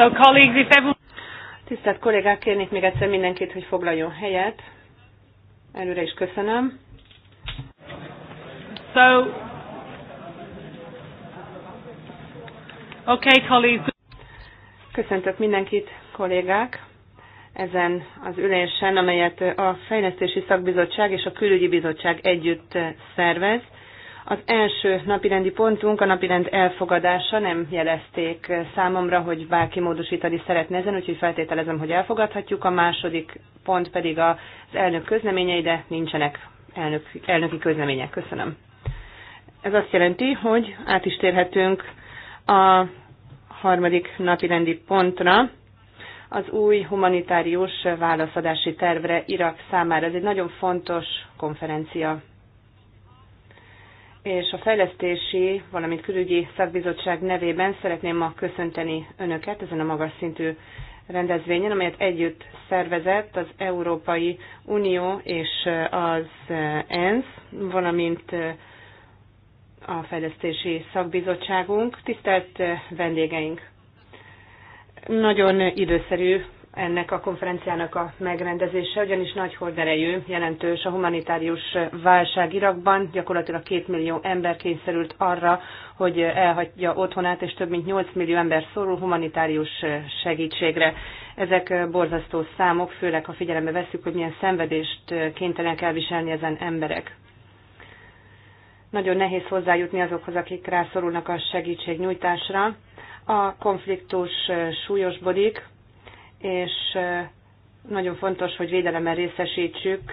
So colleagues, if everyone... Tisztelt kollégák, kérnék még egyszer mindenkit, hogy foglaljon helyet. Előre is köszönöm. So, okay, colleagues. Köszöntök mindenkit, kollégák, ezen az ülésen, amelyet a Fejlesztési Szakbizottság és a Külügyi Bizottság együtt szervez az első napirendi pontunk a napirend elfogadása, nem jelezték számomra, hogy bárki módosítani szeretne ezen, úgyhogy feltételezem, hogy elfogadhatjuk. A második pont pedig az elnök közleményei, de nincsenek elnök, elnöki közlemények. Köszönöm. Ez azt jelenti, hogy át is térhetünk a harmadik napirendi pontra, az új humanitárius válaszadási tervre Irak számára. Ez egy nagyon fontos konferencia és a Fejlesztési, valamint Külügyi Szakbizottság nevében szeretném ma köszönteni Önöket ezen a magas szintű rendezvényen, amelyet együtt szervezett az Európai Unió és az ENSZ, valamint a Fejlesztési Szakbizottságunk, tisztelt vendégeink. Nagyon időszerű ennek a konferenciának a megrendezése, ugyanis nagy horderejű, jelentős a humanitárius válság Irakban. Gyakorlatilag két millió ember kényszerült arra, hogy elhagyja otthonát, és több mint 8 millió ember szorul humanitárius segítségre. Ezek borzasztó számok, főleg ha figyelembe veszük, hogy milyen szenvedést kénytelenek elviselni ezen emberek nagyon nehéz hozzájutni azokhoz, akik rászorulnak a segítségnyújtásra. A konfliktus súlyosbodik, és nagyon fontos, hogy védelemmel részesítsük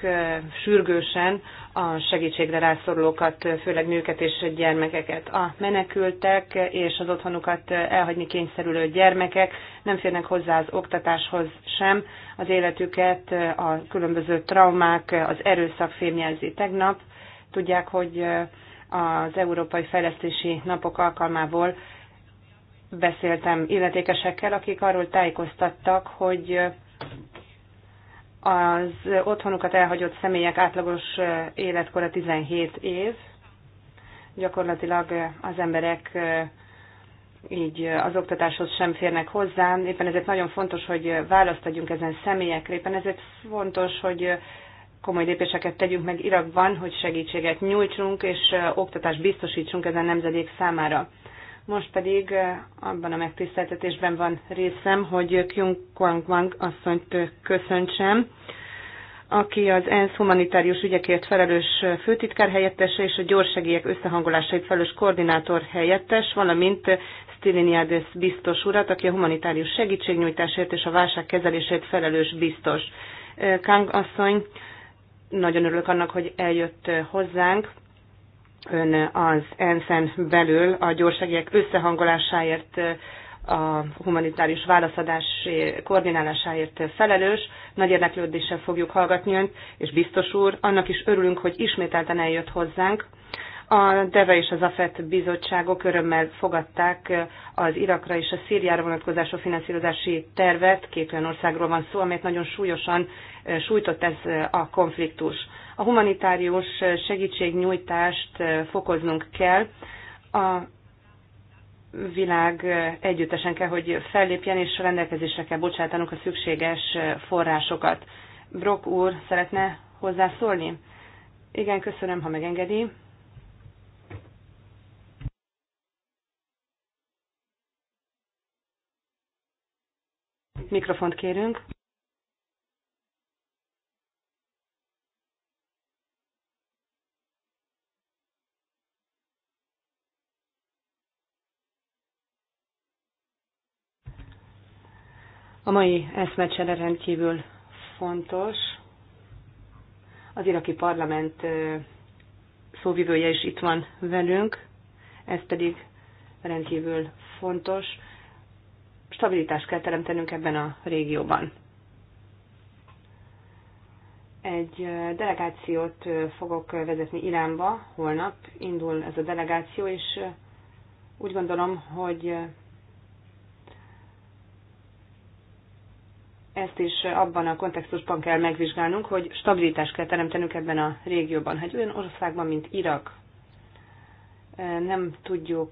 sürgősen a segítségre rászorulókat, főleg nőket és gyermekeket. A menekültek és az otthonukat elhagyni kényszerülő gyermekek nem férnek hozzá az oktatáshoz sem, az életüket a különböző traumák, az erőszak fémjelzi tegnap. Tudják, hogy az Európai Fejlesztési Napok alkalmából beszéltem illetékesekkel, akik arról tájékoztattak, hogy az otthonukat elhagyott személyek átlagos életkora 17 év. Gyakorlatilag az emberek így az oktatáshoz sem férnek hozzá. Éppen ezért nagyon fontos, hogy választ adjunk ezen személyekre. Éppen ezért fontos, hogy komoly lépéseket tegyünk meg Irakban, hogy segítséget nyújtsunk és oktatást biztosítsunk ezen nemzedék számára. Most pedig eh, abban a megtiszteltetésben van részem, hogy Kyung Kwang Wang asszonyt eh, köszöntsem, aki az ENSZ humanitárius ügyekért felelős eh, főtitkár helyettese és a gyorsegélyek összehangolásait felelős koordinátor helyettes, valamint Stiliniades biztos urat, aki a humanitárius segítségnyújtásért és a kezelését felelős biztos. Kang asszony, nagyon örülök annak, hogy eljött hozzánk ön az ENSZ-en belül a gyorságiek összehangolásáért, a humanitárius válaszadás koordinálásáért felelős. Nagy érdeklődéssel fogjuk hallgatni önt, és biztos úr, annak is örülünk, hogy ismételten eljött hozzánk. A DEVE és az AFET bizottságok örömmel fogadták az Irakra és a Szíriára vonatkozású finanszírozási tervet. Két olyan országról van szó, amelyet nagyon súlyosan sújtott ez a konfliktus. A humanitárius segítségnyújtást fokoznunk kell. A világ együttesen kell, hogy fellépjen, és rendelkezésre kell bocsátanunk a szükséges forrásokat. Brock úr szeretne hozzászólni? Igen, köszönöm, ha megengedi. Mikrofont kérünk. A mai eszmecsere rendkívül fontos. Az iraki parlament szóvivője is itt van velünk, ez pedig rendkívül fontos. Stabilitást kell teremtenünk ebben a régióban. Egy delegációt fogok vezetni Iránba, holnap indul ez a delegáció, és úgy gondolom, hogy ezt is abban a kontextusban kell megvizsgálnunk, hogy stabilitást kell teremtenünk ebben a régióban. Hát olyan országban, mint Irak, nem tudjuk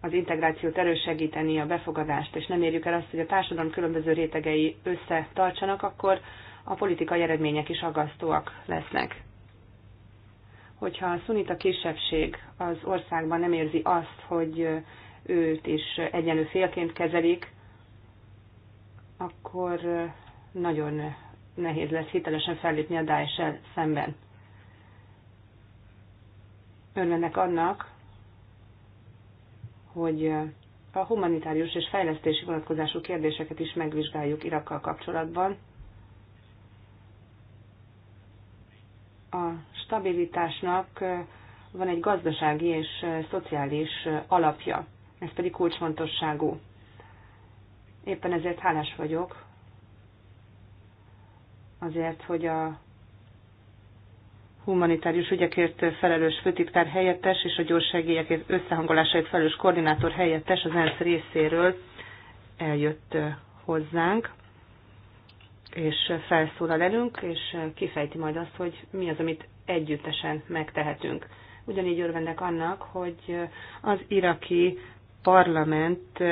az integrációt erősegíteni, a befogadást, és nem érjük el azt, hogy a társadalom különböző rétegei összetartsanak, akkor a politikai eredmények is aggasztóak lesznek. Hogyha a szunita kisebbség az országban nem érzi azt, hogy őt is egyenlő félként kezelik, akkor nagyon nehéz lesz hitelesen fellépni a daesh szemben. Örvennek annak, hogy a humanitárius és fejlesztési vonatkozású kérdéseket is megvizsgáljuk Irakkal kapcsolatban. A stabilitásnak van egy gazdasági és szociális alapja, ez pedig kulcsfontosságú. Éppen ezért hálás vagyok azért, hogy a humanitárius ügyekért felelős főtitkár helyettes és a gyors segélyekért összehangolásait felelős koordinátor helyettes az ENSZ részéről eljött hozzánk, és felszólal elünk, és kifejti majd azt, hogy mi az, amit együttesen megtehetünk. Ugyanígy örvendek annak, hogy az iraki parlament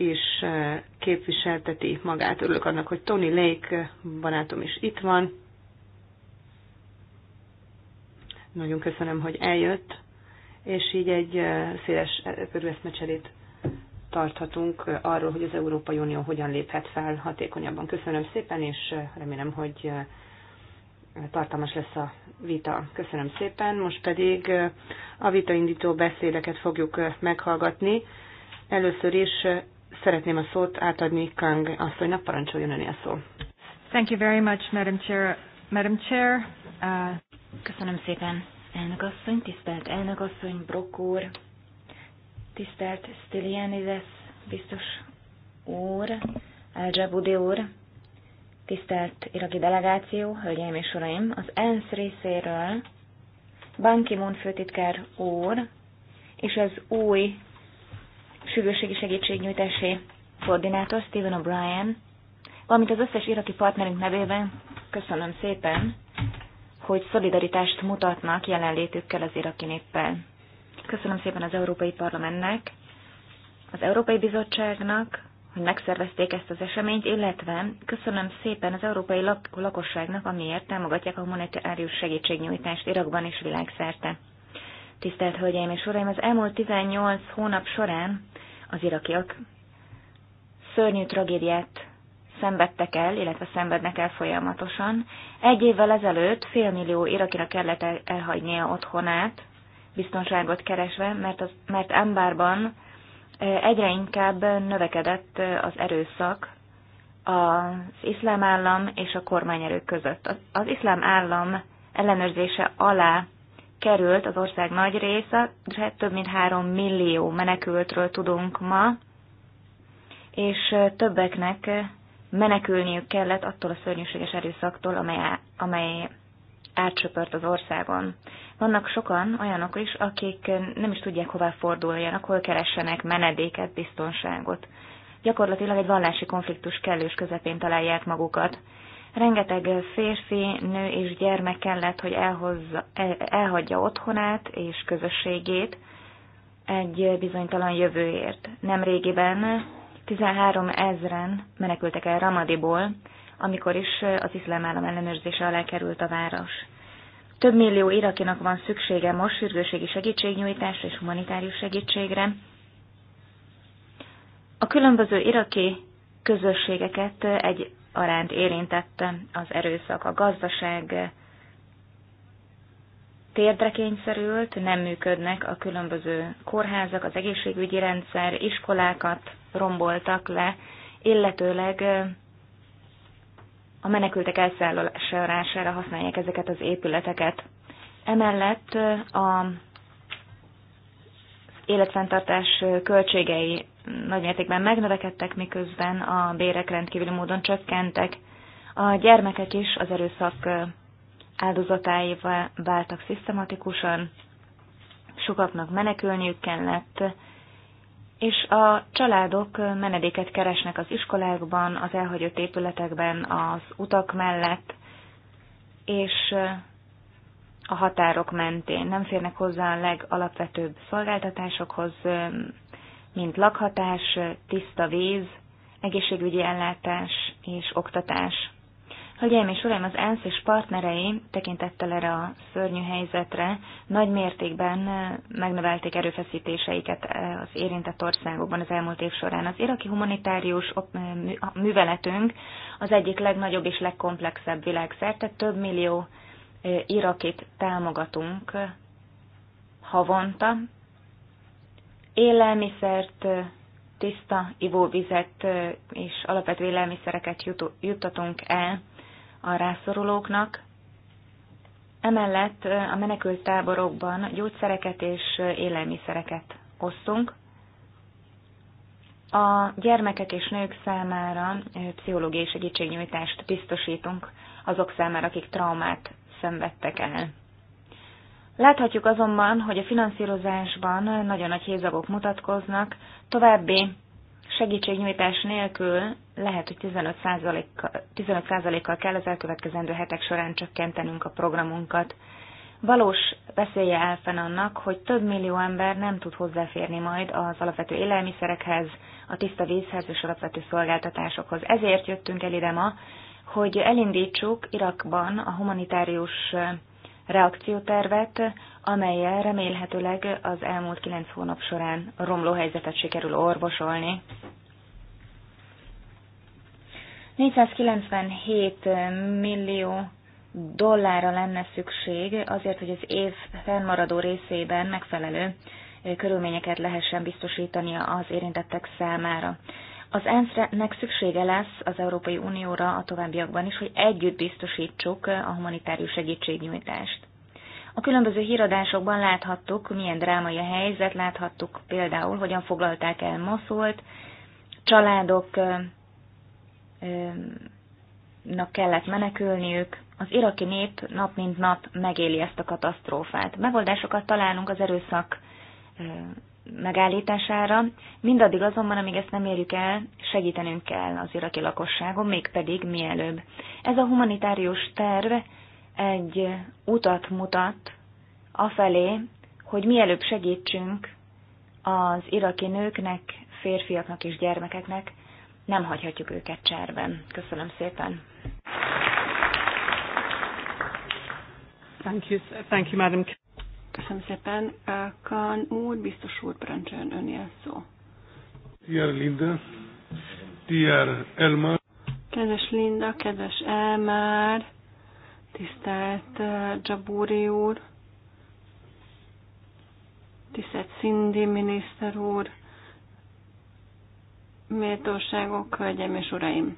is eh, képviselteti magát. Örülök annak, hogy Tony Lake eh, barátom is itt van. Nagyon köszönöm, hogy eljött, és így egy eh, széles körülveszmecserét tarthatunk arról, hogy az Európai Unió hogyan léphet fel hatékonyabban. Köszönöm szépen, és remélem, hogy tartalmas lesz a vita. Köszönöm szépen. Most pedig a vitaindító beszédeket fogjuk meghallgatni. Először is szeretném a szót átadni Kang asszonynak, parancsoljon öné a szó. Thank you very much, Madam Chair. Madam Chair uh... Köszönöm szépen, elnök asszony, tisztelt elnök asszony, Brock úr, tisztelt Stylianides, biztos úr, Elzsebudi úr, tisztelt iraki delegáció, hölgyeim és uraim, az ENSZ részéről Ban Ki-moon főtitkár úr és az új sürgősségi segítségnyújtási koordinátor Stephen O'Brien, valamint az összes iraki partnerünk nevében köszönöm szépen, hogy szolidaritást mutatnak jelenlétükkel az iraki néppel. Köszönöm szépen az Európai Parlamentnek, az Európai Bizottságnak, hogy megszervezték ezt az eseményt, illetve köszönöm szépen az európai lak- lakosságnak, amiért támogatják a humanitárius segítségnyújtást Irakban és világszerte. Tisztelt Hölgyeim és Uraim, az elmúlt 18 hónap során az irakiak szörnyű tragédiát szenvedtek el, illetve szenvednek el folyamatosan. Egy évvel ezelőtt félmillió irakira kellett elhagynia otthonát, biztonságot keresve, mert, az, mert Ambárban egyre inkább növekedett az erőszak az iszlám állam és a kormányerők között. Az, az iszlám állam ellenőrzése alá került az ország nagy része, több mint három millió menekültről tudunk ma, és többeknek menekülniük kellett attól a szörnyűséges erőszaktól, amely, amely átsöpört az országon. Vannak sokan olyanok is, akik nem is tudják, hová forduljanak, hol keressenek menedéket, biztonságot. Gyakorlatilag egy vallási konfliktus kellős közepén találják magukat. Rengeteg férfi, nő és gyermek kellett, hogy elhozza, elhagyja otthonát és közösségét egy bizonytalan jövőért. Nemrégiben 13 ezren menekültek el Ramadiból, amikor is az iszlám állam ellenőrzése alá került a város. Több millió irakinak van szüksége most sürgőségi segítségnyújtásra és humanitárius segítségre. A különböző iraki közösségeket egy aránt érintette az erőszak. A gazdaság térdre kényszerült, nem működnek a különböző kórházak, az egészségügyi rendszer, iskolákat romboltak le, illetőleg a menekültek elszállására használják ezeket az épületeket. Emellett a életfenntartás költségei nagy mértékben megnövekedtek, miközben a bérek rendkívüli módon csökkentek. A gyermekek is az erőszak áldozatáival váltak szisztematikusan, sokaknak menekülniük kellett, és a családok menedéket keresnek az iskolákban, az elhagyott épületekben, az utak mellett, és a határok mentén. Nem férnek hozzá a legalapvetőbb szolgáltatásokhoz, mint lakhatás, tiszta víz, egészségügyi ellátás és oktatás. Hölgyeim és Uraim, az ENSZ és partnerei tekintettel erre a szörnyű helyzetre nagy mértékben eh, megnövelték erőfeszítéseiket eh, az érintett országokban az elmúlt év során. Az iraki humanitárius eh, műveletünk az egyik legnagyobb és legkomplexebb világszerte, több millió irakit támogatunk havonta, élelmiszert, tiszta ivóvizet és alapvető élelmiszereket juttatunk el a rászorulóknak. Emellett a menekült táborokban gyógyszereket és élelmiszereket osztunk. A gyermekek és nők számára pszichológiai segítségnyújtást biztosítunk azok számára, akik traumát szenvedtek el. Láthatjuk azonban, hogy a finanszírozásban nagyon nagy hézagok mutatkoznak, további segítségnyújtás nélkül lehet, hogy 15%-kal 15 kell az elkövetkezendő hetek során csökkentenünk a programunkat. Valós veszélye áll fenn annak, hogy több millió ember nem tud hozzáférni majd az alapvető élelmiszerekhez, a tiszta vízhez és alapvető szolgáltatásokhoz. Ezért jöttünk el ide ma, hogy elindítsuk Irakban a humanitárius reakciótervet, amelyel remélhetőleg az elmúlt kilenc hónap során romló helyzetet sikerül orvosolni. 497 millió dollárra lenne szükség azért, hogy az év fennmaradó részében megfelelő körülményeket lehessen biztosítani az érintettek számára. Az ENSZ-nek szüksége lesz az Európai Unióra a továbbiakban is, hogy együtt biztosítsuk a humanitárius segítségnyújtást. A különböző híradásokban láthattuk, milyen drámai a helyzet, láthattuk például, hogyan foglalták el Moszult, családoknak kellett menekülniük, az iraki nép nap mint nap megéli ezt a katasztrófát. Megoldásokat találunk az erőszak megállítására. Mindaddig azonban, amíg ezt nem érjük el, segítenünk kell az iraki lakosságon, mégpedig mielőbb. Ez a humanitárius terv egy utat mutat afelé, hogy mielőbb segítsünk az iraki nőknek, férfiaknak és gyermekeknek, nem hagyhatjuk őket cserben. Köszönöm szépen. Thank you, thank you, madam. Köszönöm szépen. Kán úr, biztos úr, parancsoljon önél szó. Dear Linda, dear Elmar. Kedves Linda, kedves Elmár, tisztelt Dzsabúri úr, tisztelt Szindi miniszter úr, méltóságok, hölgyeim és uraim!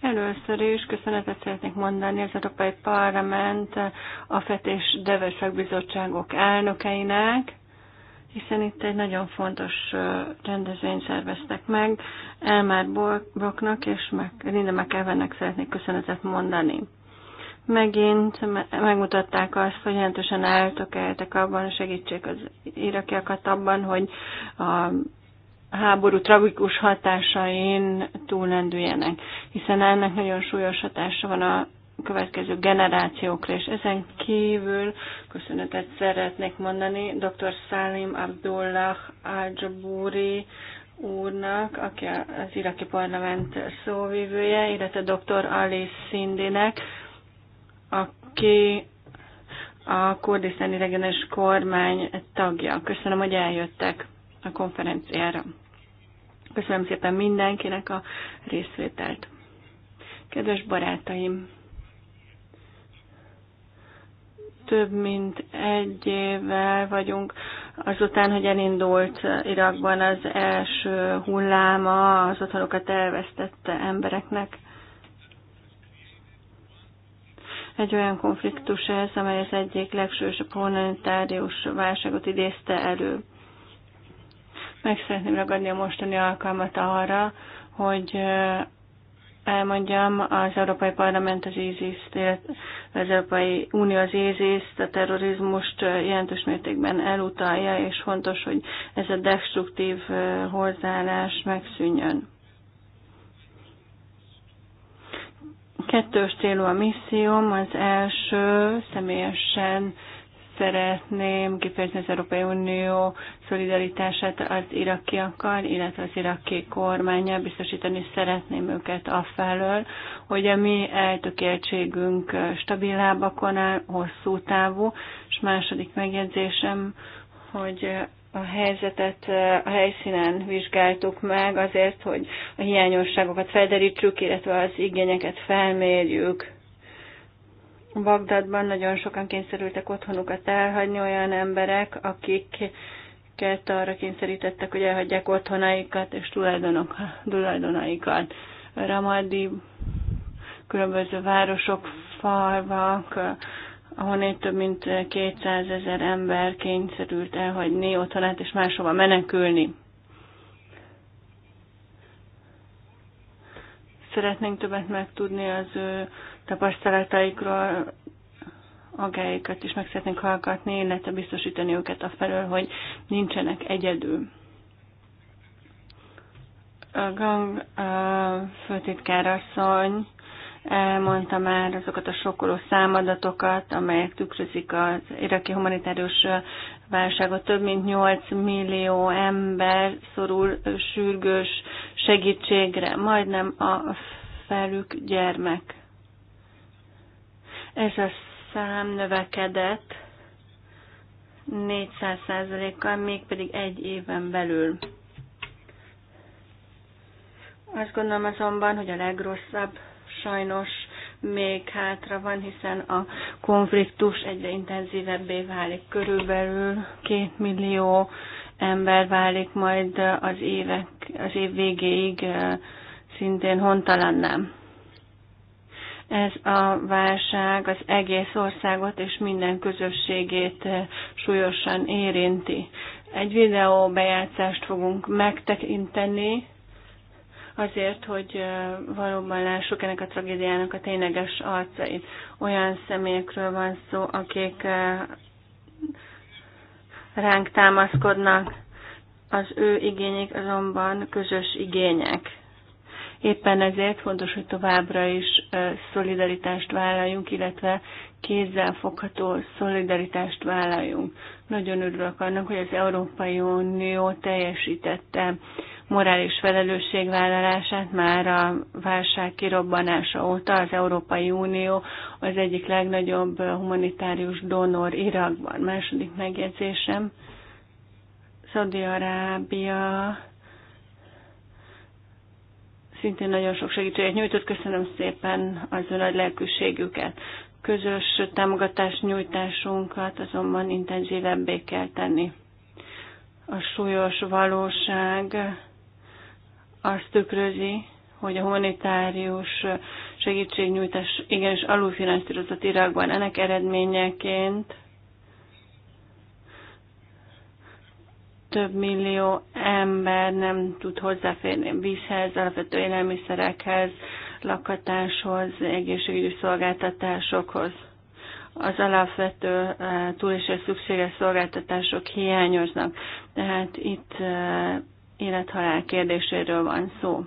Először is köszönetet szeretnék mondani az Európai Parlament a FET és Devesek bizottságok elnökeinek, hiszen itt egy nagyon fontos rendezvényt szerveztek meg. Elmár Brocknak és Linda McEvennek szeretnék köszönetet mondani. Megint megmutatták azt, hogy jelentősen eltökeltek abban, segítsék az irakiakat abban, hogy a háború tragikus hatásain túlendüljenek, hiszen ennek nagyon súlyos hatása van a következő generációkra, és ezen kívül köszönetet szeretnék mondani dr. Salim Abdullah al úrnak, aki az iraki parlament szóvívője, illetve dr. Ali Szindinek, aki a kurdisztáni regionális kormány tagja. Köszönöm, hogy eljöttek a konferenciára. Köszönöm szépen mindenkinek a részvételt. Kedves barátaim! Több mint egy évvel vagyunk azután, hogy elindult Irakban az első hulláma az otthonokat elvesztette embereknek. Egy olyan konfliktus ez, amely az egyik legsősebb humanitárius válságot idézte elő. Meg szeretném ragadni a mostani alkalmat arra, hogy elmondjam, az Európai Parlament az ISIS-t, az Európai Unió az isis a terrorizmust jelentős mértékben elutalja, és fontos, hogy ez a destruktív hozzáállás megszűnjön. Kettős célú a misszióm, az első személyesen szeretném kifejezni az Európai Unió szolidaritását az irakiakkal, illetve az iraki kormányjal biztosítani szeretném őket afelől, hogy a mi eltökéltségünk stabilábbakon áll, hosszú távú, és második megjegyzésem, hogy a helyzetet a helyszínen vizsgáltuk meg azért, hogy a hiányosságokat felderítsük, illetve az igényeket felmérjük Bagdadban nagyon sokan kényszerültek otthonukat elhagyni olyan emberek, akiket arra kényszerítettek, hogy elhagyják otthonaikat és tulajdonok, tulajdonaikat. Ramadi, különböző városok, falvak, ahonnél több mint 200 ezer ember kényszerült elhagyni otthonát és máshova menekülni. Szeretnénk többet megtudni az ő tapasztalataikról, agályaikat is meg szeretnénk hallgatni, illetve biztosítani őket a felől, hogy nincsenek egyedül. A gang a főtitkárasszony elmondta már azokat a sokkoló számadatokat, amelyek tükrözik az iraki humanitárius válságot. Több mint 8 millió ember szorul sürgős segítségre, majdnem a felük gyermek. Ez a szám növekedett 400%-kal, mégpedig egy éven belül. Azt gondolom azonban, hogy a legrosszabb sajnos még hátra van, hiszen a konfliktus egyre intenzívebbé válik. Körülbelül két millió ember válik majd az, évek, az év végéig szintén nem. Ez a válság az egész országot és minden közösségét súlyosan érinti. Egy videó bejátszást fogunk megtekinteni, azért, hogy valóban lássuk ennek a tragédiának a tényleges arcait. Olyan személyekről van szó, akik ránk támaszkodnak, az ő igények azonban közös igények. Éppen ezért fontos, hogy továbbra is szolidaritást vállaljunk, illetve kézzel fogható szolidaritást vállaljunk. Nagyon örülök annak, hogy az Európai Unió teljesítette morális felelősségvállalását már a válság kirobbanása óta az Európai Unió az egyik legnagyobb humanitárius donor Irakban. Második megjegyzésem, Szaudi-Arábia szintén nagyon sok segítséget nyújtott. Köszönöm szépen az ön nagy lelkűségüket. Közös támogatás nyújtásunkat azonban intenzívebbé kell tenni. A súlyos valóság azt tükrözi, hogy a humanitárius segítségnyújtás igenis alulfinanszírozott Irakban. Ennek eredményeként több millió ember nem tud hozzáférni vízhez, alapvető élelmiszerekhez, lakatáshoz egészségügyi szolgáltatásokhoz. Az alapvető eh, túlésre szükséges szolgáltatások hiányoznak. Tehát itt eh, élethalál kérdéséről van szó.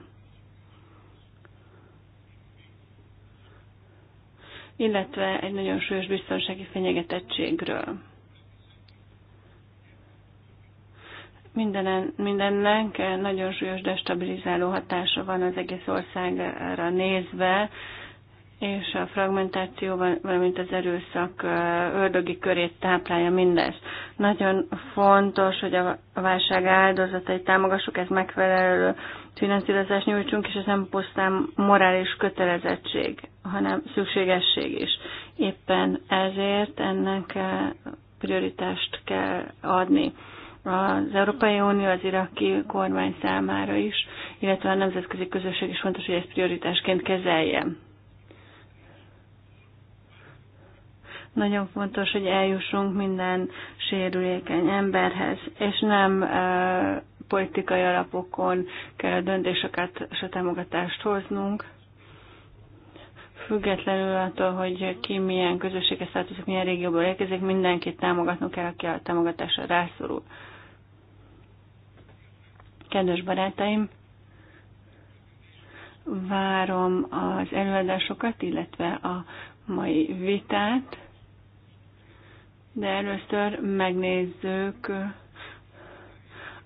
illetve egy nagyon súlyos biztonsági fenyegetettségről. Mindenen, mindennek nagyon súlyos destabilizáló hatása van az egész országra nézve, és a fragmentáció, valamint az erőszak ördögi körét táplálja mindez. Nagyon fontos, hogy a válság áldozatait támogassuk, ez megfelelő finanszírozást nyújtsunk, és ez nem pusztán morális kötelezettség, hanem szükségesség is. Éppen ezért ennek prioritást kell adni az Európai Unió, az iraki kormány számára is, illetve a nemzetközi közösség is fontos, hogy ezt prioritásként kezelje. Nagyon fontos, hogy eljussunk minden sérülékeny emberhez, és nem politikai alapokon kell a döntéseket és a támogatást hoznunk, függetlenül attól, hogy ki milyen közössége származik, milyen régióból érkezik, mindenkit támogatnunk kell, aki a támogatásra rászorul. Kedves barátaim, várom az előadásokat, illetve a mai vitát de először megnézzük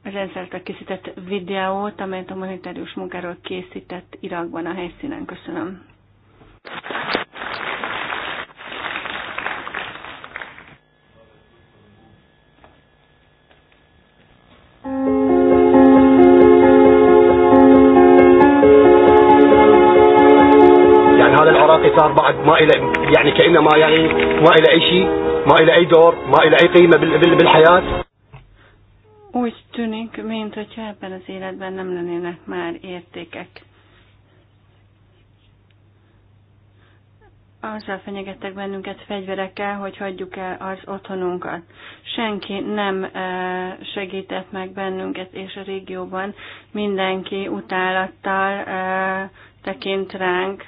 a rendszertől készített videót, amelyet a monetárius munkáról készített Irakban a helyszínen. Köszönöm. يعني هذا العراقي صار بعد ما إلى يعني كأنه ما يعني ما إلى أي شيء ما إلى أي دور ما إلى أي قيمة بالحياة úgy tűnik, mint hogyha ebben az életben nem lennének már értékek. Azzal fenyegettek bennünket fegyverekkel, hogy hagyjuk el az otthonunkat. Senki nem eh, segített meg bennünket, és a régióban mindenki utálattal eh, tekint ránk.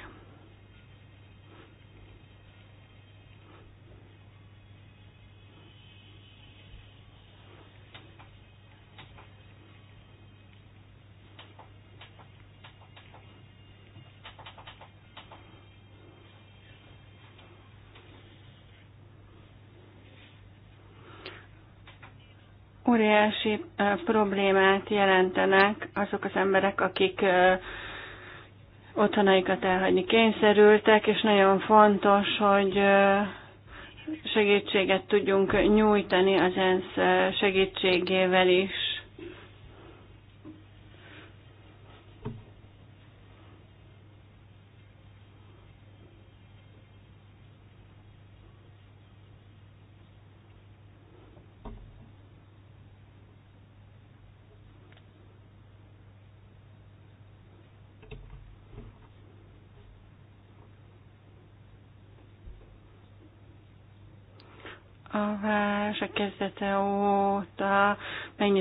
óriási problémát jelentenek azok az emberek, akik otthonaikat elhagyni kényszerültek, és nagyon fontos, hogy segítséget tudjunk nyújtani az ENSZ segítségével is.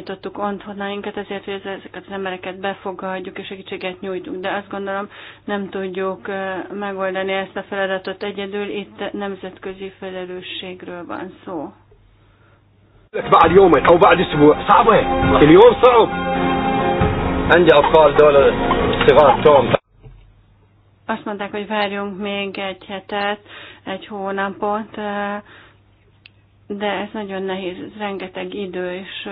megnyitottuk otthonainkat, ezért, hogy ezeket az embereket befogadjuk és segítséget nyújtunk. De azt gondolom, nem tudjuk megoldani ezt a feladatot egyedül, itt nemzetközi felelősségről van szó. azt mondták, hogy várjunk még egy hetet, egy hónapot, de ez nagyon nehéz, ez rengeteg idő, és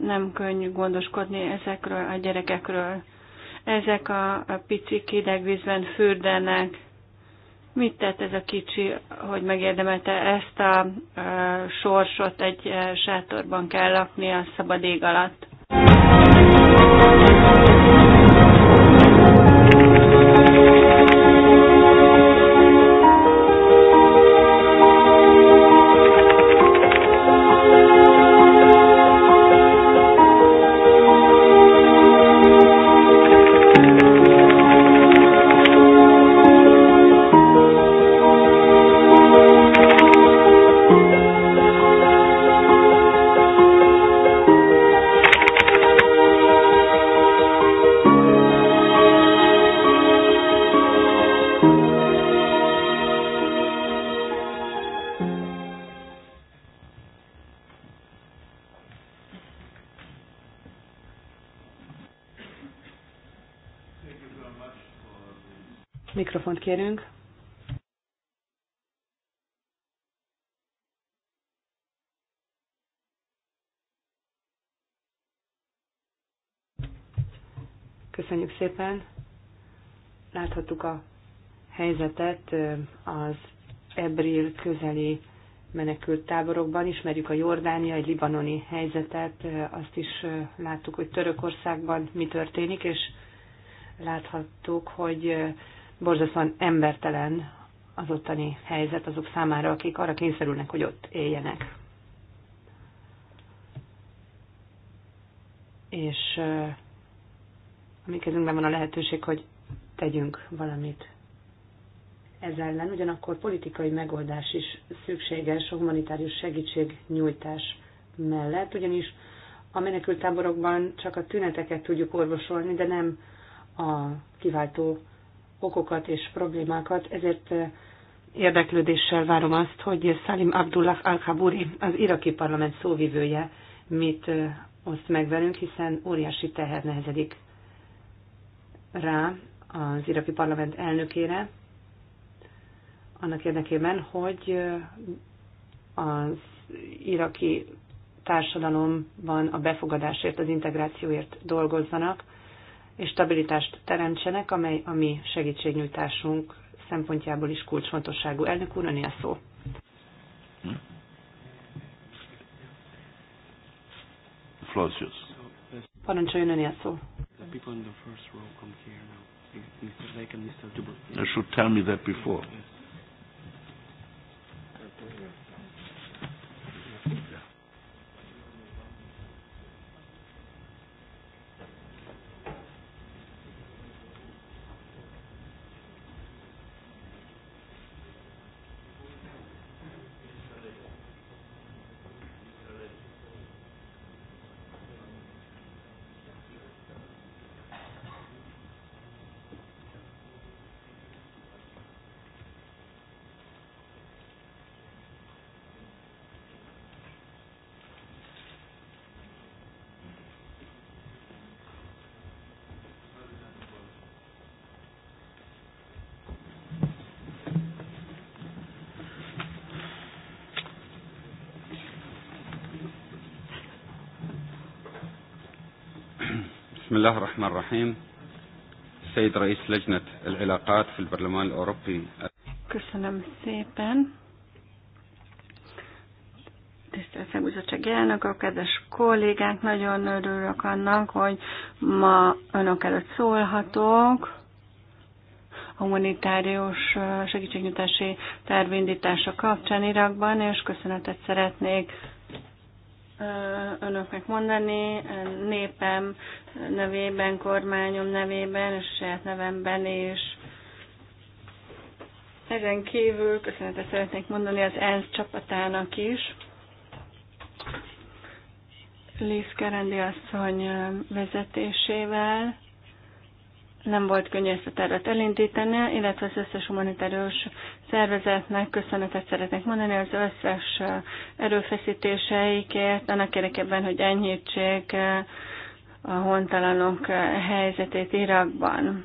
nem könnyű gondoskodni ezekről a gyerekekről. Ezek a, a pici kidegvízben fürdenek. Mit tett ez a kicsi, hogy megérdemelte ezt a, a sorsot, egy sátorban kell lakni a szabad ég alatt? Köszönjük szépen. Láthattuk a helyzetet az Ebril közeli menekült táborokban. Ismerjük a jordániai, libanoni helyzetet, azt is láttuk, hogy Törökországban mi történik, és láthattuk, hogy borzasztóan embertelen az ottani helyzet azok számára, akik arra kényszerülnek, hogy ott éljenek. És mi kezünkben van a lehetőség, hogy tegyünk valamit ez ellen, ugyanakkor politikai megoldás is szükséges a humanitárius segítség nyújtás mellett, ugyanis a menekültáborokban csak a tüneteket tudjuk orvosolni, de nem a kiváltó okokat és problémákat, ezért eh, érdeklődéssel várom azt, hogy Salim Abdullah al-Khaburi, az iraki parlament szóvivője, mit eh, oszt meg velünk, hiszen óriási teher nehezedik rá az iraki parlament elnökére, annak érdekében, hogy az iraki társadalomban a befogadásért, az integrációért dolgozzanak, és stabilitást teremtsenek, amely a mi segítségnyújtásunk szempontjából is kulcsfontosságú. Elnök úr, a szó. Parancsoljon a szó people in the first row come here now. Mr. Lake and Mr. Dubois. You should tell me that before. Yes. بسم الله الرحمن الرحيم السيد رئيس لجنة العلاقات في البرلمان الأوروبي Köszönöm szépen. Tisztelt Szakbizottság elnök, a kedves kollégánk, nagyon örülök annak, hogy ma önök előtt szólhatok humanitárius segítségnyújtási tervindítása kapcsán Irakban, és köszönetet szeretnék önöknek mondani, népem nevében, kormányom nevében, és saját nevemben is. Ezen kívül köszönetet szeretnék mondani az ENSZ csapatának is. Liz Kerendi asszony vezetésével nem volt könnyű ezt a tervet elindítani, illetve az összes humanitárius szervezetnek köszönetet szeretnék mondani az összes erőfeszítéseikért, annak érdekében, hogy enyhítsék a hontalanok helyzetét Irakban.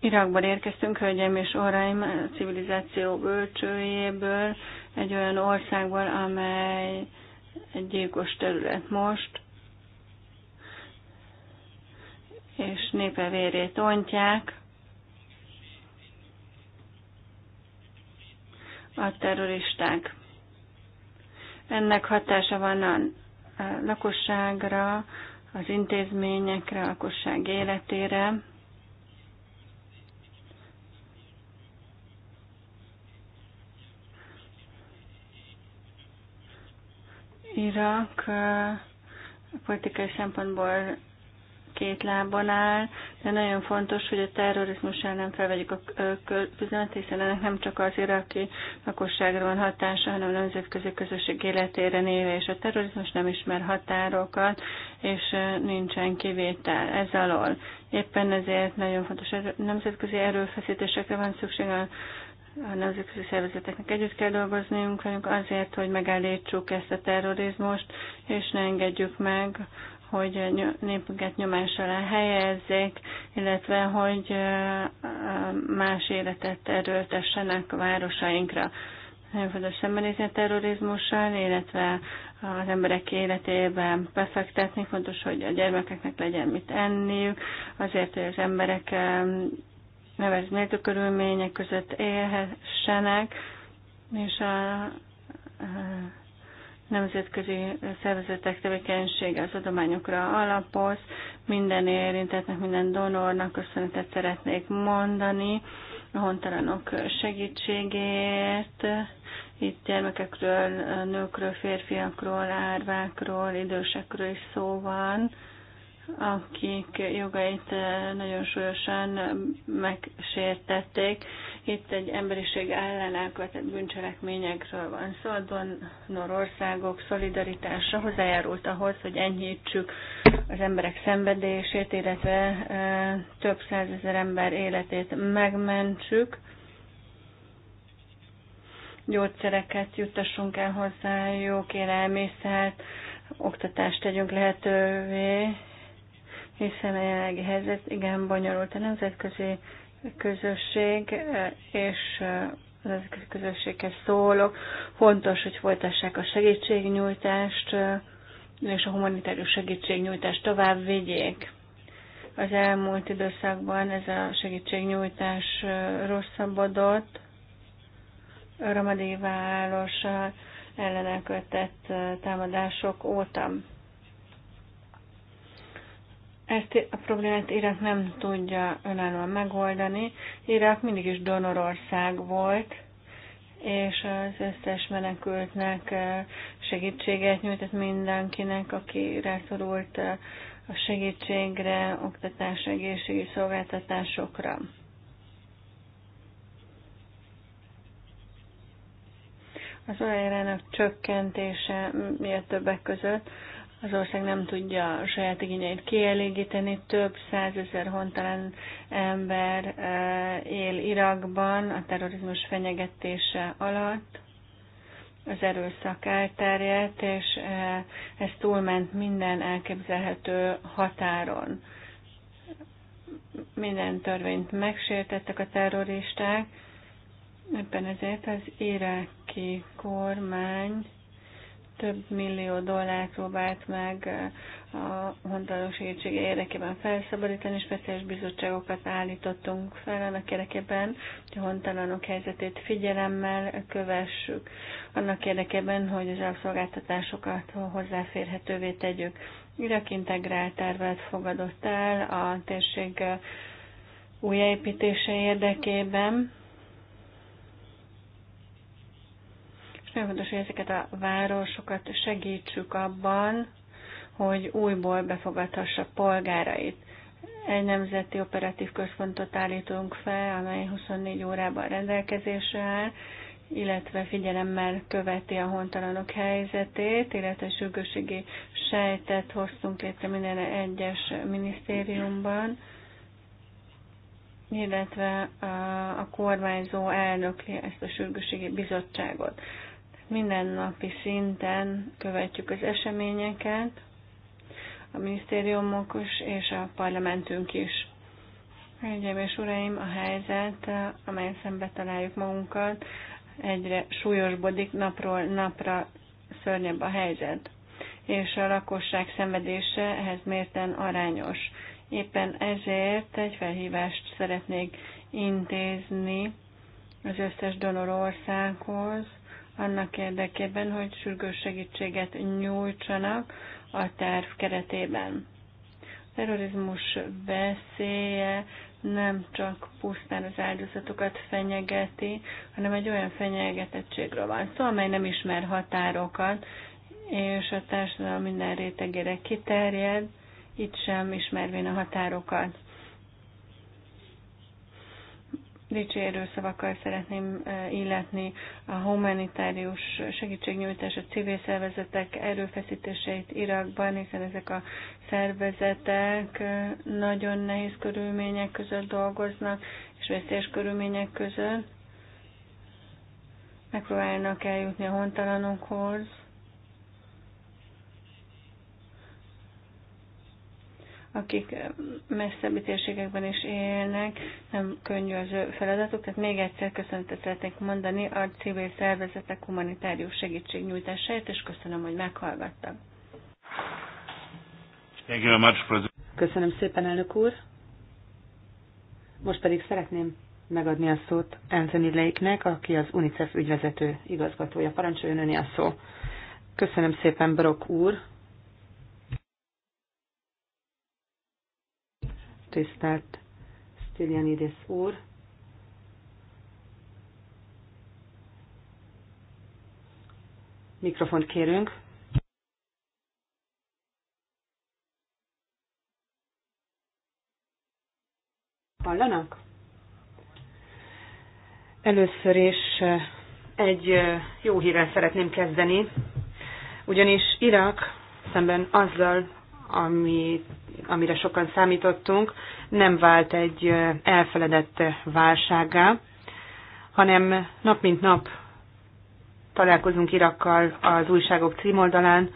Irakban érkeztünk, hölgyeim és oraim, a civilizáció bölcsőjéből, egy olyan országból, amely egy gyilkos terület most, és népe vérét ontják. a terroristák. Ennek hatása van a lakosságra, az intézményekre, a lakosság életére. Irak politikai szempontból két lábon áll, de nagyon fontos, hogy a terrorizmus ellen felvegyük a küzdelmet, hiszen ennek nem csak az iraki lakosságra van hatása, hanem a nemzetközi közösség életére néve, és a terrorizmus nem ismer határokat, és nincsen kivétel ez alól. Éppen ezért nagyon fontos a nemzetközi erőfeszítésekre van szükség a a nemzetközi szervezeteknek együtt kell dolgozniunk velünk azért, hogy megállítsuk ezt a terrorizmust, és ne engedjük meg, hogy népünket nyomás alá helyezzék, illetve hogy más életet erőltessenek a városainkra. Nagyon fontos szembenézni a terrorizmussal, illetve az emberek életébe befektetni. Fontos, hogy a gyermekeknek legyen mit enniük, azért, hogy az emberek nevez méltó körülmények között élhessenek, és a nemzetközi szervezetek tevékenysége az adományokra alapoz. Minden érintettnek, minden donornak köszönetet szeretnék mondani a hontalanok segítségért. Itt gyermekekről, nőkről, férfiakról, árvákról, idősekről is szó van akik jogait eh, nagyon súlyosan megsértették. Itt egy emberiség ellen elkövetett bűncselekményekről van szó. A donorországok szolidaritása hozzájárult ahhoz, hogy enyhítsük az emberek szenvedését, illetve eh, több százezer ember életét megmentsük gyógyszereket juttassunk el hozzájuk, élelmiszert, oktatást tegyünk lehetővé, hiszen a jelenlegi helyzet igen bonyolult a nemzetközi közösség, eh, és eh, az nemzetközi közösséghez szólok. Fontos, hogy folytassák a segítségnyújtást, eh, és a humanitárius segítségnyújtást tovább vigyék. Az elmúlt időszakban ez a segítségnyújtás rosszabbodott, Ramadi városa ellen támadások óta. Ezt a problémát Irak nem tudja önállóan megoldani. Irak mindig is donorország volt, és az összes menekültnek eh, segítséget nyújtott mindenkinek, aki rászorult eh, a segítségre, oktatás, egészségügyi szolgáltatásokra. Az olajárának csökkentése miért többek között az ország nem tudja a saját igényeit kielégíteni. Több százezer hontalan ember él Irakban a terrorizmus fenyegetése alatt. Az erőszak elterjedt, és ez túlment minden elképzelhető határon. Minden törvényt megsértettek a terroristák, ebben ezért az iraki kormány több millió dollárt próbált meg a hontalanok segítsége érdekében felszabadítani, speciális bizottságokat állítottunk fel annak érdekében, hogy a hontalanok helyzetét figyelemmel kövessük, annak érdekében, hogy az elszolgáltatásokat hozzáférhetővé tegyük. Irak integrált tervet fogadott el a térség újjáépítése érdekében, Nagyon fontos, hogy ezeket a városokat segítsük abban, hogy újból befogadhassa polgárait. Egy nemzeti operatív központot állítunk fel, amely 24 órában rendelkezésre áll, illetve figyelemmel követi a hontalanok helyzetét, illetve sürgősségi sejtet hoztunk létre minden egyes minisztériumban, illetve a kormányzó elnökli ezt a sürgősségi bizottságot mindennapi szinten követjük az eseményeket, a minisztériumok is, és a parlamentünk is. Hölgyeim és uraim, a helyzet, amely szembe találjuk magunkat, egyre súlyosbodik, napról napra szörnyebb a helyzet, és a lakosság szenvedése ehhez mérten arányos. Éppen ezért egy felhívást szeretnék intézni az összes donor országhoz, annak érdekében, hogy sürgős segítséget nyújtsanak a terv keretében. A terrorizmus veszélye nem csak pusztán az áldozatokat fenyegeti, hanem egy olyan fenyegetettségről van szó, amely nem ismer határokat, és a társadalom minden rétegére kiterjed, itt sem ismervén a határokat dicsérő szavakkal szeretném illetni a humanitárius segítségnyújtás, a civil szervezetek erőfeszítéseit Irakban, hiszen ezek a szervezetek nagyon nehéz körülmények között dolgoznak, és veszélyes körülmények között megpróbálnak eljutni a hontalanokhoz, akik eh, messzebbi térségekben is élnek, nem könnyű az ő feladatuk. Tehát még egyszer köszönetet szeretnék mondani a civil szervezetek humanitárius segítségnyújtásáért, és köszönöm, hogy meghallgattak. Köszönöm szépen, elnök úr. Most pedig szeretném megadni a szót Anthony Lake-nek, aki az UNICEF ügyvezető igazgatója. Parancsoljon önni a szó. Köszönöm szépen, Brock úr. tisztelt Stylianides úr! Mikrofont kérünk. Hallanak? Először is egy jó hírrel szeretném kezdeni, ugyanis Irak szemben azzal, amit amire sokan számítottunk, nem vált egy elfeledett válságá, hanem nap mint nap találkozunk Irakkal az újságok címoldalán,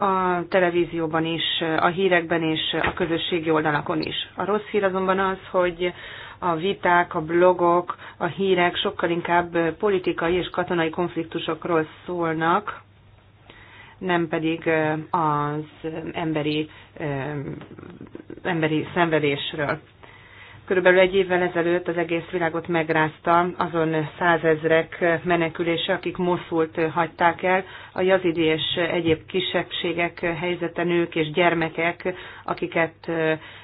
a televízióban is, a hírekben és a közösségi oldalakon is. A rossz hír azonban az, hogy a viták, a blogok, a hírek sokkal inkább politikai és katonai konfliktusokról szólnak, nem pedig az emberi, emberi szenvedésről. Körülbelül egy évvel ezelőtt az egész világot megrázta azon százezrek menekülése, akik Moszult hagyták el. A jazidi és egyéb kisebbségek helyzete nők és gyermekek, akiket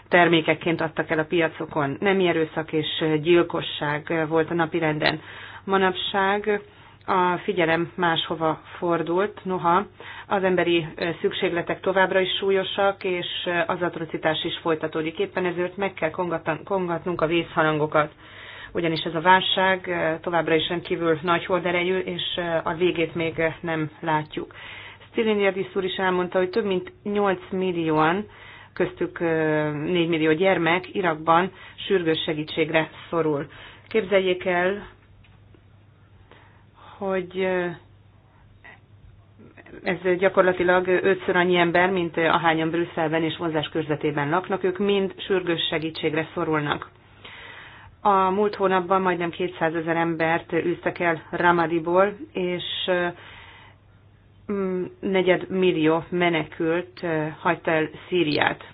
termékekként adtak el a piacokon. Nem erőszak és gyilkosság volt a napirenden. Manapság a figyelem máshova fordult, noha az emberi szükségletek továbbra is súlyosak, és az atrocitás is folytatódik. Éppen ezért meg kell kongatnunk a vészhalangokat, ugyanis ez a válság továbbra is rendkívül nagy horderejű, és a végét még nem látjuk. Sziliniadis úr is elmondta, hogy több mint 8 millióan, köztük 4 millió gyermek Irakban sürgős segítségre szorul. Képzeljék el, hogy ez gyakorlatilag ötször annyi ember, mint ahányan Brüsszelben és vonzás körzetében laknak, ők mind sürgős segítségre szorulnak. A múlt hónapban majdnem 200 ezer embert űztek el Ramadiból, és negyed millió menekült hagyta el Szíriát.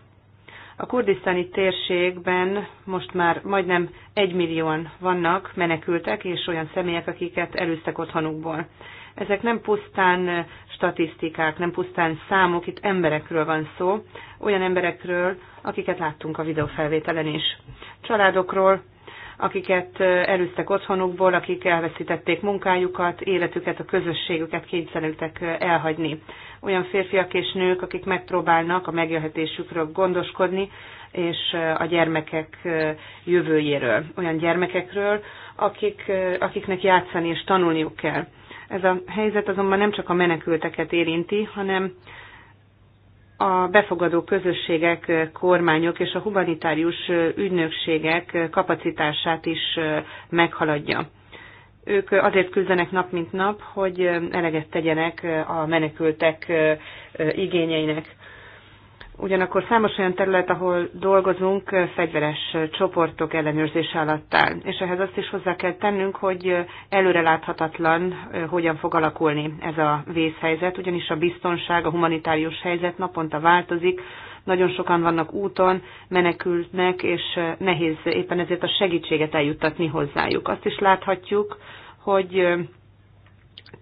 A kurdisztáni térségben most már majdnem egymillióan vannak menekültek és olyan személyek, akiket elűztek otthonukból. Ezek nem pusztán statisztikák, nem pusztán számok, itt emberekről van szó, olyan emberekről, akiket láttunk a videófelvételen is. Családokról, akiket elűztek otthonukból, akik elveszítették munkájukat, életüket, a közösségüket kényszerültek elhagyni. Olyan férfiak és nők, akik megpróbálnak a megélhetésükről gondoskodni, és a gyermekek jövőjéről. Olyan gyermekekről, akik, akiknek játszani és tanulniuk kell. Ez a helyzet azonban nem csak a menekülteket érinti, hanem a befogadó közösségek, kormányok és a humanitárius ügynökségek kapacitását is meghaladja. Ők azért küzdenek nap mint nap, hogy eleget tegyenek a menekültek igényeinek. Ugyanakkor számos olyan terület, ahol dolgozunk, fegyveres csoportok ellenőrzése alatt áll. És ehhez azt is hozzá kell tennünk, hogy előreláthatatlan, eh, hogyan fog alakulni ez a vészhelyzet, ugyanis a biztonság, a humanitárius helyzet naponta változik, nagyon sokan vannak úton, menekülnek, és eh, nehéz éppen ezért a segítséget eljuttatni hozzájuk. Azt is láthatjuk, hogy eh,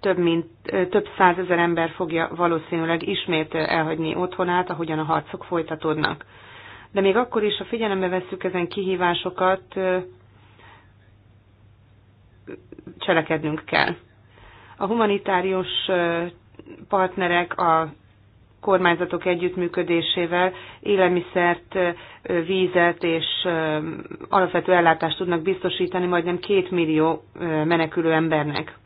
több mint több százezer ember fogja valószínűleg ismét elhagyni otthonát, ahogyan a harcok folytatódnak. De még akkor is, ha figyelembe vesszük ezen kihívásokat, cselekednünk kell. A humanitárius partnerek a kormányzatok együttműködésével élelmiszert, vízet és alapvető ellátást tudnak biztosítani majdnem két millió menekülő embernek.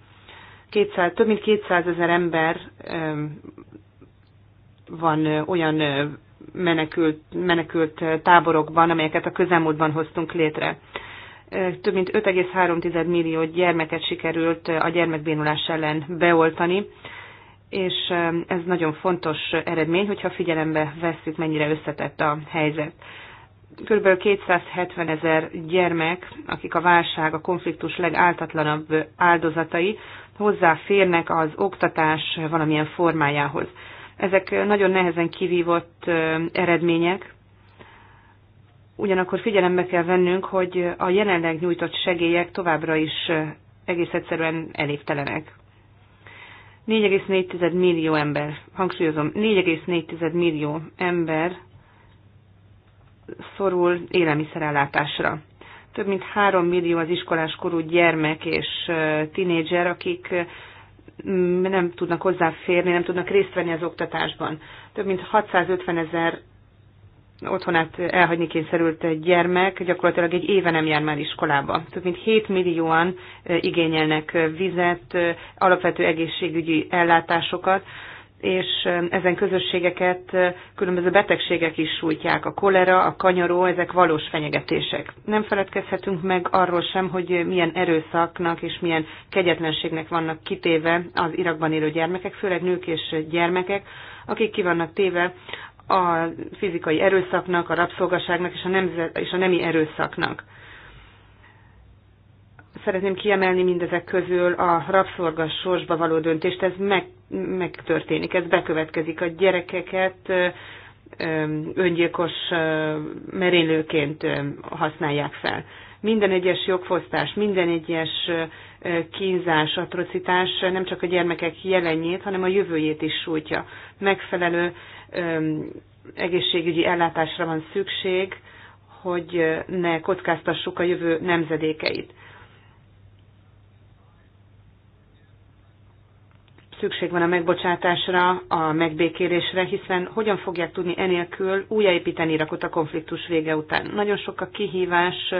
200, több mint 200 ezer ember van olyan menekült, menekült táborokban, amelyeket a közelmúltban hoztunk létre. Több mint 5,3 millió gyermeket sikerült a gyermekbénulás ellen beoltani, és ez nagyon fontos eredmény, hogyha figyelembe vesszük, mennyire összetett a helyzet. Körülbelül 270 ezer gyermek, akik a válság, a konfliktus legáltatlanabb áldozatai, hozzáférnek az oktatás valamilyen formájához. Ezek nagyon nehezen kivívott eredmények, ugyanakkor figyelembe kell vennünk, hogy a jelenleg nyújtott segélyek továbbra is egész egyszerűen elégtelenek. 4,4 millió ember, hangsúlyozom, 4,4 millió ember szorul élelmiszerellátásra. Több mint három millió az iskolás korú gyermek és tinédzser, akik nem tudnak hozzáférni, nem tudnak részt venni az oktatásban. Több mint 650 ezer otthonát elhagyni kényszerült gyermek gyakorlatilag egy éve nem jár már iskolába. Több mint 7 millióan igényelnek vizet, alapvető egészségügyi ellátásokat és ezen közösségeket különböző betegségek is sújtják. A kolera, a kanyaró, ezek valós fenyegetések. Nem feledkezhetünk meg arról sem, hogy milyen erőszaknak és milyen kegyetlenségnek vannak kitéve az Irakban élő gyermekek, főleg nők és gyermekek, akik ki vannak téve a fizikai erőszaknak, a rabszolgaságnak és a, nemzet, és a nemi erőszaknak szeretném kiemelni mindezek közül a rabszolgas sorsba való döntést, ez meg, megtörténik, ez bekövetkezik a gyerekeket, öngyilkos merénylőként használják fel. Minden egyes jogfosztás, minden egyes kínzás, atrocitás nem csak a gyermekek jelenjét, hanem a jövőjét is sújtja. Megfelelő egészségügyi ellátásra van szükség, hogy ne kockáztassuk a jövő nemzedékeit. szükség van a megbocsátásra, a megbékélésre, hiszen hogyan fogják tudni enélkül újjáépíteni Irakot a konfliktus vége után. Nagyon sok a kihívás,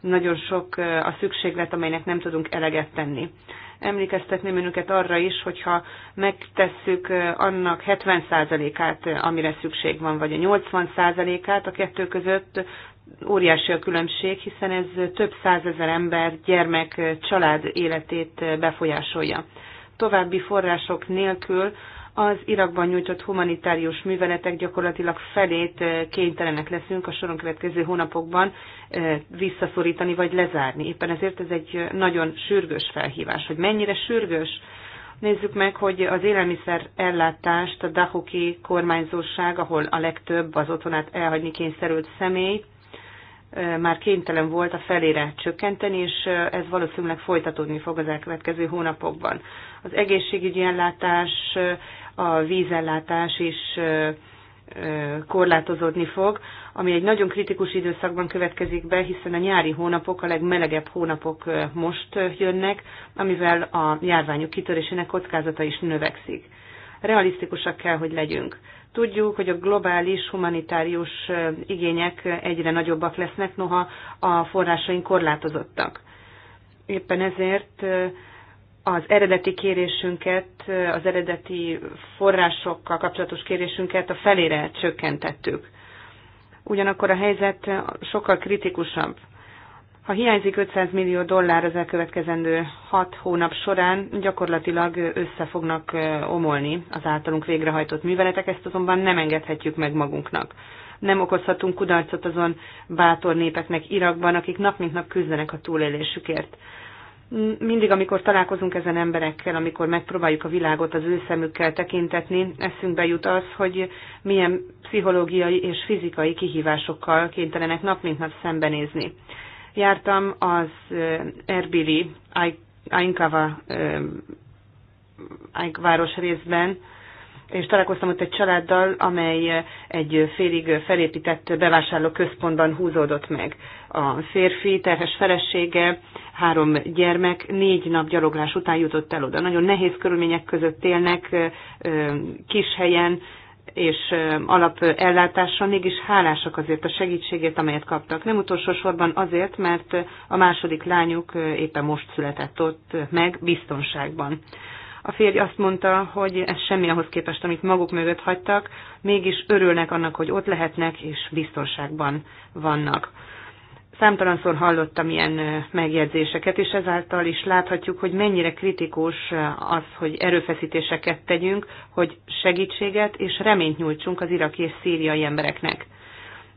nagyon sok a szükséglet, amelynek nem tudunk eleget tenni. Emlékeztetném önöket arra is, hogyha megtesszük annak 70%-át, amire szükség van, vagy a 80%-át a kettő között, óriási a különbség, hiszen ez több százezer ember, gyermek, család életét befolyásolja további források nélkül az Irakban nyújtott humanitárius műveletek gyakorlatilag felét eh, kénytelenek leszünk a soron következő hónapokban eh, visszaszorítani vagy lezárni. Éppen ezért ez egy nagyon sürgős felhívás, hogy mennyire sürgős. Nézzük meg, hogy az élelmiszer ellátást a Dahoki kormányzóság, ahol a legtöbb az otthonát elhagyni kényszerült személy, már kénytelen volt a felére csökkenteni, és ez valószínűleg folytatódni fog az elkövetkező hónapokban. Az egészségügyi ellátás, a vízellátás is korlátozódni fog, ami egy nagyon kritikus időszakban következik be, hiszen a nyári hónapok, a legmelegebb hónapok most jönnek, amivel a járványok kitörésének kockázata is növekszik. Realisztikusak kell, hogy legyünk Tudjuk, hogy a globális humanitárius igények egyre nagyobbak lesznek, noha a forrásaink korlátozottak. Éppen ezért az eredeti kérésünket, az eredeti forrásokkal kapcsolatos kérésünket a felére csökkentettük. Ugyanakkor a helyzet sokkal kritikusabb. Ha hiányzik 500 millió dollár az elkövetkezendő 6 hónap során, gyakorlatilag össze fognak omolni az általunk végrehajtott műveletek, ezt azonban nem engedhetjük meg magunknak. Nem okozhatunk kudarcot azon bátor népeknek Irakban, akik nap mint nap küzdenek a túlélésükért. Mindig, amikor találkozunk ezen emberekkel, amikor megpróbáljuk a világot az ő szemükkel tekintetni, eszünkbe jut az, hogy milyen pszichológiai és fizikai kihívásokkal kénytelenek nap mint nap szembenézni jártam az Erbili Ainkava Aink város részben, és találkoztam ott egy családdal, amely egy félig felépített bevásárló központban húzódott meg. A férfi terhes felesége, három gyermek négy nap gyaloglás után jutott el oda. Nagyon nehéz körülmények között élnek, kis helyen, és alapellátásra, mégis hálásak azért a segítségért, amelyet kaptak. Nem utolsó sorban azért, mert a második lányuk éppen most született ott meg biztonságban. A férj azt mondta, hogy ez semmi ahhoz képest, amit maguk mögött hagytak, mégis örülnek annak, hogy ott lehetnek és biztonságban vannak. Számtalanszor hallottam ilyen megjegyzéseket, és ezáltal is láthatjuk, hogy mennyire kritikus az, hogy erőfeszítéseket tegyünk, hogy segítséget és reményt nyújtsunk az iraki és szíriai embereknek.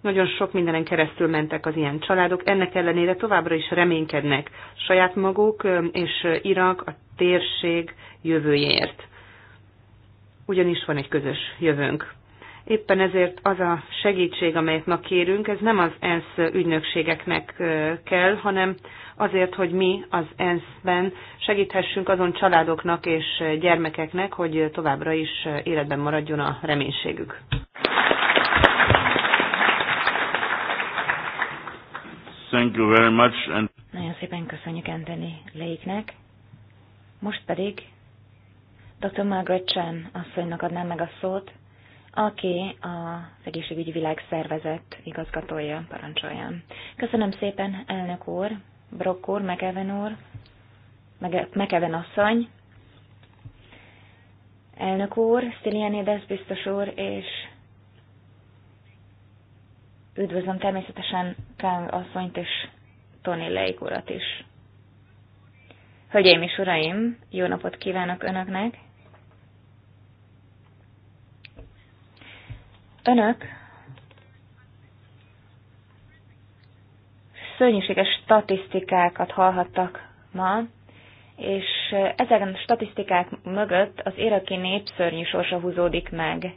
Nagyon sok mindenen keresztül mentek az ilyen családok, ennek ellenére továbbra is reménykednek saját maguk és Irak a térség jövőjéért. Ugyanis van egy közös jövőnk. Éppen ezért az a segítség, amelyet ma kérünk, ez nem az ENSZ ügynökségeknek kell, hanem azért, hogy mi az ENSZ-ben segíthessünk azon családoknak és gyermekeknek, hogy továbbra is életben maradjon a reménységük. Thank you very much. And... Nagyon szépen köszönjük Anthony Leiknek. Most pedig Dr. Margaret Chan asszonynak adnám meg a szót, aki az Egészségügyi Világszervezet igazgatója, parancsoljon. Köszönöm szépen, elnök úr, Brock úr, McEwen úr, McEwen asszony, elnök úr, Szilianides biztos úr, és üdvözlöm természetesen Kang asszonyt és Tony Leik urat is. Hölgyeim és uraim, jó napot kívánok önöknek! Önök szörnyűséges statisztikákat hallhattak ma, és ezeken a statisztikák mögött az iraki szörnyű sorsa húzódik meg.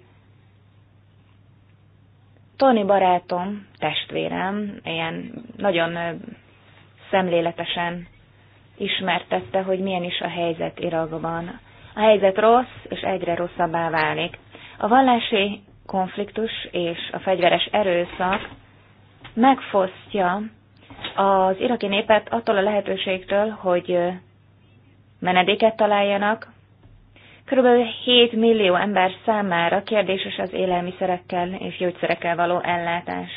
Tony barátom, testvérem, ilyen nagyon szemléletesen ismertette, hogy milyen is a helyzet Irakban. A helyzet rossz, és egyre rosszabbá válik. A vallási konfliktus és a fegyveres erőszak megfosztja az iraki népet attól a lehetőségtől, hogy menedéket találjanak. Körülbelül 7 millió ember számára kérdéses az élelmiszerekkel és gyógyszerekkel való ellátás.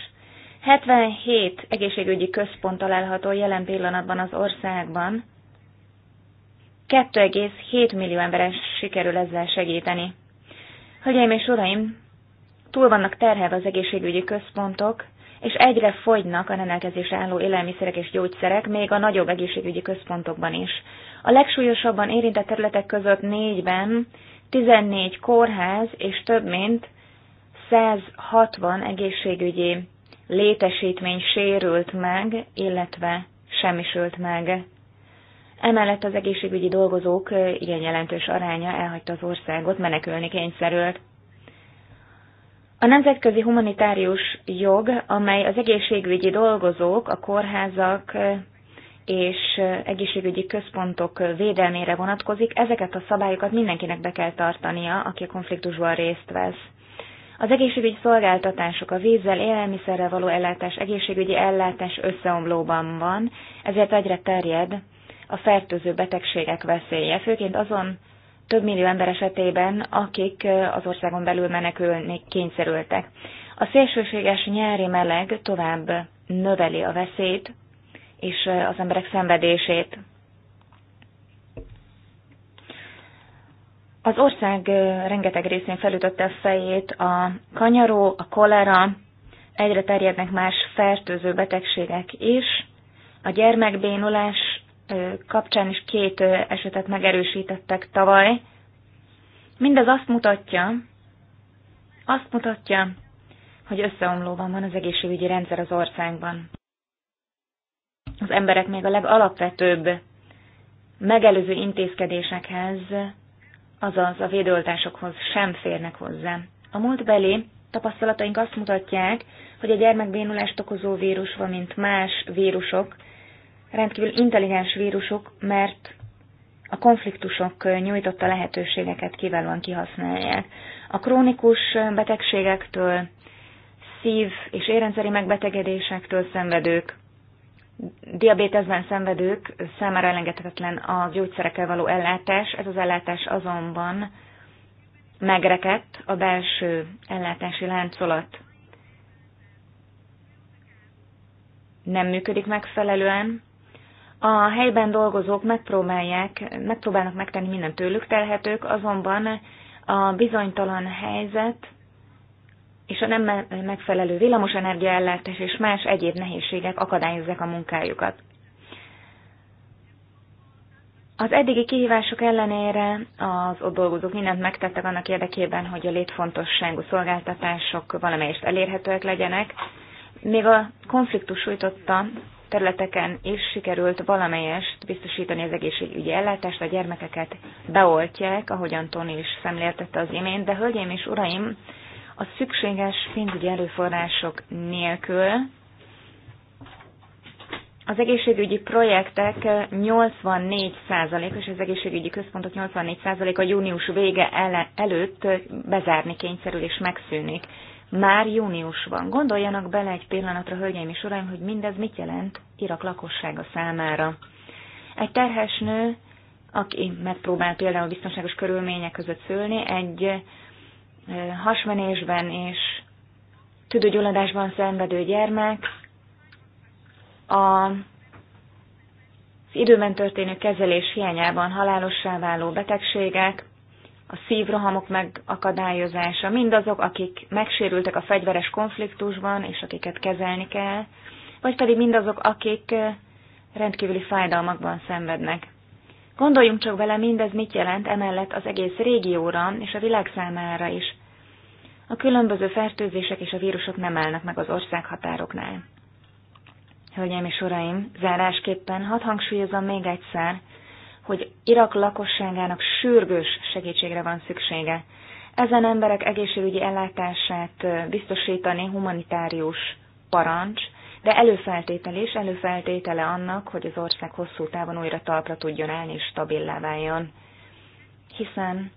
77 egészségügyi központ található jelen pillanatban az országban. 2,7 millió emberen sikerül ezzel segíteni. Hölgyeim és uraim, túl vannak terhelve az egészségügyi központok, és egyre fogynak a rendelkezésre álló élelmiszerek és gyógyszerek, még a nagyobb egészségügyi központokban is. A legsúlyosabban érintett területek között négyben 14 kórház és több mint 160 egészségügyi létesítmény sérült meg, illetve semmisült meg. Emellett az egészségügyi dolgozók igen jelentős aránya elhagyta az országot, menekülni kényszerült. A nemzetközi humanitárius jog, amely az egészségügyi dolgozók, a kórházak és egészségügyi központok védelmére vonatkozik, ezeket a szabályokat mindenkinek be kell tartania, aki a konfliktusban részt vesz. Az egészségügyi szolgáltatások, a vízzel, élelmiszerrel való ellátás, egészségügyi ellátás összeomlóban van, ezért egyre terjed a fertőző betegségek veszélye, főként azon több millió ember esetében, akik az országon belül menekülni kényszerültek. A szélsőséges nyári meleg tovább növeli a veszélyt és az emberek szenvedését. Az ország rengeteg részén felütötte a fejét a kanyaró, a kolera, egyre terjednek más fertőző betegségek is, a gyermekbénulás kapcsán is két esetet megerősítettek tavaly. Mindez azt mutatja, azt mutatja, hogy összeomlóban van az egészségügyi rendszer az országban. Az emberek még a legalapvetőbb megelőző intézkedésekhez, azaz a védőoltásokhoz sem férnek hozzá. A múltbeli tapasztalataink azt mutatják, hogy a gyermekbénulást okozó vírus, valamint más vírusok rendkívül intelligens vírusok, mert a konfliktusok nyújtotta lehetőségeket kiválóan kihasználják. A krónikus betegségektől, szív- és érrendszeri megbetegedésektől szenvedők, diabétezben szenvedők számára elengedhetetlen a gyógyszerekkel való ellátás, ez az ellátás azonban megrekedt a belső ellátási láncolat nem működik megfelelően, a helyben dolgozók megpróbálják, megpróbálnak megtenni minden tőlük telhetők, azonban a bizonytalan helyzet és a nem megfelelő villamosenergia ellátás és más egyéb nehézségek akadályozzák a munkájukat. Az eddigi kihívások ellenére az ott dolgozók mindent megtettek annak érdekében, hogy a létfontosságú szolgáltatások valamelyest elérhetőek legyenek. Még a konfliktus sújtotta területeken is sikerült valamelyest biztosítani az egészségügyi ellátást, a gyermekeket beoltják, ahogyan Tony is szemléltette az imént, de hölgyeim és uraim, a szükséges pénzügyi erőforrások nélkül az egészségügyi projektek 84 és az egészségügyi központok 84%-a június vége ele, előtt bezárni kényszerül és megszűnik. Már júniusban. Gondoljanak bele egy pillanatra, hölgyeim és uraim, hogy mindez mit jelent Irak lakossága számára. Egy terhes nő, aki megpróbál például biztonságos körülmények között szülni, egy hasmenésben és tüdőgyulladásban szenvedő gyermek, a az időben történő kezelés hiányában halálossá váló betegségek, a szívrohamok megakadályozása, mindazok, akik megsérültek a fegyveres konfliktusban, és akiket kezelni kell, vagy pedig mindazok, akik eh, rendkívüli fájdalmakban szenvednek. Gondoljunk csak vele, mindez mit jelent emellett az egész régióra és a világ számára is. A különböző fertőzések és a vírusok nem állnak meg az ország határoknál. Hölgyeim és uraim, zárásképpen hadd hangsúlyozom még egyszer, hogy Irak lakosságának sürgős segítségre van szüksége. Ezen emberek egészségügyi ellátását biztosítani humanitárius parancs, de előfeltétel is, előfeltétele annak, hogy az ország hosszú távon újra talpra tudjon állni és stabilá váljon. Hiszen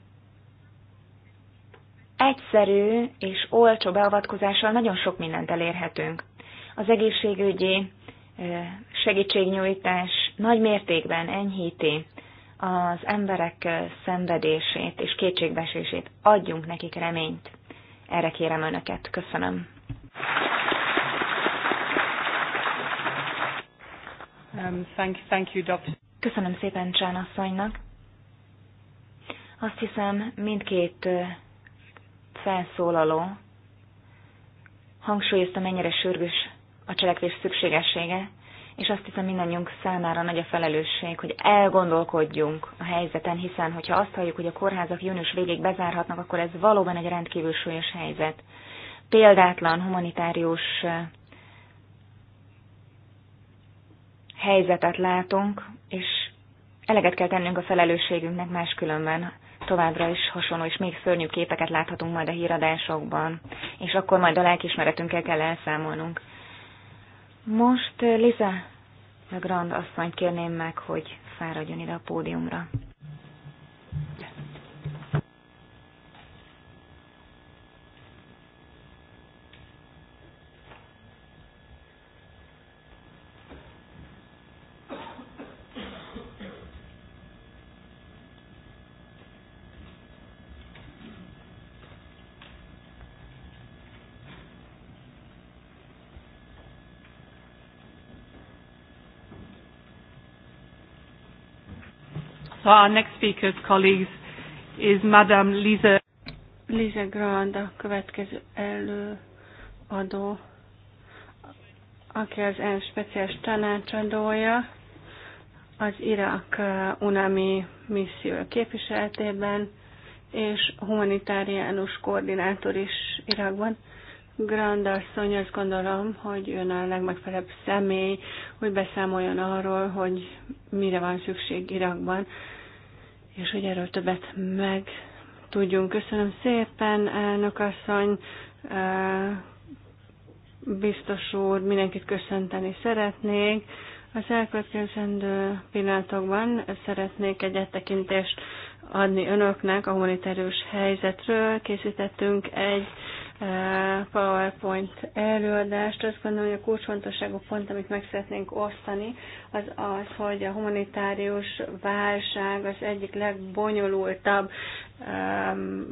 egyszerű és olcsó beavatkozással nagyon sok mindent elérhetünk. Az egészségügyi segítségnyújtás nagy mértékben enyhíti az emberek szenvedését és kétségbesését. Adjunk nekik reményt. Erre kérem Önöket. Köszönöm. Um, thank, thank you, Köszönöm szépen Csán asszonynak. Azt hiszem, mindkét uh, felszólaló hangsúlyozta, mennyire sürgős a cselekvés szükségessége, és azt hiszem mindannyiunk számára nagy a felelősség, hogy elgondolkodjunk a helyzeten, hiszen hogyha azt halljuk, hogy a kórházak június végéig bezárhatnak, akkor ez valóban egy rendkívül súlyos helyzet. Példátlan humanitárius helyzetet látunk, és eleget kell tennünk a felelősségünknek máskülönben. Továbbra is hasonló és még szörnyű képeket láthatunk majd a híradásokban, és akkor majd a lelkismeretünkkel kell elszámolnunk. Most eh, Liza Grand asszonyt kérném meg, hogy fáradjon ide a pódiumra. our next speaker's colleagues is Madame Lisa. Lisa Grand, a következő előadó, aki az ENSZ speciális tanácsadója, az Irak uh, UNAMI misszió képviseletében, és humanitáriánus koordinátor is Irakban. Grand asszony, azt gondolom, hogy ön a legmegfelelőbb személy, hogy beszámoljon arról, hogy mire van szükség Irakban és hogy erről többet meg tudjunk. Köszönöm szépen, elnök asszony, biztos úr, mindenkit köszönteni szeretnék. Az elkövetkezendő pillanatokban szeretnék egy áttekintést adni önöknek a humanitárius helyzetről. Készítettünk egy PowerPoint előadást. Azt gondolom, hogy a kulcsfontosságú pont, amit meg szeretnénk osztani, az az, hogy a humanitárius válság az egyik legbonyolultabb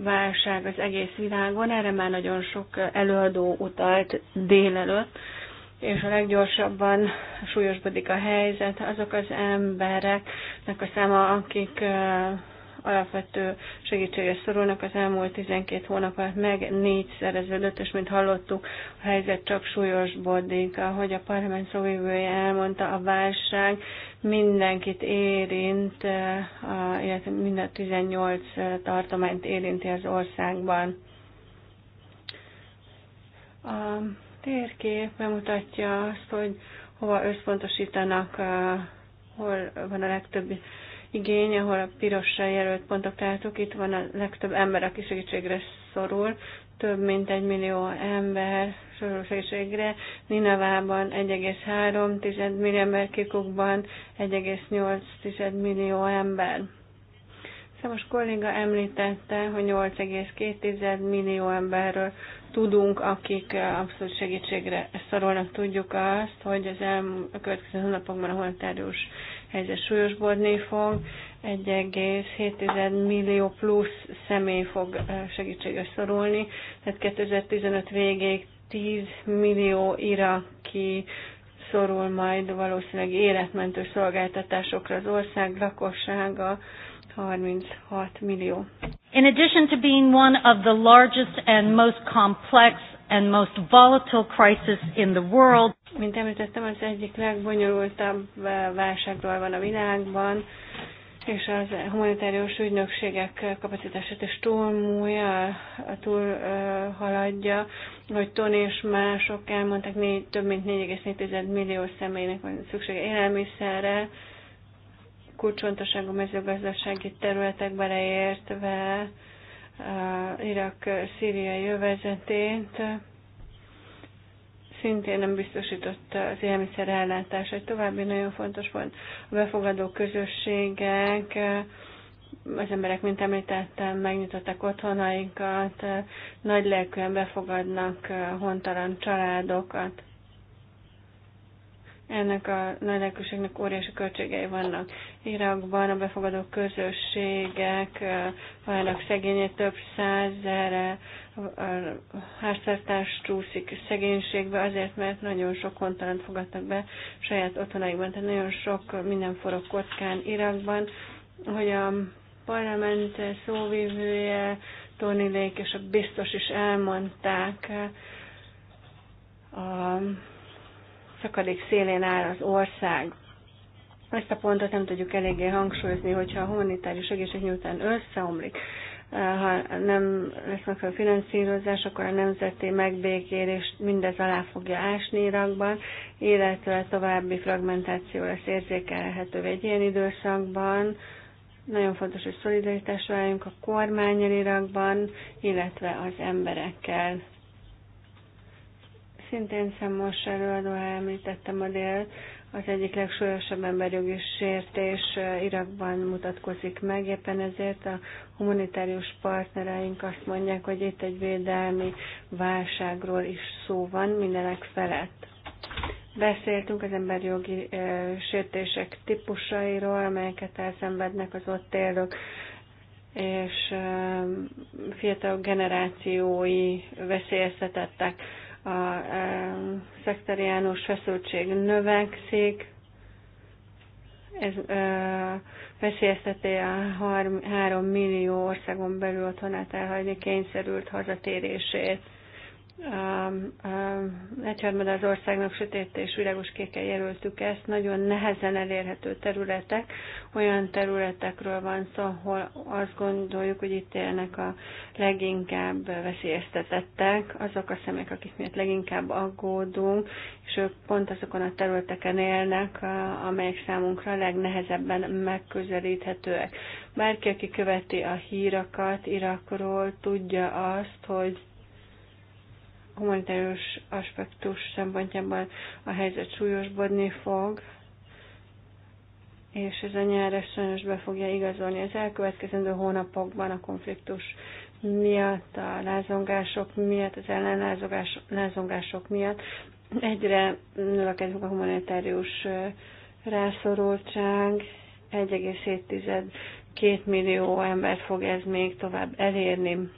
válság az egész világon. Erre már nagyon sok előadó utalt délelőtt és a leggyorsabban súlyosbodik a helyzet, azok az embereknek a száma, akik alapvető segítségre szorulnak. Az elmúlt 12 hónap alatt meg ezelőtt és mint hallottuk, a helyzet csak bodik. Ahogy a parlament szóvívője elmondta, a válság mindenkit érint, eh, illetve mind a 18 eh, tartományt érinti az országban. A térkép bemutatja azt, hogy hova összpontosítanak, eh, hol van a legtöbb igény, ahol a pirossal jelölt pontok látok, itt van a legtöbb ember, aki segítségre szorul, több mint egy millió ember szorul segítségre, Ninavában 1,3 millió ember, Kikukban 1,8 millió ember. Számos szóval kolléga említette, hogy 8,2 millió emberről tudunk, akik eh, abszolút segítségre szorulnak. Tudjuk azt, hogy az következő hónapokban a holtárius helyzet súlyosbodni fog, 1,7 millió plusz személy fog eh, segítségre szorulni, tehát 2015 végéig 10 millió iraki szorul majd valószínűleg életmentő szolgáltatásokra az ország lakossága 36 millió. In addition to being one of the largest and most complex and most volatile crisis in the world. Mint említettem, az egyik legbonyolultabb eh, válságról van a világban, és az humanitárius ügynökségek kapacitását is túlmúlja, túlhaladja. Eh, hogy Tony és mások elmondták, négy, több mint 4,4 millió személynek van szüksége élelmiszerre, kulcsontosságú mezőgazdasági területek beleértve, Uh, Irak szíriai övezetét szintén nem biztosította az élmiszer ellátás. Egy további nagyon fontos volt a befogadó közösségek, uh, az emberek, mint említettem, megnyitották otthonaikat, uh, nagy lelkűen befogadnak hontalan családokat ennek a nagy lelkűségnek óriási költségei vannak. Irakban a befogadó közösségek vannak szegénye több százere, háztartás csúszik szegénységbe azért, mert nagyon sok hontalant fogadtak be saját otthonaikban, tehát nagyon sok minden forog kockán Irakban, hogy a parlament szóvívője, Tony Lake és a biztos is elmondták a szakadék szélén áll az ország. Ezt a pontot nem tudjuk eléggé hangsúlyozni, hogyha a humanitárius segítségnyújtán összeomlik, eh, ha nem lesz a finanszírozás, akkor a nemzeti megbékélést mindez alá fogja ásni Irakban, illetve további fragmentáció lesz érzékelhető egy ilyen időszakban. Nagyon fontos, hogy szolidaritásra álljunk a kormányjal Irakban, illetve az emberekkel. Szintén számos előadó említettem a dél, az egyik legsúlyosabb emberjogi sértés Irakban mutatkozik meg, éppen ezért a humanitárius partnereink azt mondják, hogy itt egy védelmi válságról is szó van mindenek felett. Beszéltünk az emberjogi sértések típusairól, amelyeket elszenvednek az ott élők, és fiatal generációi veszélyeztetettek a szektoriánus feszültség növekszik, ez veszélyezteti a 3 millió országon belül otthonát elhagyni kényszerült hazatérését harmad az országnak sötét és világos kékkel jelöltük ezt, nagyon nehezen elérhető területek, olyan területekről van szó, ahol azt gondoljuk, hogy itt élnek a leginkább veszélyeztetettek, azok a szemek, akik miatt leginkább aggódunk, és ők pont azokon a területeken élnek, amelyek számunkra a legnehezebben megközelíthetőek. Bárki, aki követi a hírakat Irakról, tudja azt, hogy humanitárius aspektus szempontjából a helyzet súlyosbodni fog, és ez a nyár sajnos be fogja igazolni az elkövetkezendő hónapokban a konfliktus miatt, a lázongások miatt, az ellenlázongások miatt egyre növekedik a humanitárius rászorultság, 17 két millió embert fog ez még tovább elérni.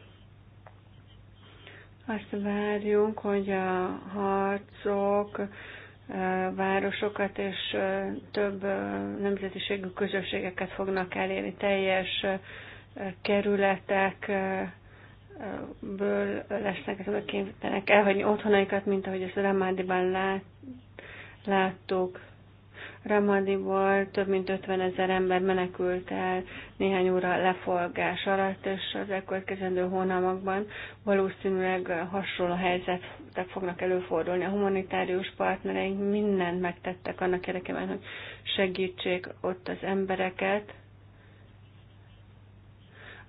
Azt várjunk, hogy a harcok, városokat és több nemzetiségű közösségeket fognak elérni, teljes kerületekből lesznek ezek a kénytelenek elhagyni otthonaikat, mint ahogy ezt Ramádiban láttuk. Ramadiból több mint 50 ezer ember menekült el néhány óra lefolgás alatt, és az elkövetkezendő hónapokban valószínűleg hasonló helyzetek fognak előfordulni. A humanitárius partnereink mindent megtettek annak érdekében, hogy segítsék ott az embereket,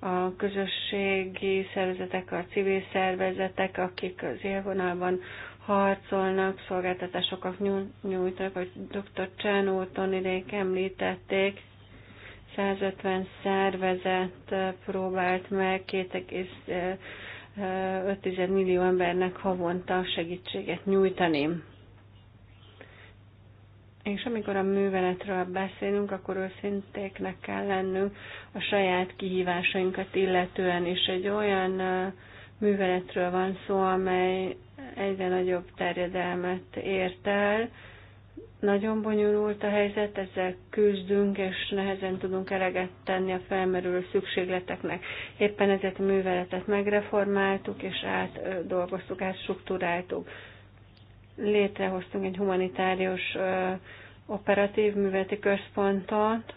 a közösségi szervezetek, a civil szervezetek, akik az élvonalban harcolnak, szolgáltatásokat nyújtanak, hogy dr. Csánóton idejék említették, 150 szervezet próbált meg 2,5 millió embernek havonta segítséget nyújtani. És amikor a műveletről beszélünk, akkor őszintéknek kell lennünk a saját kihívásainkat illetően is. Egy olyan műveletről van szó, amely egyre nagyobb terjedelmet ért el. Nagyon bonyolult a helyzet, ezzel küzdünk, és nehezen tudunk eleget tenni a felmerülő szükségleteknek. Éppen ezért a műveletet megreformáltuk, és átdolgoztuk, átstruktúráltuk. Létrehoztunk egy humanitárius operatív műveleti központot,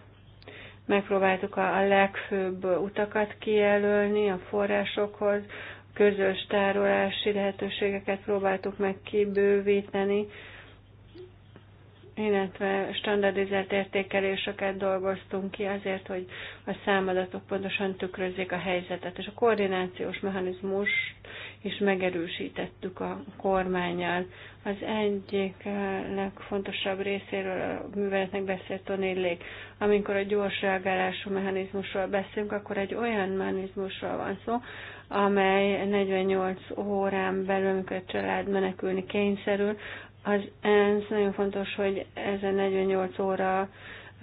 megpróbáltuk a legfőbb utakat kijelölni a forrásokhoz, közös tárolási lehetőségeket próbáltuk meg kibővíteni, illetve standardizált értékeléseket dolgoztunk ki azért, hogy a számadatok pontosan tükrözzék a helyzetet, és a koordinációs mechanizmus is megerősítettük a kormányjal. Az egyik eh, legfontosabb részéről a műveletnek beszélt Tonélék. Amikor a gyors reagálású mechanizmusról beszélünk, akkor egy olyan mechanizmusról van szó, amely 48 órán belül, amikor a család menekülni kényszerül, az ENSZ nagyon fontos, hogy ezen 48 óra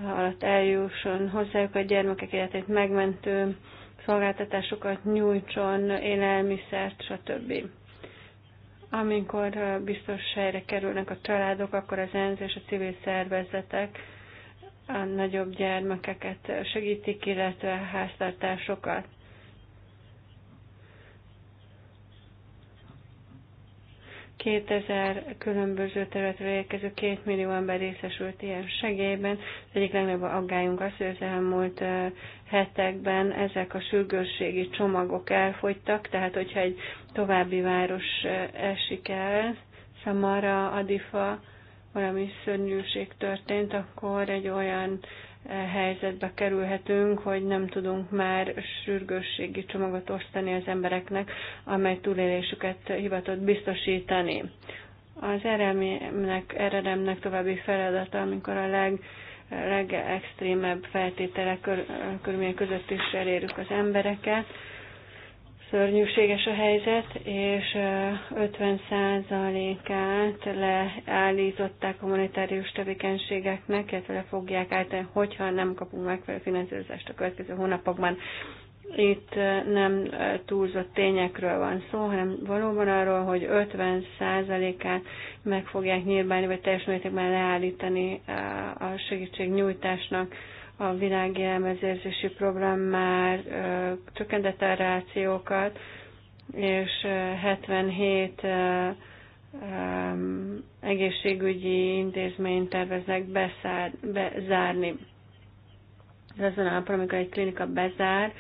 alatt eljusson hozzájuk a gyermekek életét megmentő szolgáltatásokat nyújtson, élelmiszert, stb. Amikor biztos helyre kerülnek a családok, akkor az ENSZ és a civil szervezetek a nagyobb gyermekeket segítik, illetve háztartásokat. 2000 különböző területre érkező 2 millió ember részesült ilyen segélyben. Az egyik legnagyobb aggályunk az, hogy az elmúlt hetekben ezek a sürgősségi csomagok elfogytak, tehát hogyha egy további város esik el, Samara, Adifa, valami szörnyűség történt, akkor egy olyan helyzetbe kerülhetünk, hogy nem tudunk már sürgősségi csomagot osztani az embereknek, amely túlélésüket hivatott biztosítani. Az RM-nek, RRM-nek további feladata, amikor a leg, legextrémebb feltételek körülmények között is elérjük az embereket, szörnyűséges a helyzet, és 50%-át leállították monetárius tevékenységeknek, illetve le fogják állítani, hogyha nem kapunk megfelelő finanszírozást a következő hónapokban. Itt nem túlzott tényekről van szó, hanem valóban arról, hogy 50%-át meg fogják nyírbálni, vagy teljes mértékben leállítani a segítségnyújtásnak a világi elmezérzési program már csökkentett a rációkat, és 77 egészségügyi intézményt terveznek beszár, bezárni. Ez azon alapon, amikor egy klinika bezár,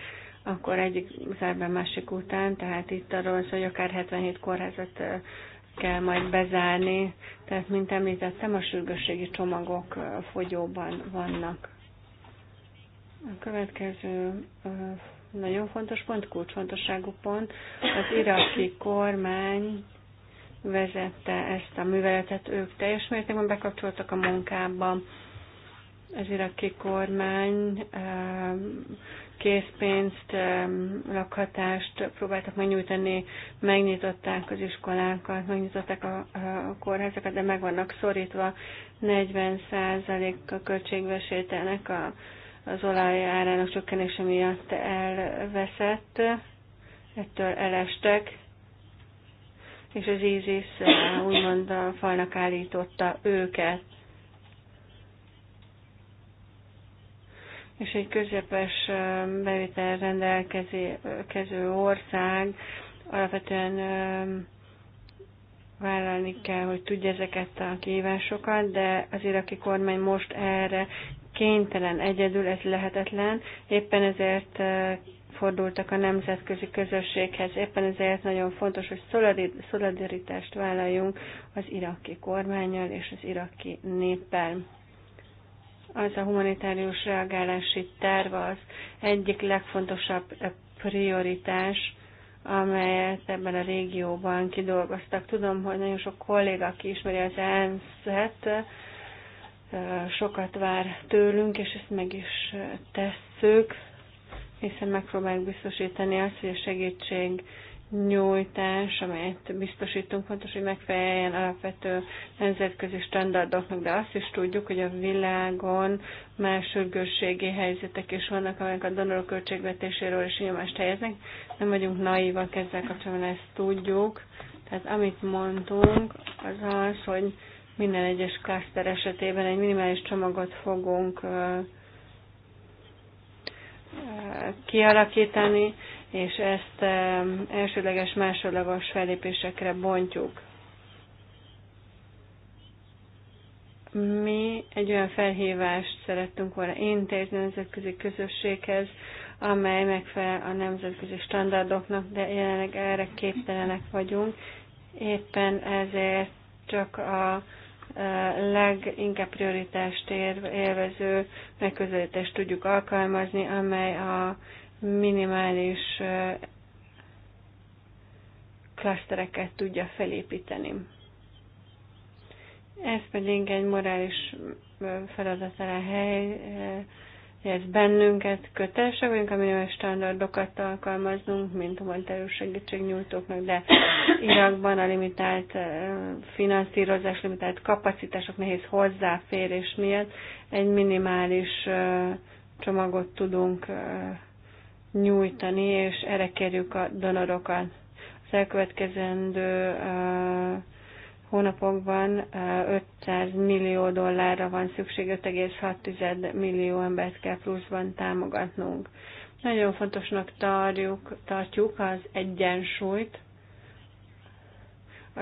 akkor egyik zár be másik után, tehát itt arról szó, hogy akár 77 kórházat kell majd bezárni. Tehát, mint említettem, a sürgősségi csomagok fogyóban vannak. A következő nagyon fontos pont, kulcsfontosságú pont, az iraki kormány vezette ezt a műveletet, ők teljes mértékben bekapcsoltak a munkába. Az iraki kormány készpénzt, lakhatást próbáltak megnyújtani, megnyitották az iskolákat, megnyitották a, kórházakat, de meg vannak szorítva 40% a költségvesételnek a az olaj árának csökkenése miatt elveszett, ettől elestek, és az ízis eh, úgymond a falnak állította őket. És egy közepes eh, bevétel rendelkező ország alapvetően eh, vállalni kell, hogy tudja ezeket a kívásokat, de az iraki kormány most erre kénytelen egyedül, ez lehetetlen, éppen ezért eh, fordultak a nemzetközi közösséghez. Éppen ezért nagyon fontos, hogy szolidaritást vállaljunk az iraki kormányjal és az iraki néppel. Az a humanitárius reagálási terv az egyik legfontosabb eh, prioritás, amelyet ebben a régióban kidolgoztak. Tudom, hogy nagyon sok kolléga, aki ismeri az ENSZ-et, sokat vár tőlünk, és ezt meg is tesszük, hiszen megpróbáljuk biztosítani azt, hogy a segítség nyújtás, amelyet biztosítunk, fontos, hogy megfeleljen alapvető nemzetközi standardoknak, de azt is tudjuk, hogy a világon más sürgősségi helyzetek is vannak, amelyek a donorok költségvetéséről is nyomást helyeznek. Nem vagyunk naívak ezzel kapcsolatban, ezt tudjuk. Tehát amit mondtunk, az az, hogy minden egyes klaszter esetében egy minimális csomagot fogunk kialakítani, és ezt elsődleges, másodlagos fellépésekre bontjuk. Mi egy olyan felhívást szerettünk volna intézni a nemzetközi közösséghez, amely megfelel a nemzetközi standardoknak, de jelenleg erre képtelenek vagyunk. Éppen ezért csak a leginkább prioritást élvező megközelítést tudjuk alkalmazni, amely a minimális klasztereket tudja felépíteni. Ez pedig egy morális feladatára hely ez bennünket kötelesek vagyunk, amilyen standardokat alkalmazunk, mint humanitárius segítségnyújtóknak, de Irakban a limitált finanszírozás, limitált kapacitások nehéz hozzáférés miatt egy minimális csomagot tudunk nyújtani, és erre kérjük a donorokat. Az elkövetkezendő hónapokban 500 millió dollárra van szükség, 5,6 millió embert kell pluszban támogatnunk. Nagyon fontosnak tarjuk, tartjuk az egyensúlyt a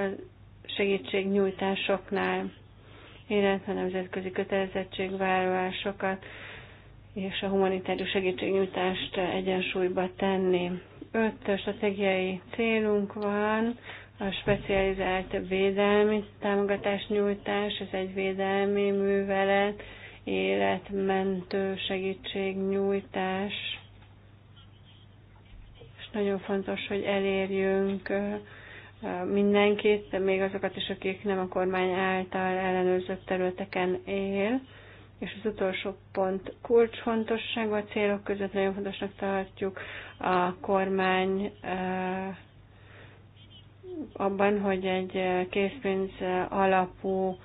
segítségnyújtásoknál, illetve a nemzetközi kötelezettségvállalásokat és a humanitárius segítségnyújtást egyensúlyba tenni. Öt stratégiai célunk van, a specializált védelmi támogatás nyújtás, ez egy védelmi művelet, életmentő segítség nyújtás és nagyon fontos, hogy elérjünk mindenkit, de még azokat is, akik nem a kormány által ellenőrzött területeken él. És az utolsó pont kulcsfontosságú a célok között nagyon fontosnak tartjuk a kormány abban, hogy egy készpénz alapú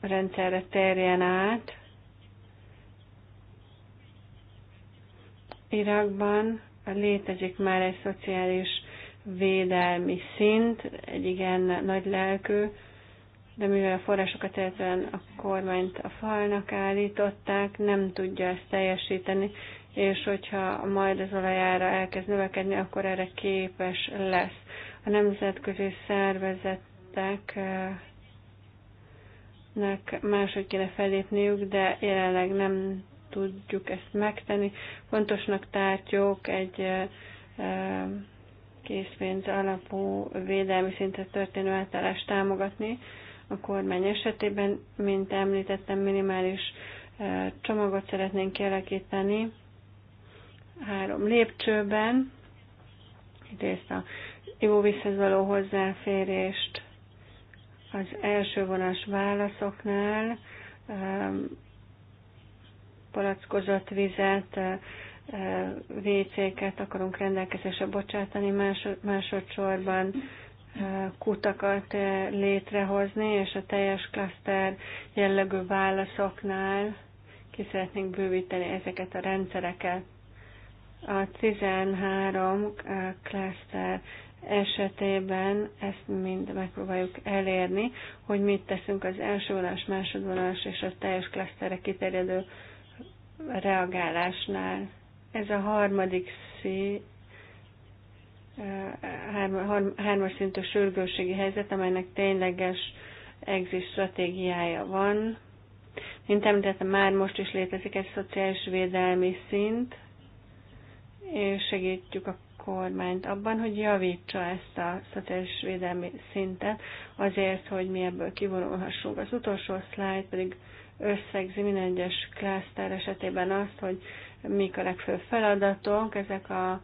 rendszerre térjen át. Irakban létezik már egy szociális védelmi szint, egy igen nagy lelkű, de mivel a forrásokat illetően a kormányt a falnak állították, nem tudja ezt teljesíteni, és hogyha majd az olajára elkezd növekedni, akkor erre képes lesz. A nemzetközi szervezetek eh, nek máshogy kéne felépniük, de jelenleg nem tudjuk ezt megtenni. Fontosnak tártjuk egy eh, eh, készpénz alapú védelmi szintre történő átállást támogatni a kormány esetében, mint említettem, minimális csomagot szeretnénk kialakítani, három lépcsőben, egyrészt a visszhez való hozzáférést az első vonas válaszoknál, um, palackozott vizet, WC-ket uh, uh, akarunk rendelkezésre bocsátani, másod, másodszorban uh, kutakat létrehozni, és a teljes klaszter jellegű válaszoknál ki szeretnénk bővíteni ezeket a rendszereket. A 13 cluster eh, esetében ezt mind megpróbáljuk elérni, hogy mit teszünk az első vonalas, másodvonalas és a teljes klaszterre kiterjedő reagálásnál. Ez a harmadik szí, eh, hárm, hármas szintű sürgőségi helyzet, amelynek tényleges exit stratégiája van. Mint említettem, már most is létezik egy szociális védelmi szint, és segítjük a kormányt abban, hogy javítsa ezt a szociális védelmi szintet azért, hogy mi ebből kivonulhassunk. Az utolsó szlájd pedig összegzi minden egyes klaszter esetében azt, hogy mik a legfőbb feladatok, ezek a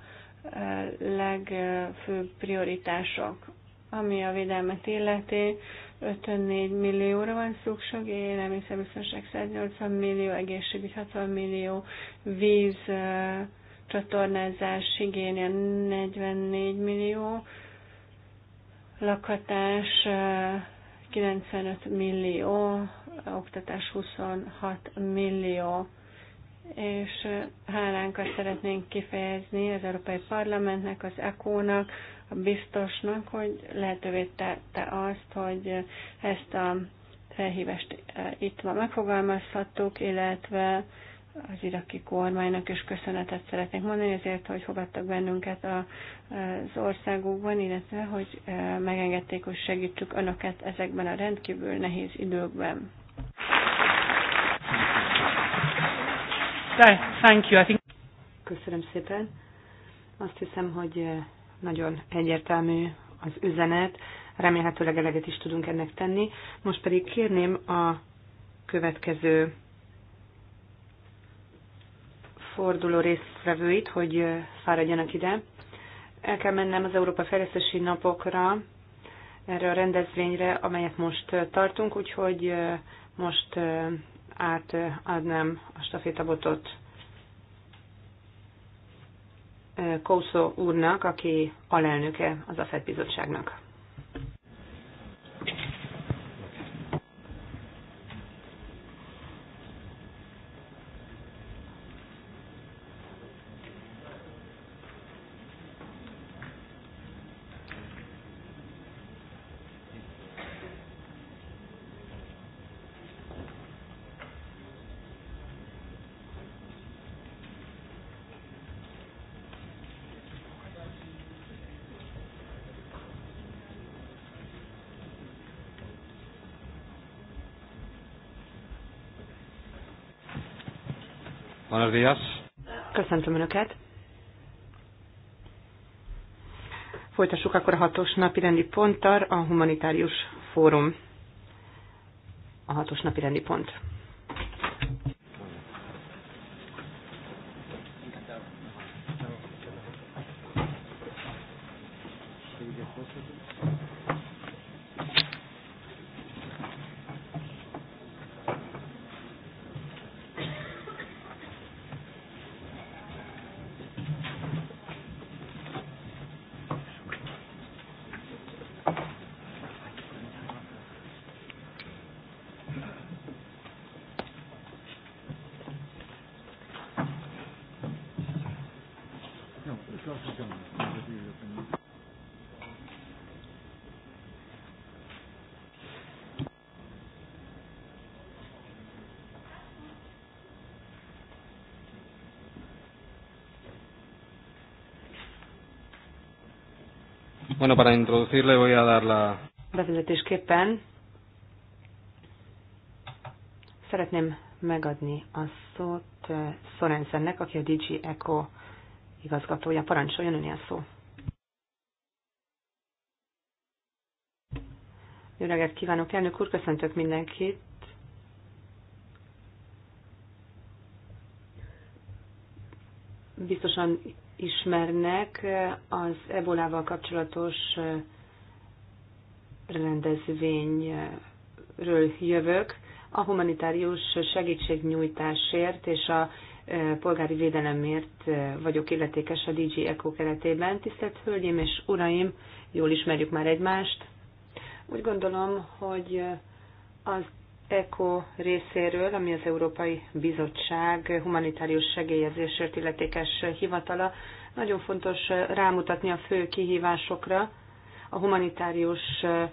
e, legfőbb prioritások. Ami a védelmet illeti, 54 millióra van szükség, élelmiszerbiztonság 180 millió, egészségügy 60 millió, víz e, csatornázás igénye 44 millió, lakhatás 95 millió, oktatás 26 millió, és hálánkat szeretnénk kifejezni az Európai Parlamentnek, az ECO-nak, a biztosnak, hogy lehetővé tette azt, hogy ezt a felhívást itt ma megfogalmazhattuk, illetve az iraki kormánynak is köszönetet szeretnék mondani azért, hogy fogadtak bennünket az országukban, illetve hogy e, megengedték, hogy segítsük önöket ezekben a rendkívül nehéz időkben. Thank you. I think... Köszönöm szépen. Azt hiszem, hogy e, nagyon egyértelmű az üzenet. Remélhetőleg eleget is tudunk ennek tenni. Most pedig kérném a következő forduló résztvevőit, hogy fáradjanak ide. El kell mennem az Európa Fejlesztési Napokra, erre a rendezvényre, amelyet most tartunk, úgyhogy most átadnám a stafétabotot Kószó úrnak, aki alelnöke az AFED bizottságnak. Buenos días. Köszöntöm Önöket. Folytassuk akkor a hatos napi rendi ponttal a humanitárius fórum. A hatos napi rendi pont. Bueno, para introducirle voy a dar la... Bevezetésképpen szeretném megadni a szót eh, Sorensennek, aki a DG Eco igazgatója. Parancsoljon önél szó. Jó reggelt kívánok, elnök úr, köszöntök mindenkit. pontosan ismernek az ebolával kapcsolatos eh, rendezvényről jövök, a humanitárius segítségnyújtásért és a eh, polgári védelemért eh, vagyok illetékes a DG ECO keretében. Tisztelt Hölgyeim és Uraim, jól ismerjük már egymást. Úgy gondolom, hogy az ECO részéről, ami az Európai Bizottság humanitárius segélyezésért illetékes hivatala. Nagyon fontos rámutatni a fő kihívásokra, a humanitárius eh,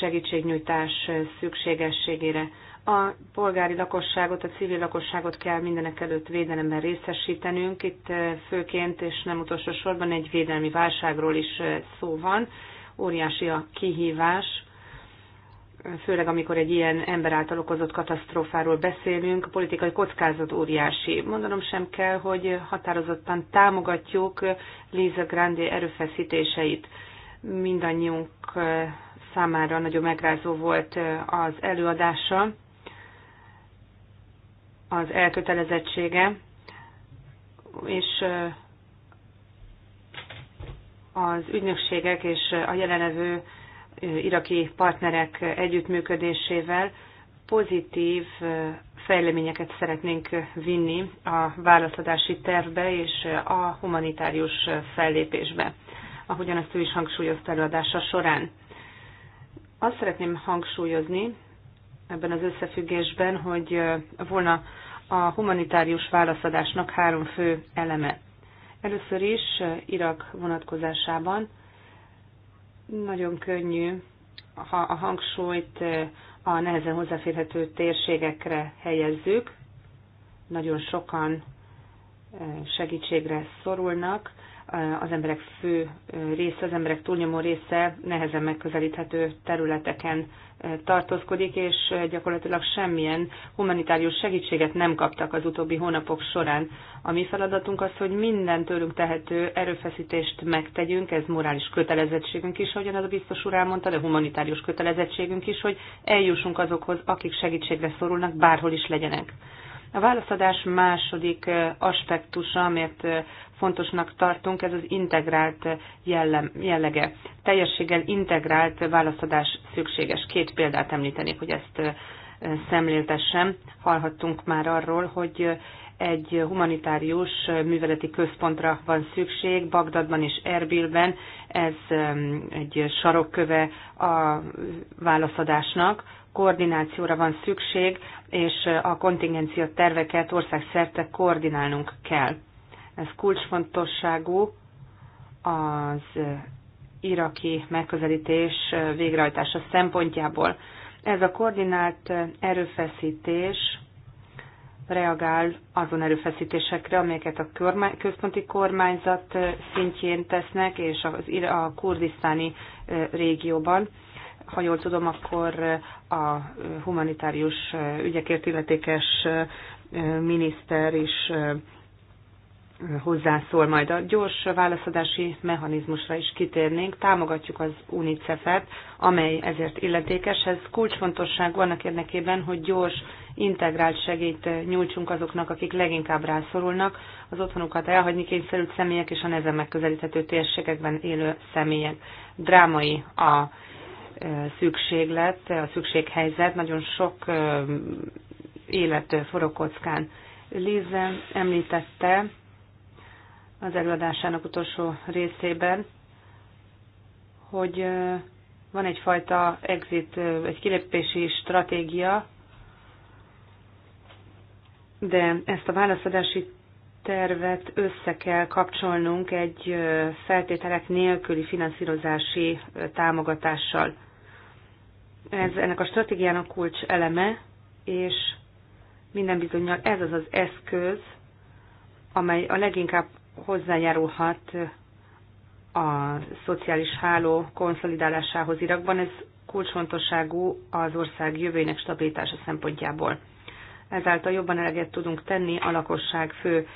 segítségnyújtás szükségességére. A polgári lakosságot, a civil lakosságot kell mindenek előtt védelemben részesítenünk. Itt eh, főként és nem utolsó sorban egy védelmi válságról is eh, szó van. Óriási a kihívás, főleg amikor egy ilyen ember által okozott katasztrófáról beszélünk, a politikai kockázat óriási. Mondanom sem kell, hogy határozottan támogatjuk Lisa Grande erőfeszítéseit. Mindannyiunk számára nagyon megrázó volt az előadása, az elkötelezettsége, és az ügynökségek és a jelenlevő iraki partnerek együttműködésével pozitív fejleményeket szeretnénk vinni a válaszadási tervbe és a humanitárius fellépésbe, ahogyan ezt ő is hangsúlyozta előadása során. Azt szeretném hangsúlyozni ebben az összefüggésben, hogy volna a humanitárius válaszadásnak három fő eleme. Először is Irak vonatkozásában nagyon könnyű ha a hangsúlyt eh, a nehezen hozzáférhető térségekre helyezzük. Nagyon sokan eh, segítségre szorulnak, az emberek fő része, az emberek túlnyomó része nehezen megközelíthető területeken tartózkodik, és gyakorlatilag semmilyen humanitárius segítséget nem kaptak az utóbbi hónapok során. A mi feladatunk az, hogy minden tőlünk tehető erőfeszítést megtegyünk, ez morális kötelezettségünk is, ahogyan az a biztos úr elmondta, de humanitárius kötelezettségünk is, hogy eljussunk azokhoz, akik segítségre szorulnak, bárhol is legyenek. A válaszadás második aspektusa, amit fontosnak tartunk, ez az integrált jellem, jellege. Teljességgel integrált válaszadás szükséges. Két példát említenék, hogy ezt szemléltessem. Hallhattunk már arról, hogy egy humanitárius műveleti központra van szükség, Bagdadban és Erbilben. Ez egy sarokköve a válaszadásnak, koordinációra van szükség, és a kontingencia terveket országszerte koordinálnunk kell. Ez kulcsfontosságú az iraki megközelítés végrehajtása szempontjából. Ez a koordinált erőfeszítés reagál azon erőfeszítésekre, amelyeket a központi kormányzat szintjén tesznek, és a kurdisztáni régióban ha jól tudom, akkor a humanitárius ügyekért illetékes miniszter is hozzászól majd. A gyors válaszadási mechanizmusra is kitérnénk. Támogatjuk az UNICEF-et, amely ezért illetékes. Ez kulcsfontosság annak érdekében, hogy gyors, integrált segélyt nyújtsunk azoknak, akik leginkább rászorulnak, az otthonukat elhagyni kényszerült személyek és a nezen megközelíthető térségekben élő személyek. Drámai a szükséglet, a szükséghelyzet, nagyon sok élet forokockán. kockán. említette az előadásának utolsó részében, hogy van egyfajta exit, egy kilépési stratégia, de ezt a válaszadási tervet össze kell kapcsolnunk egy feltételek nélküli finanszírozási támogatással. Ez ennek a stratégiának kulcs eleme, és minden bizonyal ez az az eszköz, amely a leginkább hozzájárulhat a szociális háló konszolidálásához Irakban. Ez kulcsfontosságú az ország jövőjének stabilitása szempontjából. Ezáltal jobban eleget tudunk tenni a lakosság fő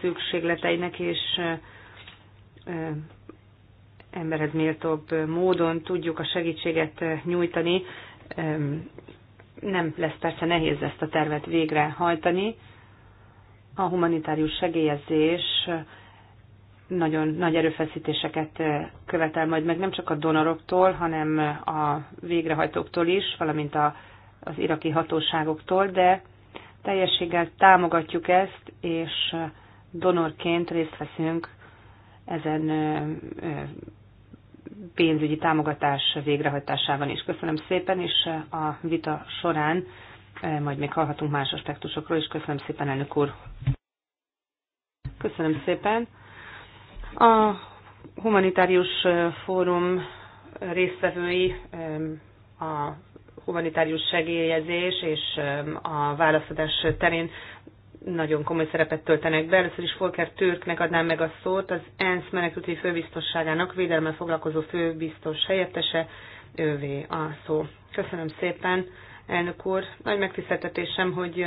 szükségleteinek és emberhez méltóbb módon tudjuk a segítséget nyújtani. Nem lesz persze nehéz ezt a tervet végrehajtani. A humanitárius segélyezés nagyon nagy erőfeszítéseket követel majd meg nem csak a donoroktól, hanem a végrehajtóktól is, valamint a, az iraki hatóságoktól, de teljességgel támogatjuk ezt, és donorként részt veszünk ezen pénzügyi támogatás végrehajtásában is. Köszönöm szépen, és a vita során eh, majd még hallhatunk más aspektusokról is. Köszönöm szépen, elnök úr. Köszönöm szépen. A humanitárius eh, fórum résztvevői a humanitárius segélyezés és a válaszadás terén nagyon komoly szerepet töltenek be. Először is Volker Türknek adnám meg a szót, az ENSZ menekültügyi főbiztosságának védelme foglalkozó főbiztos helyettese, ővé a szó. Köszönöm szépen, elnök úr. Nagy megtiszteltetésem, hogy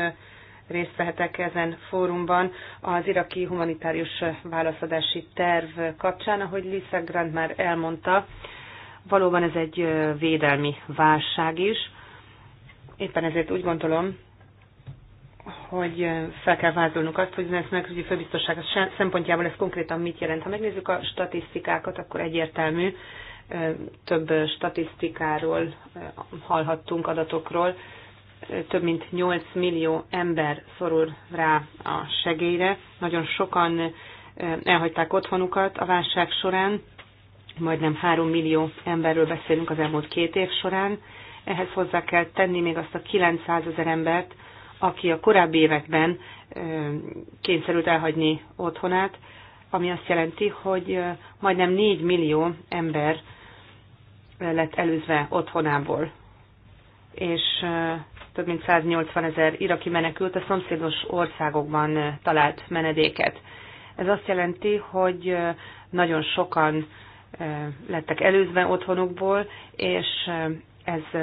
részt vehetek ezen fórumban az iraki humanitárius válaszadási terv kapcsán, ahogy Lisa Grant már elmondta, valóban ez egy védelmi válság is. Éppen ezért úgy gondolom, hogy fel kell vázolnunk azt, hogy ez meg a főbiztosság szempontjából ez konkrétan mit jelent. Ha megnézzük a statisztikákat, akkor egyértelmű, több statisztikáról hallhattunk, adatokról. Több mint 8 millió ember szorul rá a segélyre. Nagyon sokan elhagyták otthonukat a válság során. Majdnem 3 millió emberről beszélünk az elmúlt két év során. Ehhez hozzá kell tenni még azt a 900 ezer embert, aki a korábbi években kényszerült elhagyni otthonát, ami azt jelenti, hogy majdnem 4 millió ember lett előzve otthonából, és több mint 180 ezer iraki menekült a szomszédos országokban talált menedéket. Ez azt jelenti, hogy nagyon sokan lettek előzve otthonukból, és ez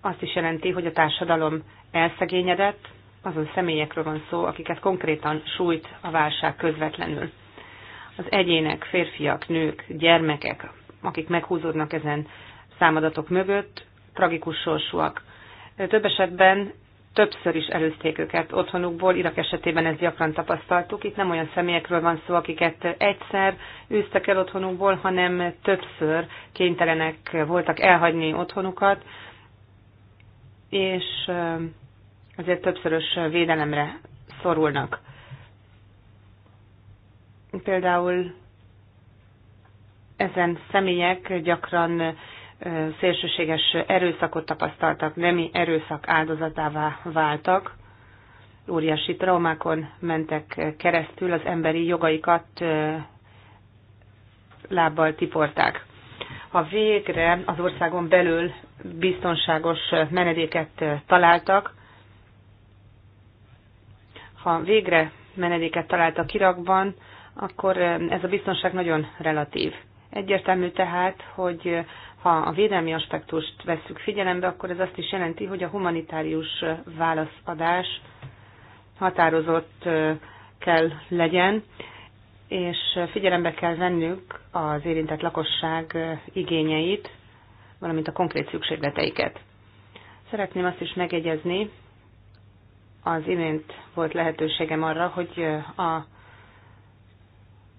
azt is jelenti, hogy a társadalom elszegényedett, azon személyekről van szó, akiket konkrétan sújt a válság közvetlenül. Az egyének, férfiak, nők, gyermekek, akik meghúzódnak ezen számadatok mögött, tragikus sorsúak. Több esetben többször is előzték őket otthonukból, Irak esetében ezt gyakran tapasztaltuk. Itt nem olyan személyekről van szó, akiket egyszer űztek el otthonukból, hanem többször kénytelenek voltak elhagyni otthonukat, és azért többszörös védelemre szorulnak. Például ezen személyek gyakran szélsőséges erőszakot tapasztaltak, nemi erőszak áldozatává váltak, óriási traumákon mentek keresztül, az emberi jogaikat lábbal tiporták ha végre az országon belül biztonságos menedéket találtak, ha végre menedéket találtak Irakban, akkor ez a biztonság nagyon relatív. Egyértelmű tehát, hogy ha a védelmi aspektust vesszük figyelembe, akkor ez azt is jelenti, hogy a humanitárius válaszadás határozott kell legyen, és figyelembe kell vennünk az érintett lakosság igényeit, valamint a konkrét szükségleteiket. Szeretném azt is megjegyezni, az imént volt lehetőségem arra, hogy a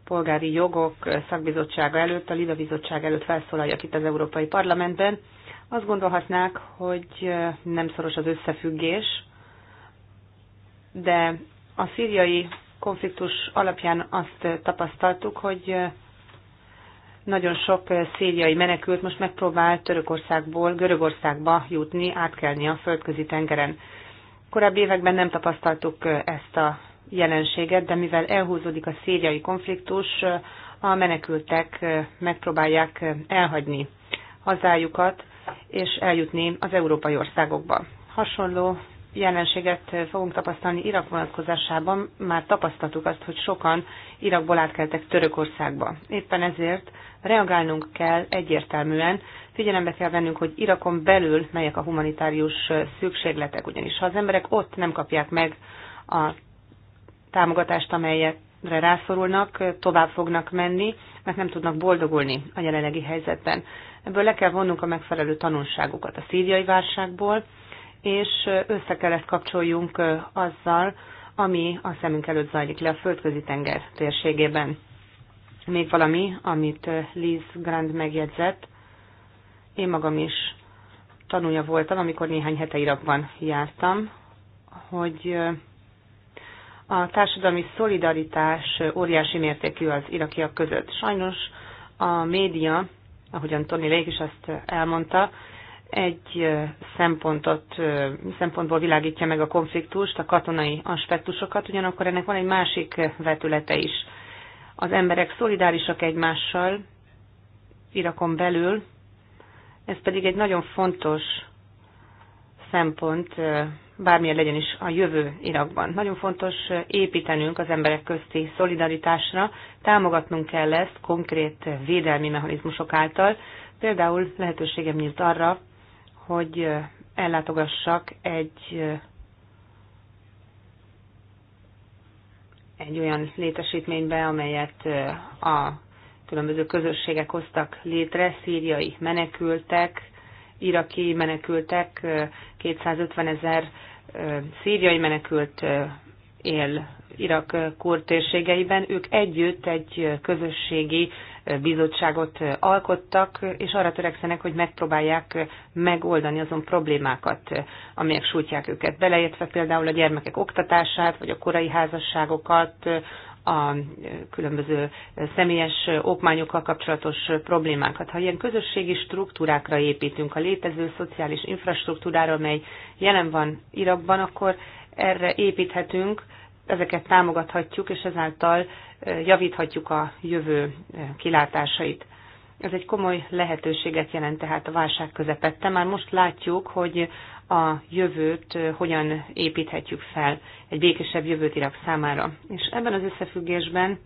polgári jogok szakbizottsága előtt, a LIDA bizottság előtt felszólaljak itt az Európai Parlamentben. Azt gondolhatnák, hogy nem szoros az összefüggés, de a szíriai konfliktus alapján azt tapasztaltuk, hogy nagyon sok szíriai menekült most megpróbál Törökországból Görögországba jutni, átkelni a földközi tengeren. Korábbi években nem tapasztaltuk ezt a jelenséget, de mivel elhúzódik a szíriai konfliktus, a menekültek megpróbálják elhagyni hazájukat és eljutni az európai országokba. Hasonló jelenséget fogunk tapasztalni Irak vonatkozásában. Már tapasztaltuk azt, hogy sokan Irakból átkeltek Törökországba. Éppen ezért reagálnunk kell egyértelműen, figyelembe kell vennünk, hogy Irakon belül melyek a humanitárius szükségletek, ugyanis ha az emberek ott nem kapják meg a támogatást, amelyet rászorulnak, tovább fognak menni, mert nem tudnak boldogulni a jelenlegi helyzetben. Ebből le kell vonnunk a megfelelő tanulságokat a szíriai válságból, és össze kellett kapcsoljunk azzal, ami a szemünk előtt zajlik le a földközi tenger térségében. Még valami, amit Liz Grand megjegyzett, én magam is tanulja voltam, amikor néhány hete Irakban jártam, hogy a társadalmi szolidaritás óriási mértékű az irakiak között. Sajnos a média, ahogyan Tony Lake is azt elmondta, egy szempontot, szempontból világítja meg a konfliktust, a katonai aspektusokat, ugyanakkor ennek van egy másik vetülete is. Az emberek szolidárisak egymással, Irakon belül, ez pedig egy nagyon fontos szempont, bármilyen legyen is a jövő Irakban. Nagyon fontos építenünk az emberek közti szolidaritásra, támogatnunk kell ezt konkrét védelmi mechanizmusok által. Például lehetőségem nyílt arra, hogy ellátogassak egy egy olyan létesítménybe, amelyet a különböző közösségek hoztak létre, szíriai menekültek, iraki menekültek, 250 ezer szíriai menekült él Irak kórtérségeiben. Ők együtt egy közösségi bizottságot alkottak, és arra törekszenek, hogy megpróbálják megoldani azon problémákat, amelyek sújtják őket, beleértve például a gyermekek oktatását, vagy a korai házasságokat, a különböző személyes okmányokkal kapcsolatos problémákat. Ha ilyen közösségi struktúrákra építünk, a létező szociális infrastruktúrára, amely jelen van Irakban, akkor erre építhetünk, ezeket támogathatjuk, és ezáltal javíthatjuk a jövő kilátásait. Ez egy komoly lehetőséget jelent tehát a válság közepette. Már most látjuk, hogy a jövőt hogyan építhetjük fel egy békésebb jövőt Irak számára. És ebben az összefüggésben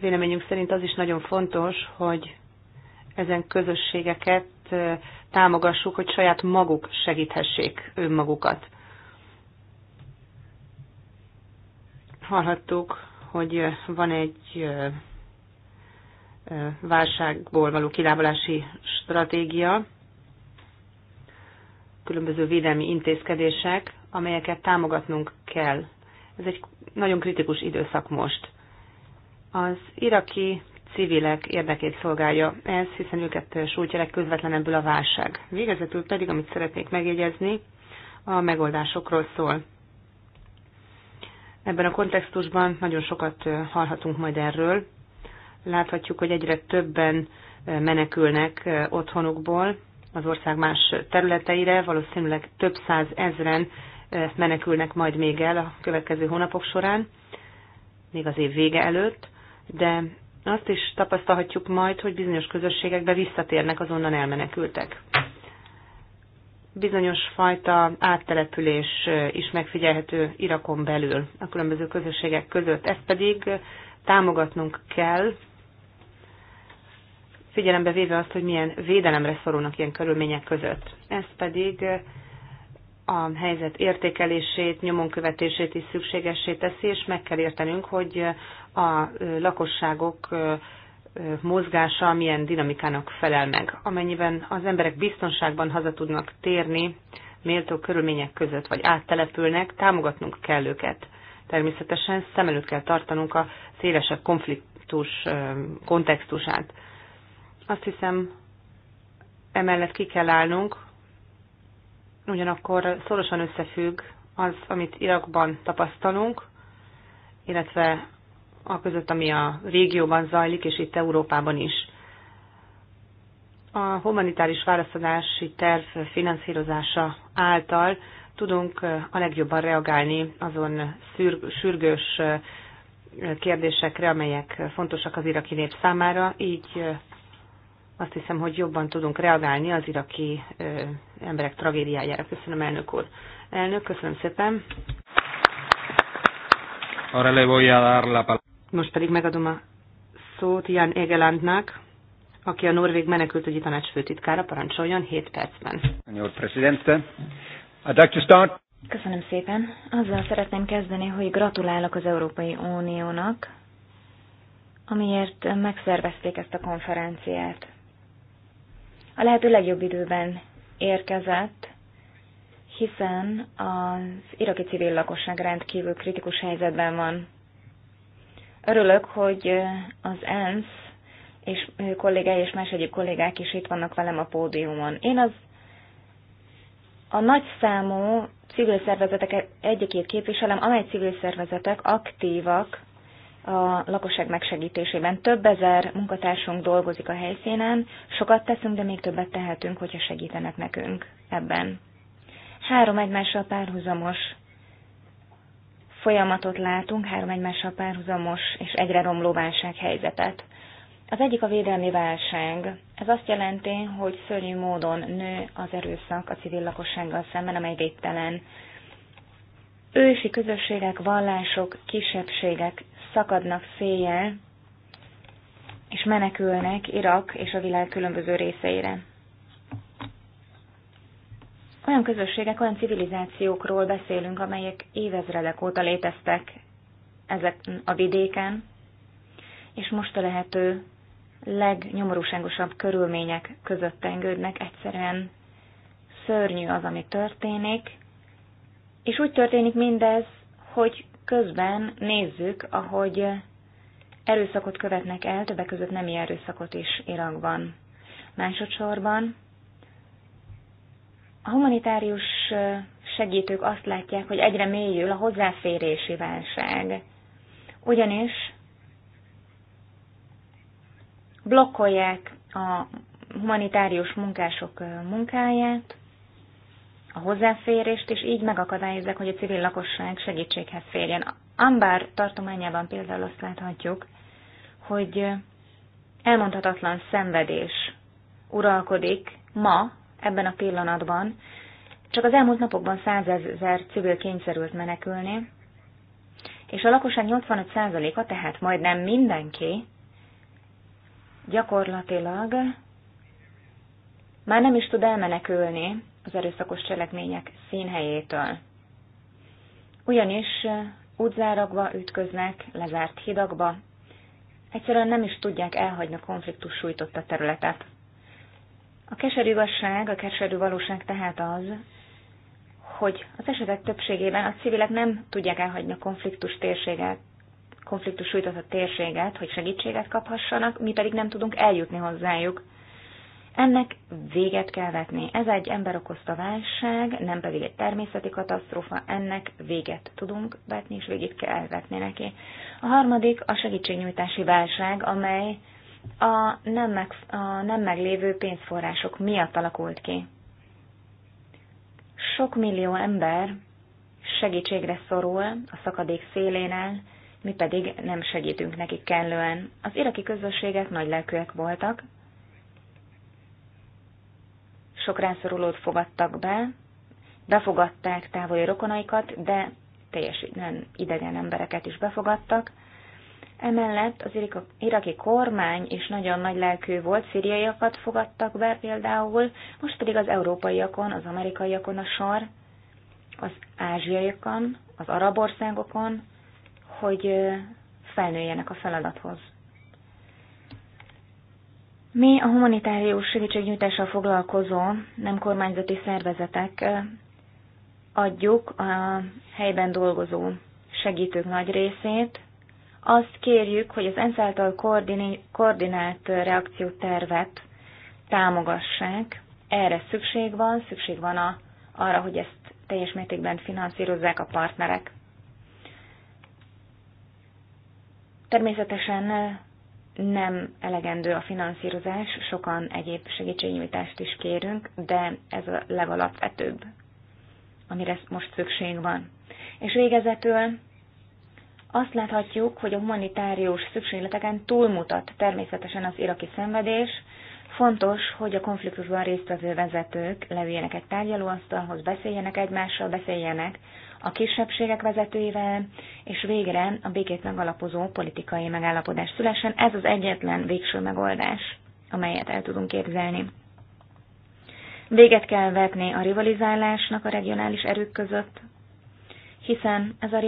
véleményünk szerint az is nagyon fontos, hogy ezen közösségeket támogassuk, hogy saját maguk segíthessék önmagukat. Hallhattuk, hogy van egy válságból való kilábalási stratégia, különböző védelmi intézkedések, amelyeket támogatnunk kell. Ez egy nagyon kritikus időszak most. Az iraki civilek érdekét szolgálja ez, hiszen őket sújtja legközvetlenebbül a válság. Végezetül pedig, amit szeretnék megjegyezni, a megoldásokról szól. Ebben a kontextusban nagyon sokat hallhatunk majd erről. Láthatjuk, hogy egyre többen menekülnek otthonukból az ország más területeire, valószínűleg több száz ezren menekülnek majd még el a következő hónapok során, még az év vége előtt, de azt is tapasztalhatjuk majd, hogy bizonyos közösségekbe visszatérnek azonnan elmenekültek bizonyos fajta áttelepülés is megfigyelhető Irakon belül a különböző közösségek között. Ezt pedig támogatnunk kell, figyelembe véve azt, hogy milyen védelemre szorulnak ilyen körülmények között. Ez pedig a helyzet értékelését, nyomon követését is szükségessé teszi, és meg kell értenünk, hogy a lakosságok mozgása milyen dinamikának felel meg. Amennyiben az emberek biztonságban haza tudnak térni, méltó körülmények között, vagy áttelepülnek, támogatnunk kell őket. Természetesen szem előtt kell tartanunk a szélesebb konfliktus kontextusát. Azt hiszem, emellett ki kell állnunk, ugyanakkor szorosan összefügg az, amit Irakban tapasztalunk, illetve a között, ami a régióban zajlik, és itt Európában is. A humanitáris választási terv finanszírozása által tudunk a legjobban reagálni azon sürgős kérdésekre, amelyek fontosak az iraki nép számára, így azt hiszem, hogy jobban tudunk reagálni az iraki emberek tragédiájára. Köszönöm, elnök úr. Elnök, köszönöm szépen. Ahora le voy a dar la palabra. Most pedig megadom a szót Jan Egelandnak, aki a Norvég Menekültügyi Tanács főtitkára parancsoljon 7 percben. Köszönöm szépen. Azzal szeretném kezdeni, hogy gratulálok az Európai Uniónak, amiért megszervezték ezt a konferenciát. A lehető legjobb időben érkezett, hiszen az iraki civil lakosság rendkívül kritikus helyzetben van. Örülök, hogy az ENSZ és kollégái és más egyéb kollégák is itt vannak velem a pódiumon. Én az a számú civil szervezetek e- egyikét képviselem, amely civil szervezetek aktívak a lakosság megsegítésében. Több ezer munkatársunk dolgozik a helyszínen, sokat teszünk, de még többet tehetünk, hogyha segítenek nekünk ebben. Három egymással párhuzamos folyamatot látunk, három egymással párhuzamos és egyre romló válsághelyzetet. Az egyik a védelmi válság. Ez azt jelenti, hogy szörnyű módon nő az erőszak a civil lakossággal szemben, amely védtelen. Ősi közösségek, vallások, kisebbségek szakadnak széjjel, és menekülnek Irak és a világ különböző részeire. Olyan közösségek, olyan civilizációkról beszélünk, amelyek évezredek óta léteztek ezek a vidéken, és most a lehető legnyomorúságosabb körülmények között engődnek, egyszerűen szörnyű az, ami történik, és úgy történik mindez, hogy közben nézzük, ahogy erőszakot követnek el, többek között nemi erőszakot is Irakban. Másodszorban a humanitárius segítők azt látják, hogy egyre mélyül a hozzáférési válság. Ugyanis blokkolják a humanitárius munkások munkáját, a hozzáférést, és így megakadályozzák, hogy a civil lakosság segítséghez férjen. Ambár tartományában például azt láthatjuk, hogy elmondhatatlan szenvedés uralkodik ma ebben a pillanatban. Csak az elmúlt napokban százezer civil kényszerült menekülni, és a lakosság 85%-a, tehát majdnem mindenki, gyakorlatilag már nem is tud elmenekülni az erőszakos cselekmények színhelyétől. Ugyanis útzárakba ütköznek, lezárt hidakba, egyszerűen nem is tudják elhagyni a konfliktus sújtotta területet. A keserű igazság, a keserű valóság tehát az, hogy az esetek többségében a civilek nem tudják elhagyni a konfliktus térséget, konfliktus sújtott térséget, hogy segítséget kaphassanak, mi pedig nem tudunk eljutni hozzájuk. Ennek véget kell vetni. Ez egy ember okozta válság, nem pedig egy természeti katasztrófa, ennek véget tudunk vetni, és végig kell vetni neki. A harmadik a segítségnyújtási válság, amely a nem, meg, a nem meglévő pénzforrások miatt alakult ki. Sok millió ember segítségre szorul a szakadék szélénél, mi pedig nem segítünk nekik kellően. Az iraki közösségek nagy lelkűek voltak, sok rászorulót fogadtak be, befogadták távoli rokonaikat, de teljesen idegen embereket is befogadtak, Emellett az iraki kormány is nagyon nagy lelkű volt, szíriaiakat fogadtak be például, most pedig az európaiakon, az amerikaiakon a sor, az ázsiaiakon, az arab országokon, hogy felnőjenek a feladathoz. Mi a humanitárius segítségnyújtással foglalkozó nem kormányzati szervezetek adjuk a helyben dolgozó segítők nagy részét, azt kérjük, hogy az ENSZ által koordinált reakciótervet támogassák. Erre szükség van, szükség van a, arra, hogy ezt teljes mértékben finanszírozzák a partnerek. Természetesen eh, nem elegendő a finanszírozás, sokan egyéb segítségnyújtást is kérünk, de ez a legalapvetőbb, amire most szükség van. És végezetül azt láthatjuk, hogy a humanitárius szükségleteken túlmutat természetesen az iraki szenvedés. Fontos, hogy a konfliktusban résztvevő vezetők leüljenek egy tárgyalóasztalhoz, beszéljenek egymással, beszéljenek a kisebbségek vezetőivel, és végre a békét megalapozó politikai megállapodás szülessen. Ez az egyetlen végső megoldás, amelyet el tudunk képzelni. Véget kell vetni a rivalizálásnak a regionális erők között, hiszen ez a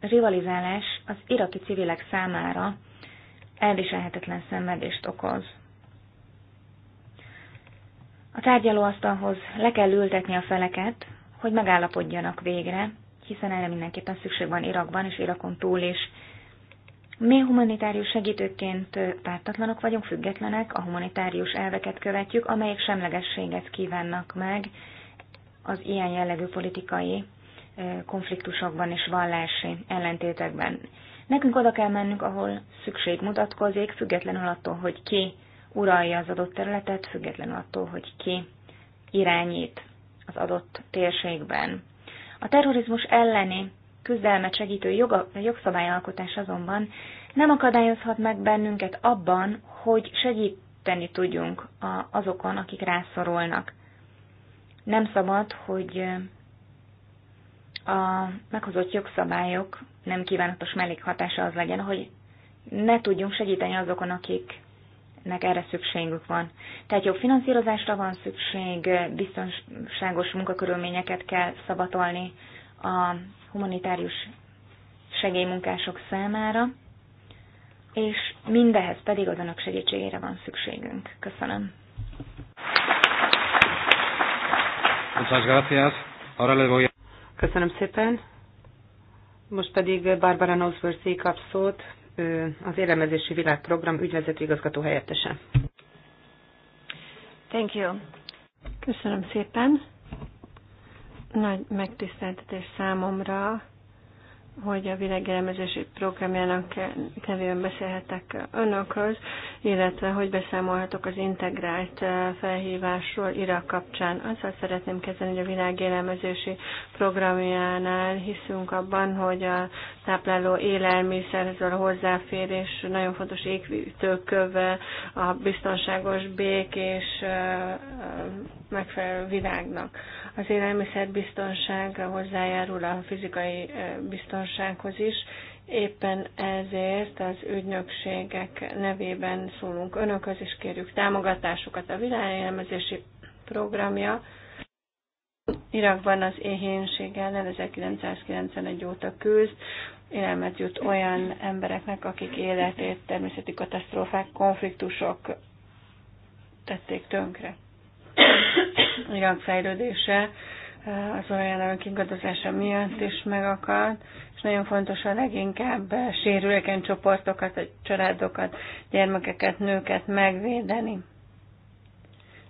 rivalizálás az iraki civilek számára elviselhetetlen szenvedést okoz. A tárgyalóasztalhoz le kell ültetni a feleket, hogy megállapodjanak végre, hiszen erre mindenképpen szükség van Irakban és Irakon túl is. Mi humanitárius segítőként pártatlanok vagyunk, függetlenek, a humanitárius elveket követjük, amelyek semlegességet kívánnak meg az ilyen jellegű politikai konfliktusokban és vallási ellentétekben. Nekünk oda kell mennünk, ahol szükség mutatkozik, függetlenül attól, hogy ki uralja az adott területet, függetlenül attól, hogy ki irányít az adott térségben. A terrorizmus elleni küzdelmet segítő joga, jogszabályalkotás azonban nem akadályozhat meg bennünket abban, hogy segíteni tudjunk azokon, akik rászorulnak. Nem szabad, hogy a meghozott jogszabályok nem kívánatos mellékhatása az legyen, hogy ne tudjunk segíteni azokon, akiknek erre szükségük van. Tehát jobb finanszírozásra van szükség, biztonságos munkakörülményeket kell szabatolni a humanitárius segélymunkások számára, és mindehez pedig az önök segítségére van szükségünk. Köszönöm. Muchas gracias. Ahora le voy a... Köszönöm szépen. Most pedig Barbara Nosworthy kap szót, az Élelmezési Világprogram ügyvezető igazgató helyettese. Thank you. Köszönöm szépen. Nagy megtiszteltetés számomra, hogy a világjelmezési programjának nevében beszélhetek önökhöz, illetve hogy beszámolhatok az integrált eh, felhívásról Irak kapcsán. Azzal szeretném kezdeni, hogy a világjelmezési programjánál hiszünk abban, hogy a tápláló élelmiszerhez a hozzáférés nagyon fontos égvítőköve a biztonságos békés eh, eh, megfelelő világnak. Az élelmiszerbiztonság hozzájárul a fizikai biztonság biztonsághoz is. Éppen ezért az ügynökségek nevében szólunk önökhöz, és kérjük támogatásukat a világjelmezési programja. Irakban az éhénység ellen 1991 óta küzd, élelmet jut olyan embereknek, akik életét természeti katasztrófák, konfliktusok tették tönkre. Irak fejlődése az olyan kingadozása miatt is megakad, és nagyon fontos a leginkább sérülékeny csoportokat, a családokat, gyermekeket, nőket megvédeni.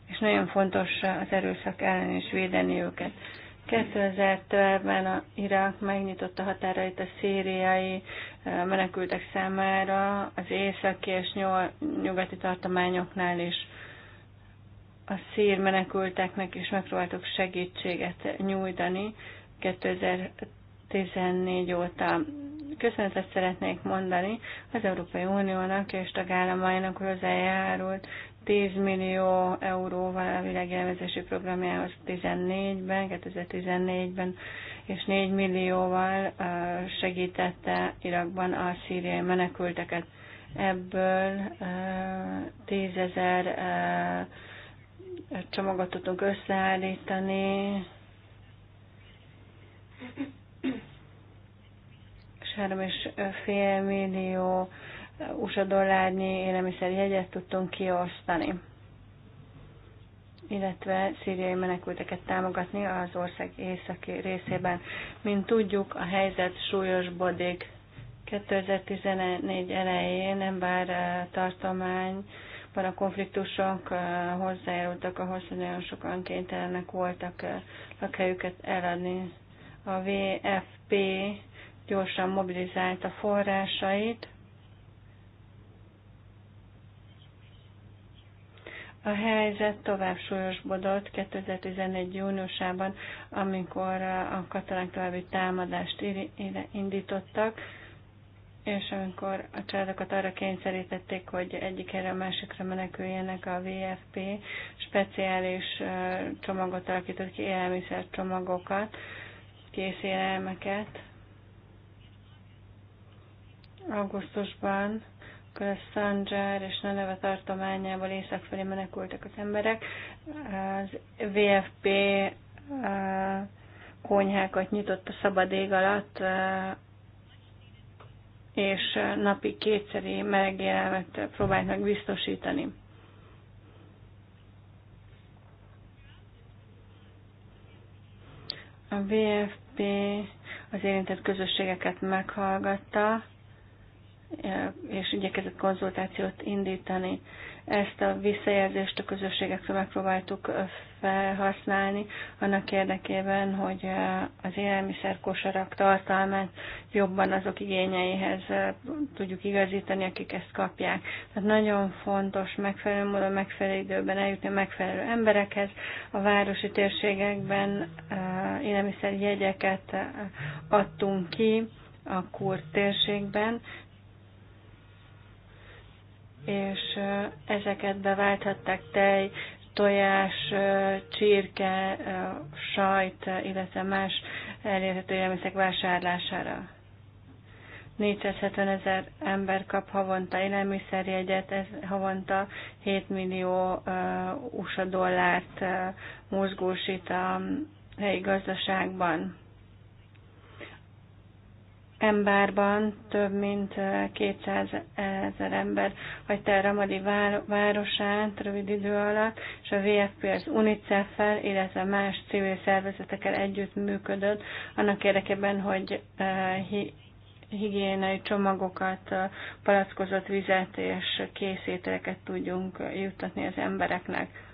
És nagyon fontos az erőszak ellen is védeni őket. 2012-ben a Irak megnyitotta határait a szíriai menekültek számára az északi és nyugati tartományoknál is a szír menekülteknek is megpróbáltuk segítséget nyújtani 2014 óta. Köszönetet szeretnék mondani az Európai Uniónak és tagállamainak hozzájárult 10 millió euróval a világjelmezési programjához 14-ben, 2014-ben, és 4 millióval segítette Irakban a szíriai menekülteket. Ebből 10 ezer csomagot tudunk összeállítani, és három és fél millió USA dollárnyi élelmiszer jegyet tudtunk kiosztani illetve szíriai menekülteket támogatni az ország északi részében. Mint tudjuk, a helyzet súlyosbodik. 2014 elején nem bár eh, tartomány a konfliktusok hozzájárultak ahhoz, hogy nagyon sokan kénytelenek voltak lakhelyüket eladni. A VFP gyorsan mobilizálta forrásait, A helyzet tovább súlyosbodott 2011. júniusában, amikor a katalánk további támadást indítottak. És amikor a családokat arra kényszerítették, hogy egyik erre a másikra meneküljenek, a VFP speciális csomagot alakított ki, csomagokat, kész élelmeket. Augusztusban Sanjar és Neneve tartományából észak felé menekültek az emberek. Az VFP konyhákat nyitott a szabad ég alatt és napi kétszeri melegjelmet próbálnak biztosítani. A VFP az érintett közösségeket meghallgatta, és igyekezett konzultációt indítani. Ezt a visszajelzést a közösségekre megpróbáltuk felhasználni annak érdekében, hogy az élelmiszerkosarak tartalmát jobban azok igényeihez tudjuk igazítani, akik ezt kapják. Tehát nagyon fontos megfelelő módon, megfelelő időben eljutni a megfelelő emberekhez. A városi térségekben jegyeket adtunk ki, a kurt térségben, és ezeket beválthatták tej, tojás, csirke, sajt, illetve más elérhető élelmiszerek vásárlására. 470 ezer ember kap havonta élelmiszerjegyet, ez havonta 7 millió USA dollárt mozgósít a helyi gazdaságban. Embárban több mint 200 ezer ember hagyta el Ramadi városát rövid idő alatt, és a VFP az UNICEF-fel, illetve más civil szervezetekkel együtt működött, annak érdekében, hogy higiéniai csomagokat, palackozott vizet és készételeket tudjunk juttatni az embereknek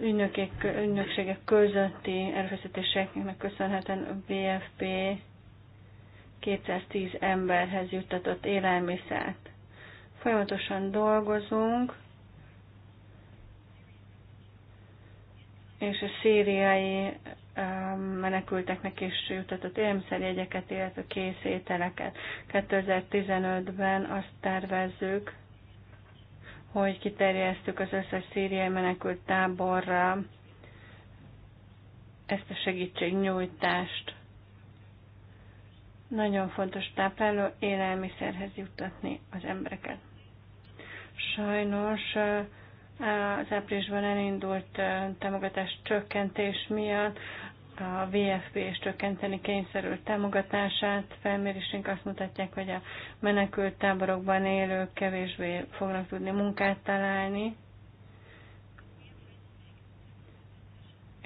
ügynökségek közötti erőfeszítéseknek köszönhetően a VFP 210 emberhez juttatott élelmiszert. Folyamatosan dolgozunk, és a szíriai um, menekülteknek is jutatott élelmiszerjegyeket, illetve készételeket. 2015-ben azt tervezzük, hogy kiterjesztük az összes szíriai menekült táborra ezt a segítségnyújtást. Nagyon fontos tápláló élelmiszerhez juttatni az embereket. Sajnos az áprilisban elindult támogatás csökkentés miatt a VFP és csökkenteni kényszerül támogatását. Felmérésünk azt mutatják, hogy a menekült táborokban élők kevésbé fognak tudni munkát találni,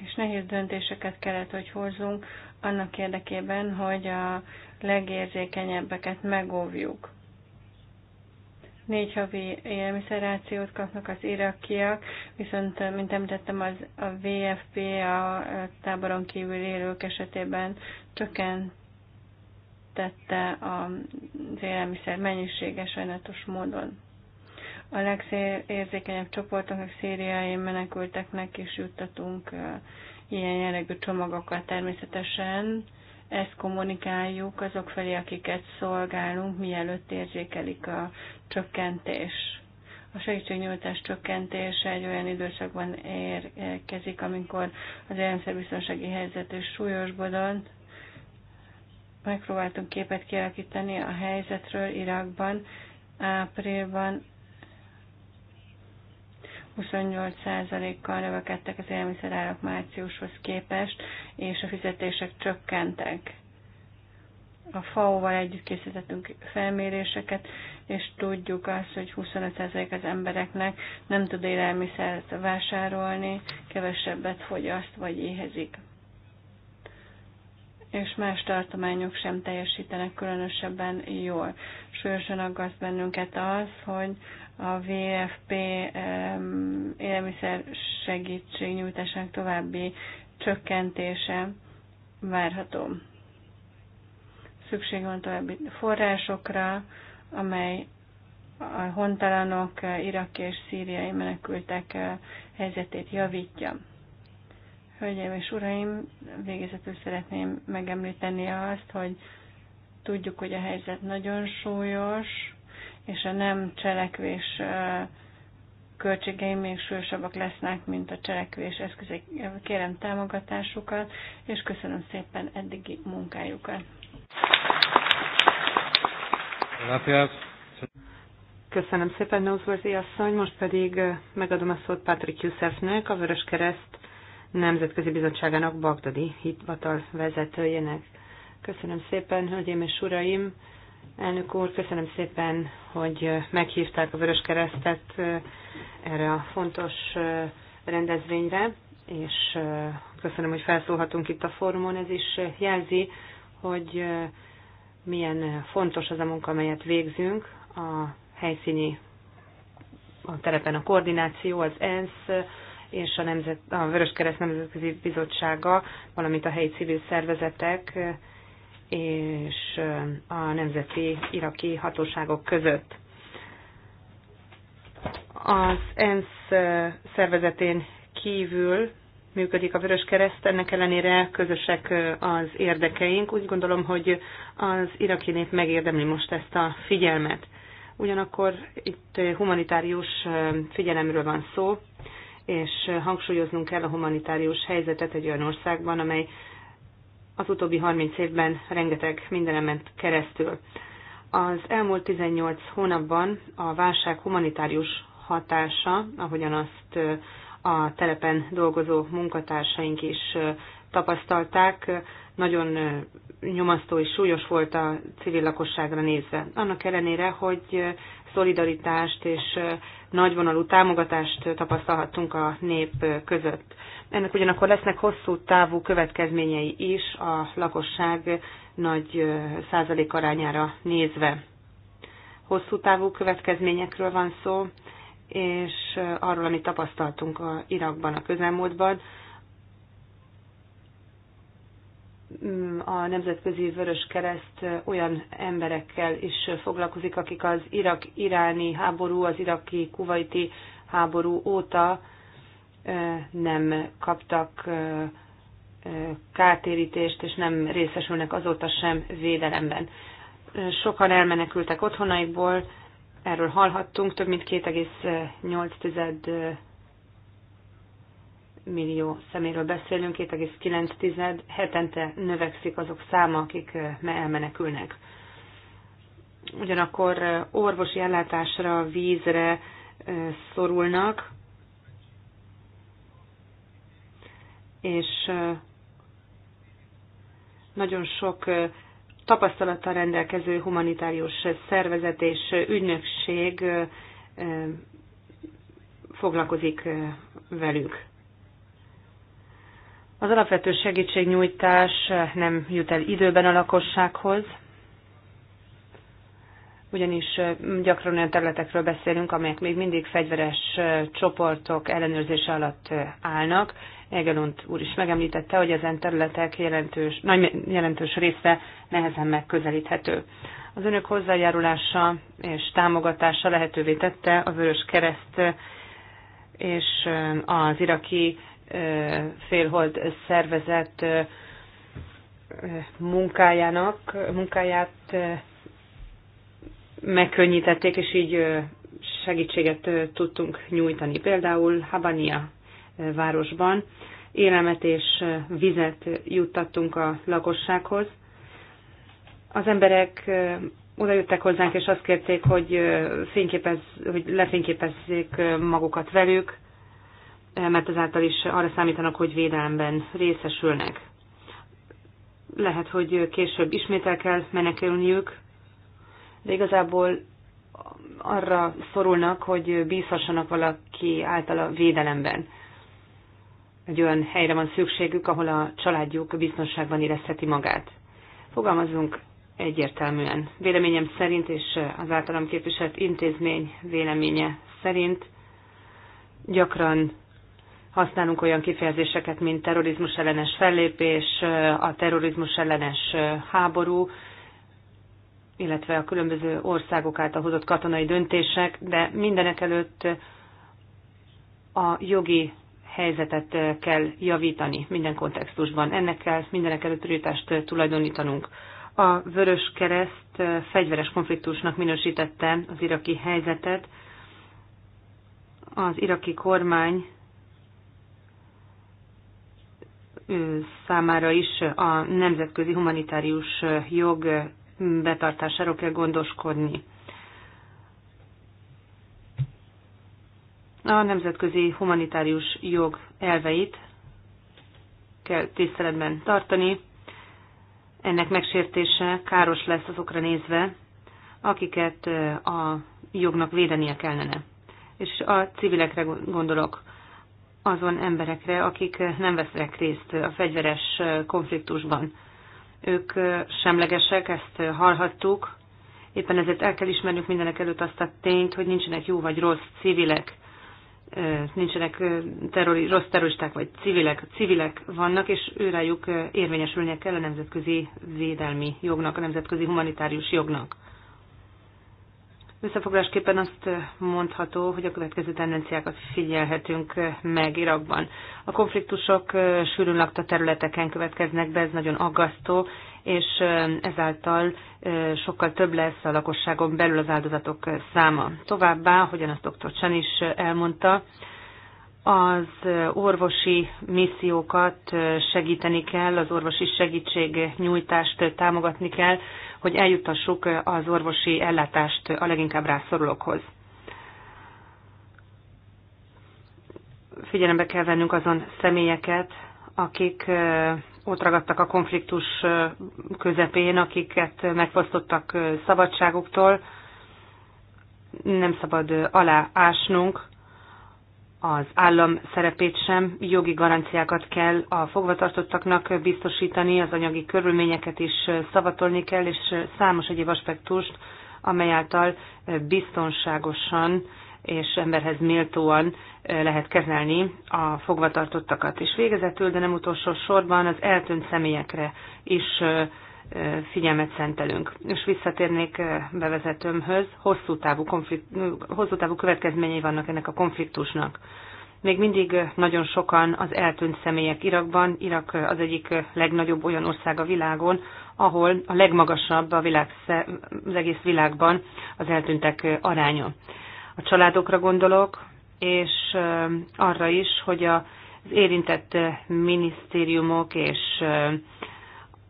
és nehéz döntéseket kellett, hogy hozzunk annak érdekében, hogy a legérzékenyebbeket megóvjuk. Négy havi élmiszerációt kapnak az irakiak, viszont, eh, mint említettem, az, a VFP a eh, táboron kívül élők esetében csökkentette az élelmiszer mennyisége sajnálatos módon a legérzékenyebb csoportoknak, szíriai menekülteknek is juttatunk eh, ilyen jellegű csomagokat természetesen ezt kommunikáljuk azok felé, akiket szolgálunk, mielőtt érzékelik a csökkentés. A segítségnyújtás csökkentése egy olyan időszakban érkezik, amikor az élelmiszerbiztonsági helyzet is súlyosbodott. Megpróbáltunk képet kialakítani a helyzetről Irakban, áprilban 28%-kal növekedtek az élelmiszerárak márciushoz képest, és a fizetések csökkentek. A FAO-val együtt készítettünk felméréseket, és tudjuk azt, hogy 25% az embereknek nem tud élelmiszert vásárolni, kevesebbet fogyaszt vagy éhezik és más tartományok sem teljesítenek különösebben jól. Súlyosan aggaszt bennünket az, hogy a VFP élelmiszer segítségnyújtásának további csökkentése várható. Szükség van további forrásokra, amely a hontalanok, iraki és szíriai menekültek eh, helyzetét javítja. Hölgyeim és uraim, végezetül szeretném megemlíteni azt, hogy tudjuk, hogy a helyzet nagyon súlyos, és a nem cselekvés költségeim még súlyosabbak lesznek, mint a cselekvés eszközök. Kérem támogatásukat, és köszönöm szépen eddigi munkájukat. Köszönöm szépen, Noseworthy asszony. Most pedig megadom a szót Patrick Youssefnek, a Vörös Kereszt Nemzetközi Bizottságának Bagdadi hitvatal vezetőjének. Köszönöm szépen, hölgyeim és uraim! Elnök úr, köszönöm szépen, hogy meghívták a Vörös Keresztet erre a fontos rendezvényre, és köszönöm, hogy felszólhatunk itt a fórumon. Ez is jelzi, hogy milyen fontos az a munka, amelyet végzünk a helyszíni a terepen a koordináció, az ENSZ, és a, Nemzet, a Vöröskereszt Nemzetközi Bizottsága, valamint a helyi civil szervezetek és a nemzeti iraki hatóságok között. Az ENSZ szervezetén kívül működik a Vörös Kereszt, ennek ellenére közösek az érdekeink. Úgy gondolom, hogy az iraki nép megérdemli most ezt a figyelmet. Ugyanakkor itt humanitárius figyelemről van szó, és hangsúlyoznunk kell a humanitárius helyzetet egy olyan országban, amely az utóbbi 30 évben rengeteg mindenem ment keresztül. Az elmúlt 18 hónapban a válság humanitárius hatása, ahogyan azt a telepen dolgozó munkatársaink is tapasztalták, nagyon nyomasztó és súlyos volt a civil lakosságra nézve. Annak ellenére, hogy szolidaritást és nagyvonalú támogatást tapasztalhattunk a nép között. Ennek ugyanakkor lesznek hosszú távú következményei is a lakosság nagy százalék arányára nézve. Hosszú távú következményekről van szó, és arról, amit tapasztaltunk a Irakban a közelmúltban, Mm, a Nemzetközi Vörös Kereszt olyan emberekkel is foglalkozik, akik az irak-iráni háború, az iraki kuvaiti háború óta nem kaptak kártérítést, és nem részesülnek azóta sem védelemben. Sokan elmenekültek otthonaikból, erről hallhattunk, több mint 2,8 millió szeméről beszélünk, 2,9 hetente növekszik azok száma, akik elmenekülnek. Ugyanakkor orvosi ellátásra, vízre szorulnak, és nagyon sok tapasztalattal rendelkező humanitárius szervezet és ügynökség foglalkozik velük. Az alapvető segítségnyújtás nem jut el időben a lakossághoz, ugyanis gyakran olyan területekről beszélünk, amelyek még mindig fegyveres csoportok ellenőrzése alatt állnak. Egelund úr is megemlítette, hogy ezen területek jelentős, nagy, jelentős része nehezen megközelíthető. Az önök hozzájárulása és támogatása lehetővé tette a Vörös Kereszt és az iraki félhold szervezet munkájának, munkáját megkönnyítették, és így segítséget tudtunk nyújtani. Például Habania városban élelmet és vizet juttattunk a lakossághoz. Az emberek oda jöttek hozzánk, és azt kérték, hogy, fényképez, hogy lefényképezzék magukat velük, mert ezáltal is arra számítanak, hogy védelemben részesülnek. Lehet, hogy később ismét el kell menekülniük, de igazából arra szorulnak, hogy bízhassanak valaki által a védelemben. Egy olyan helyre van szükségük, ahol a családjuk biztonságban érezheti magát. Fogalmazunk egyértelműen. Véleményem szerint és az általam képviselt intézmény véleménye szerint gyakran használunk olyan kifejezéseket, mint terrorizmus ellenes fellépés, a terrorizmus ellenes háború, illetve a különböző országok által hozott katonai döntések, de mindenek előtt a jogi helyzetet kell javítani minden kontextusban. Ennek kell mindenek előtt prioritást tulajdonítanunk. A Vörös Kereszt fegyveres konfliktusnak minősítette az iraki helyzetet. Az iraki kormány számára is a nemzetközi humanitárius jog betartásáról kell gondoskodni. A nemzetközi humanitárius jog elveit kell tiszteletben tartani. Ennek megsértése káros lesz azokra nézve, akiket a jognak védenie kellene. És a civilekre gondolok azon emberekre, akik nem vesznek részt a fegyveres konfliktusban. Ők semlegesek, ezt hallhattuk. Éppen ezért el kell ismernünk mindenek előtt azt a tényt, hogy nincsenek jó vagy rossz civilek, nincsenek terori, rossz terroristák vagy civilek. Civilek vannak, és őrájuk érvényesülnie kell a nemzetközi védelmi jognak, a nemzetközi humanitárius jognak. Összefoglásképpen azt mondható, hogy a következő tendenciákat figyelhetünk meg Irakban. A konfliktusok sűrűn lakta területeken következnek be, ez nagyon aggasztó, és ezáltal sokkal több lesz a lakosságon belül az áldozatok száma. Továbbá, hogyan azt dr. Csan is elmondta, az orvosi missziókat segíteni kell, az orvosi nyújtást támogatni kell, hogy eljutassuk az orvosi ellátást a leginkább rászorulókhoz. Figyelembe kell vennünk azon személyeket, akik ott ragadtak a konfliktus közepén, akiket megfosztottak szabadságuktól. Nem szabad aláásnunk az állam szerepét sem, jogi garanciákat kell a fogvatartottaknak biztosítani, az anyagi körülményeket is szavatolni kell, és számos egyéb aspektust, amely által biztonságosan és emberhez méltóan lehet kezelni a fogvatartottakat. És végezetül, de nem utolsó sorban az eltűnt személyekre is figyelmet szentelünk. És visszatérnék bevezetőmhöz, hosszú távú, konflikt, hosszú távú következményei vannak ennek a konfliktusnak. Még mindig nagyon sokan az eltűnt személyek Irakban. Irak az egyik legnagyobb olyan ország a világon, ahol a legmagasabb a világ, az egész világban az eltűntek aránya. A családokra gondolok, és arra is, hogy az érintett minisztériumok és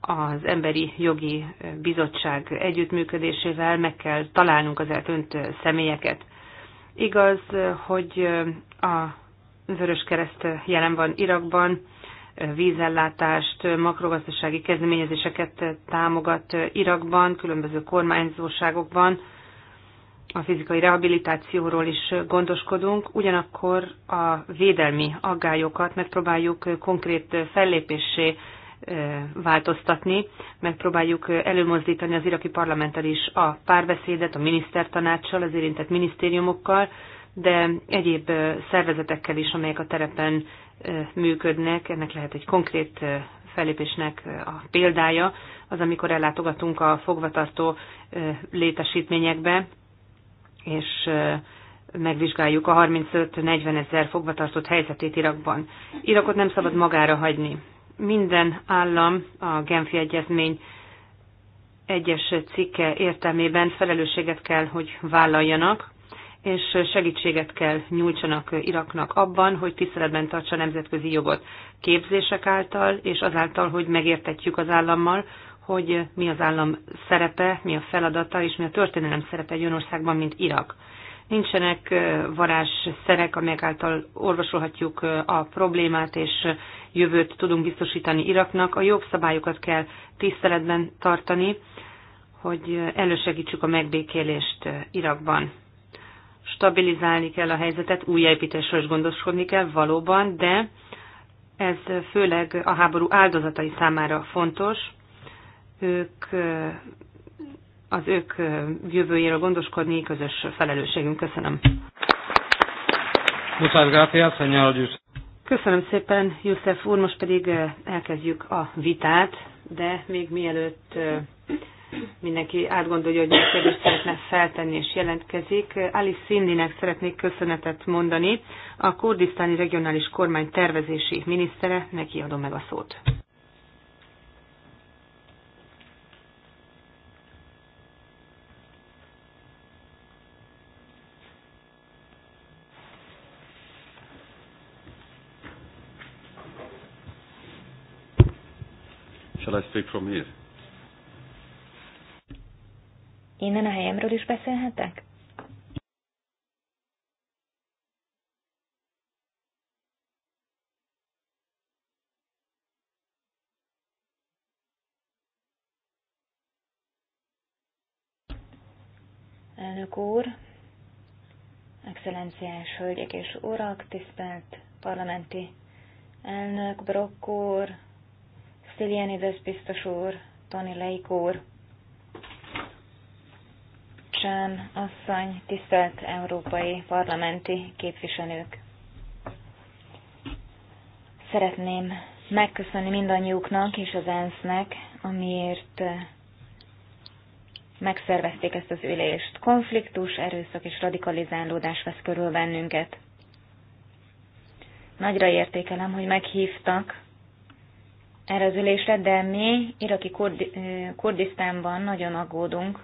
az Emberi Jogi Bizottság együttműködésével meg kell találnunk az eltönt személyeket. Igaz, hogy a Vörös Kereszt jelen van Irakban, vízellátást, makrogazdasági kezdeményezéseket támogat Irakban, különböző kormányzóságokban, a fizikai rehabilitációról is gondoskodunk, ugyanakkor a védelmi aggályokat megpróbáljuk konkrét fellépéssé változtatni. Megpróbáljuk előmozdítani az iraki parlamenttel is a párbeszédet, a minisztertanácssal, az érintett minisztériumokkal, de egyéb szervezetekkel is, amelyek a terepen működnek. Ennek lehet egy konkrét fellépésnek a példája, az amikor ellátogatunk a fogvatartó létesítményekbe, és megvizsgáljuk a 35-40 ezer fogvatartott helyzetét Irakban. Irakot nem szabad magára hagyni minden állam a Genfi Egyezmény egyes cikke értelmében felelősséget kell, hogy vállaljanak, és segítséget kell nyújtsanak Iraknak abban, hogy tiszteletben tartsa nemzetközi jogot képzések által, és azáltal, hogy megértetjük az állammal, hogy mi az állam szerepe, mi a feladata, és mi a történelem szerepe egy országban, mint Irak nincsenek varázsszerek, amelyek által orvosolhatjuk a problémát, és jövőt tudunk biztosítani Iraknak. A jogszabályokat kell tiszteletben tartani, hogy elősegítsük a megbékélést Irakban. Stabilizálni kell a helyzetet, újjáépítésről is gondoskodni kell valóban, de ez főleg a háború áldozatai számára fontos. Ők az ők jövőjéről gondoskodni, közös felelősségünk. Köszönöm. Köszönöm szépen, József úr. Most pedig elkezdjük a vitát, de még mielőtt mindenki átgondolja, hogy milyen kérdést szeretne feltenni és jelentkezik. Ali Szindinek szeretnék köszönetet mondani, a kurdisztáni regionális kormány tervezési minisztere, neki adom meg a szót. Shall I speak from here? Innen a helyemről is beszélhetek? Elnök úr, excellenciás hölgyek és urak, tisztelt parlamenti elnök, Brokk Stylianides biztos úr, Tony Leik úr, Csán asszony, tisztelt európai parlamenti képviselők. Szeretném megköszönni mindannyiuknak és az ENSZ-nek, amiért eh, megszervezték ezt az ülést. Konfliktus, erőszak és radikalizálódás vesz körül bennünket. Nagyra értékelem, hogy meghívtak erre az ülésre, de mi iraki Kurdisztánban nagyon aggódunk,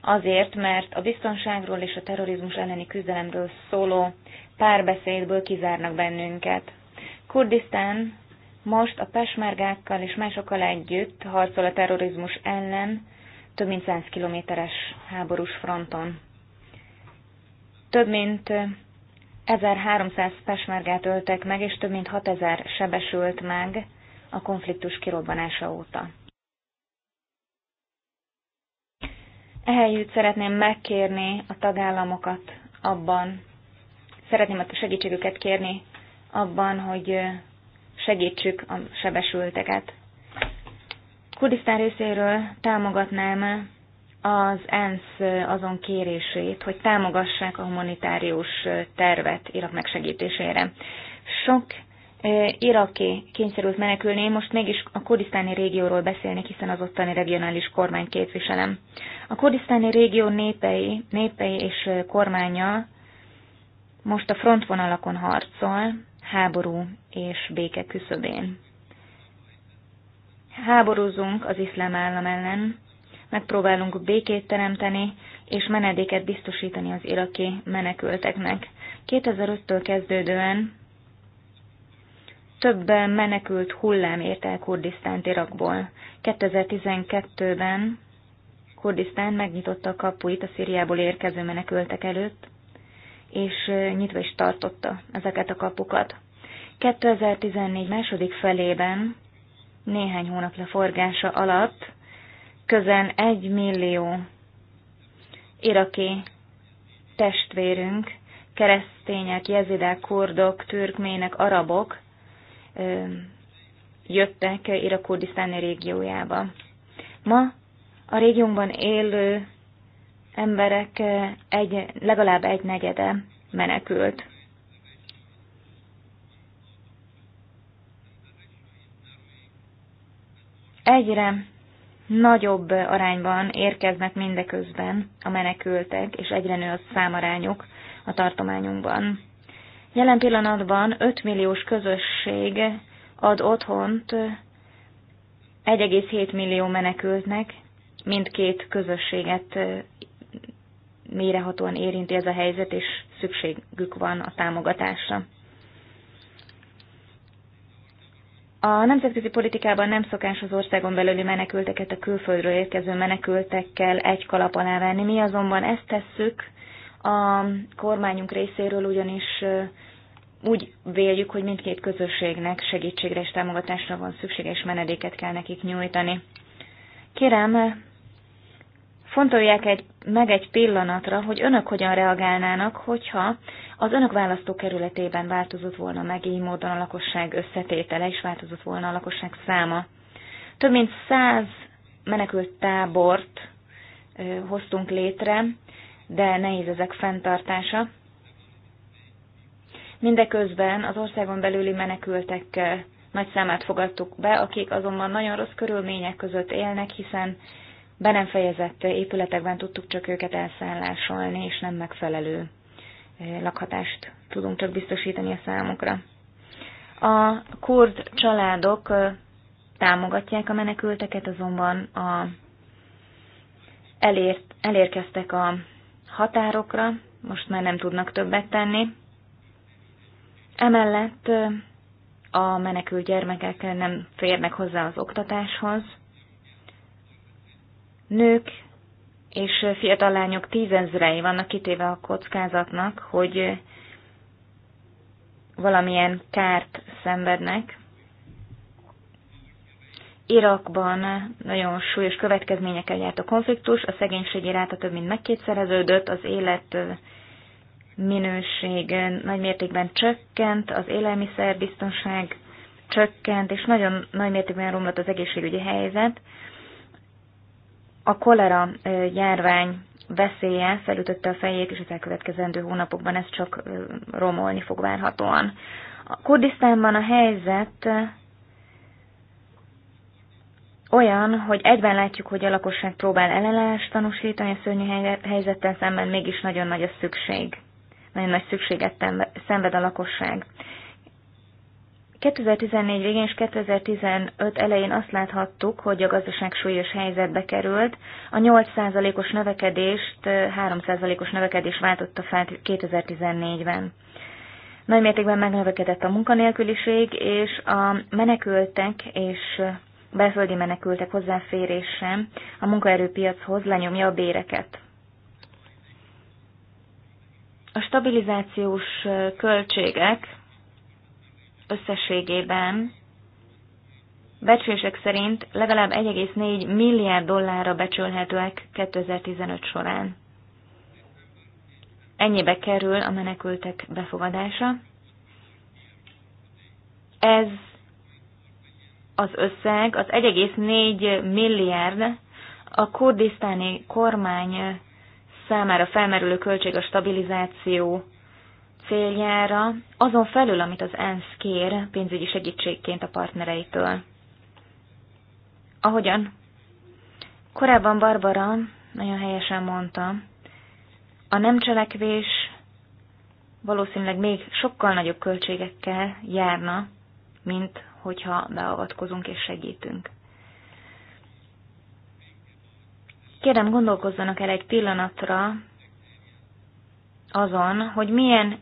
azért, mert a biztonságról és a terrorizmus elleni küzdelemről szóló párbeszédből kizárnak bennünket. Kurdisztán most a pesmergákkal és másokkal együtt harcol a terrorizmus ellen több mint 100 kilométeres háborús fronton. Több mint 1300 pesmergát öltek meg, és több mint 6000 sebesült meg a konfliktus kirobbanása óta. Ehelyütt szeretném megkérni a tagállamokat abban, szeretném a segítségüket kérni abban, hogy segítsük a sebesülteket. Kurdisztán részéről támogatnám az ENSZ azon kérését, hogy támogassák a humanitárius tervet Irak megsegítésére. Sok iraki kényszerült menekülni, én most mégis a kurdisztáni régióról beszélnék, hiszen az ottani regionális kormány képviselem. A kurdisztáni régió népei, népei és kormánya most a frontvonalakon harcol, háború és béke küszöbén. Háborúzunk az iszlám állam ellen, megpróbálunk békét teremteni, és menedéket biztosítani az iraki menekülteknek. 2005-től kezdődően többen menekült hullám ért el Kurdisztánt Irakból. 2012-ben Kurdisztán megnyitotta a kapuit a Szíriából érkező menekültek előtt, és nyitva is tartotta ezeket a kapukat. 2014 második felében, néhány hónap leforgása alatt, közel egy millió iraki testvérünk, keresztények, jezidák, kurdok, türkmének, arabok jöttek Irak kurdisztáni régiójába. Ma a régiónkban élő emberek egy, legalább egy negyede menekült. Egyre nagyobb arányban érkeznek mindeközben a menekültek, és egyre nő a számarányuk a tartományunkban. Jelen pillanatban 5 milliós közösség ad otthont 1,7 millió menekültnek, mindkét közösséget mérehatóan érinti ez a helyzet, és szükségük van a támogatásra. A nemzetközi politikában nem szokás az országon belüli menekülteket a külföldről érkező menekültekkel egy kalap alá venni, mi azonban ezt tesszük, a kormányunk részéről ugyanis úgy véljük, hogy mindkét közösségnek segítségre és támogatásra van szüksége, és menedéket kell nekik nyújtani. Kérem, fontolják egy, meg egy pillanatra, hogy önök hogyan reagálnának, hogyha az önök választókerületében változott volna meg így módon a lakosság összetétele, és változott volna a lakosság száma. Több mint száz menekült tábort hoztunk létre, de nehéz ezek fenntartása. Mindeközben az országon belüli menekültek nagy számát fogadtuk be, akik azonban nagyon rossz körülmények között élnek, hiszen be nem fejezett épületekben tudtuk csak őket elszállásolni, és nem megfelelő eh, lakhatást tudunk csak biztosítani a számukra. A kurd családok eh, támogatják a menekülteket, azonban a elért, elérkeztek a határokra, most már nem tudnak többet tenni. Emellett a menekült gyermekek nem férnek hozzá az oktatáshoz. Nők és fiatal lányok tízezrei vannak kitéve a kockázatnak, hogy valamilyen kárt szenvednek, Irakban nagyon súlyos következményekkel járt a konfliktus, a szegénységi ráta több mint megkétszereződött, az élet minőség nagy mértékben csökkent, az élelmiszerbiztonság csökkent, és nagyon nagy mértékben romlott az egészségügyi helyzet. A kolera járvány veszélye felütötte a fejét, és az elkövetkezendő hónapokban ez csak romolni fog várhatóan. A Kurdisztánban a helyzet olyan, hogy egyben látjuk, hogy a lakosság próbál ellenállást tanúsítani a szörnyű helyzettel szemben, mégis nagyon nagy a szükség. Nagyon nagy szükséget szenved a lakosság. 2014 végén és 2015 elején azt láthattuk, hogy a gazdaság súlyos helyzetbe került. A 8%-os növekedést 3%-os növekedés váltotta fel 2014-ben. Nagymértékben megnövekedett a munkanélküliség, és a menekültek és belföldi menekültek hozzáférése a munkaerőpiachoz lenyomja a béreket. A stabilizációs költségek összességében becslések szerint legalább 1,4 milliárd dollárra becsülhetőek 2015 során. Ennyibe kerül a menekültek befogadása. Ez az összeg, az 1,4 milliárd a kurdisztáni kormány számára felmerülő költség a stabilizáció céljára, azon felül, amit az ENSZ kér pénzügyi segítségként a partnereitől. Ahogyan korábban Barbara nagyon helyesen mondta, a nem cselekvés valószínűleg még sokkal nagyobb költségekkel járna, mint hogyha beavatkozunk és segítünk. Kérem, gondolkozzanak el egy pillanatra azon, hogy milyen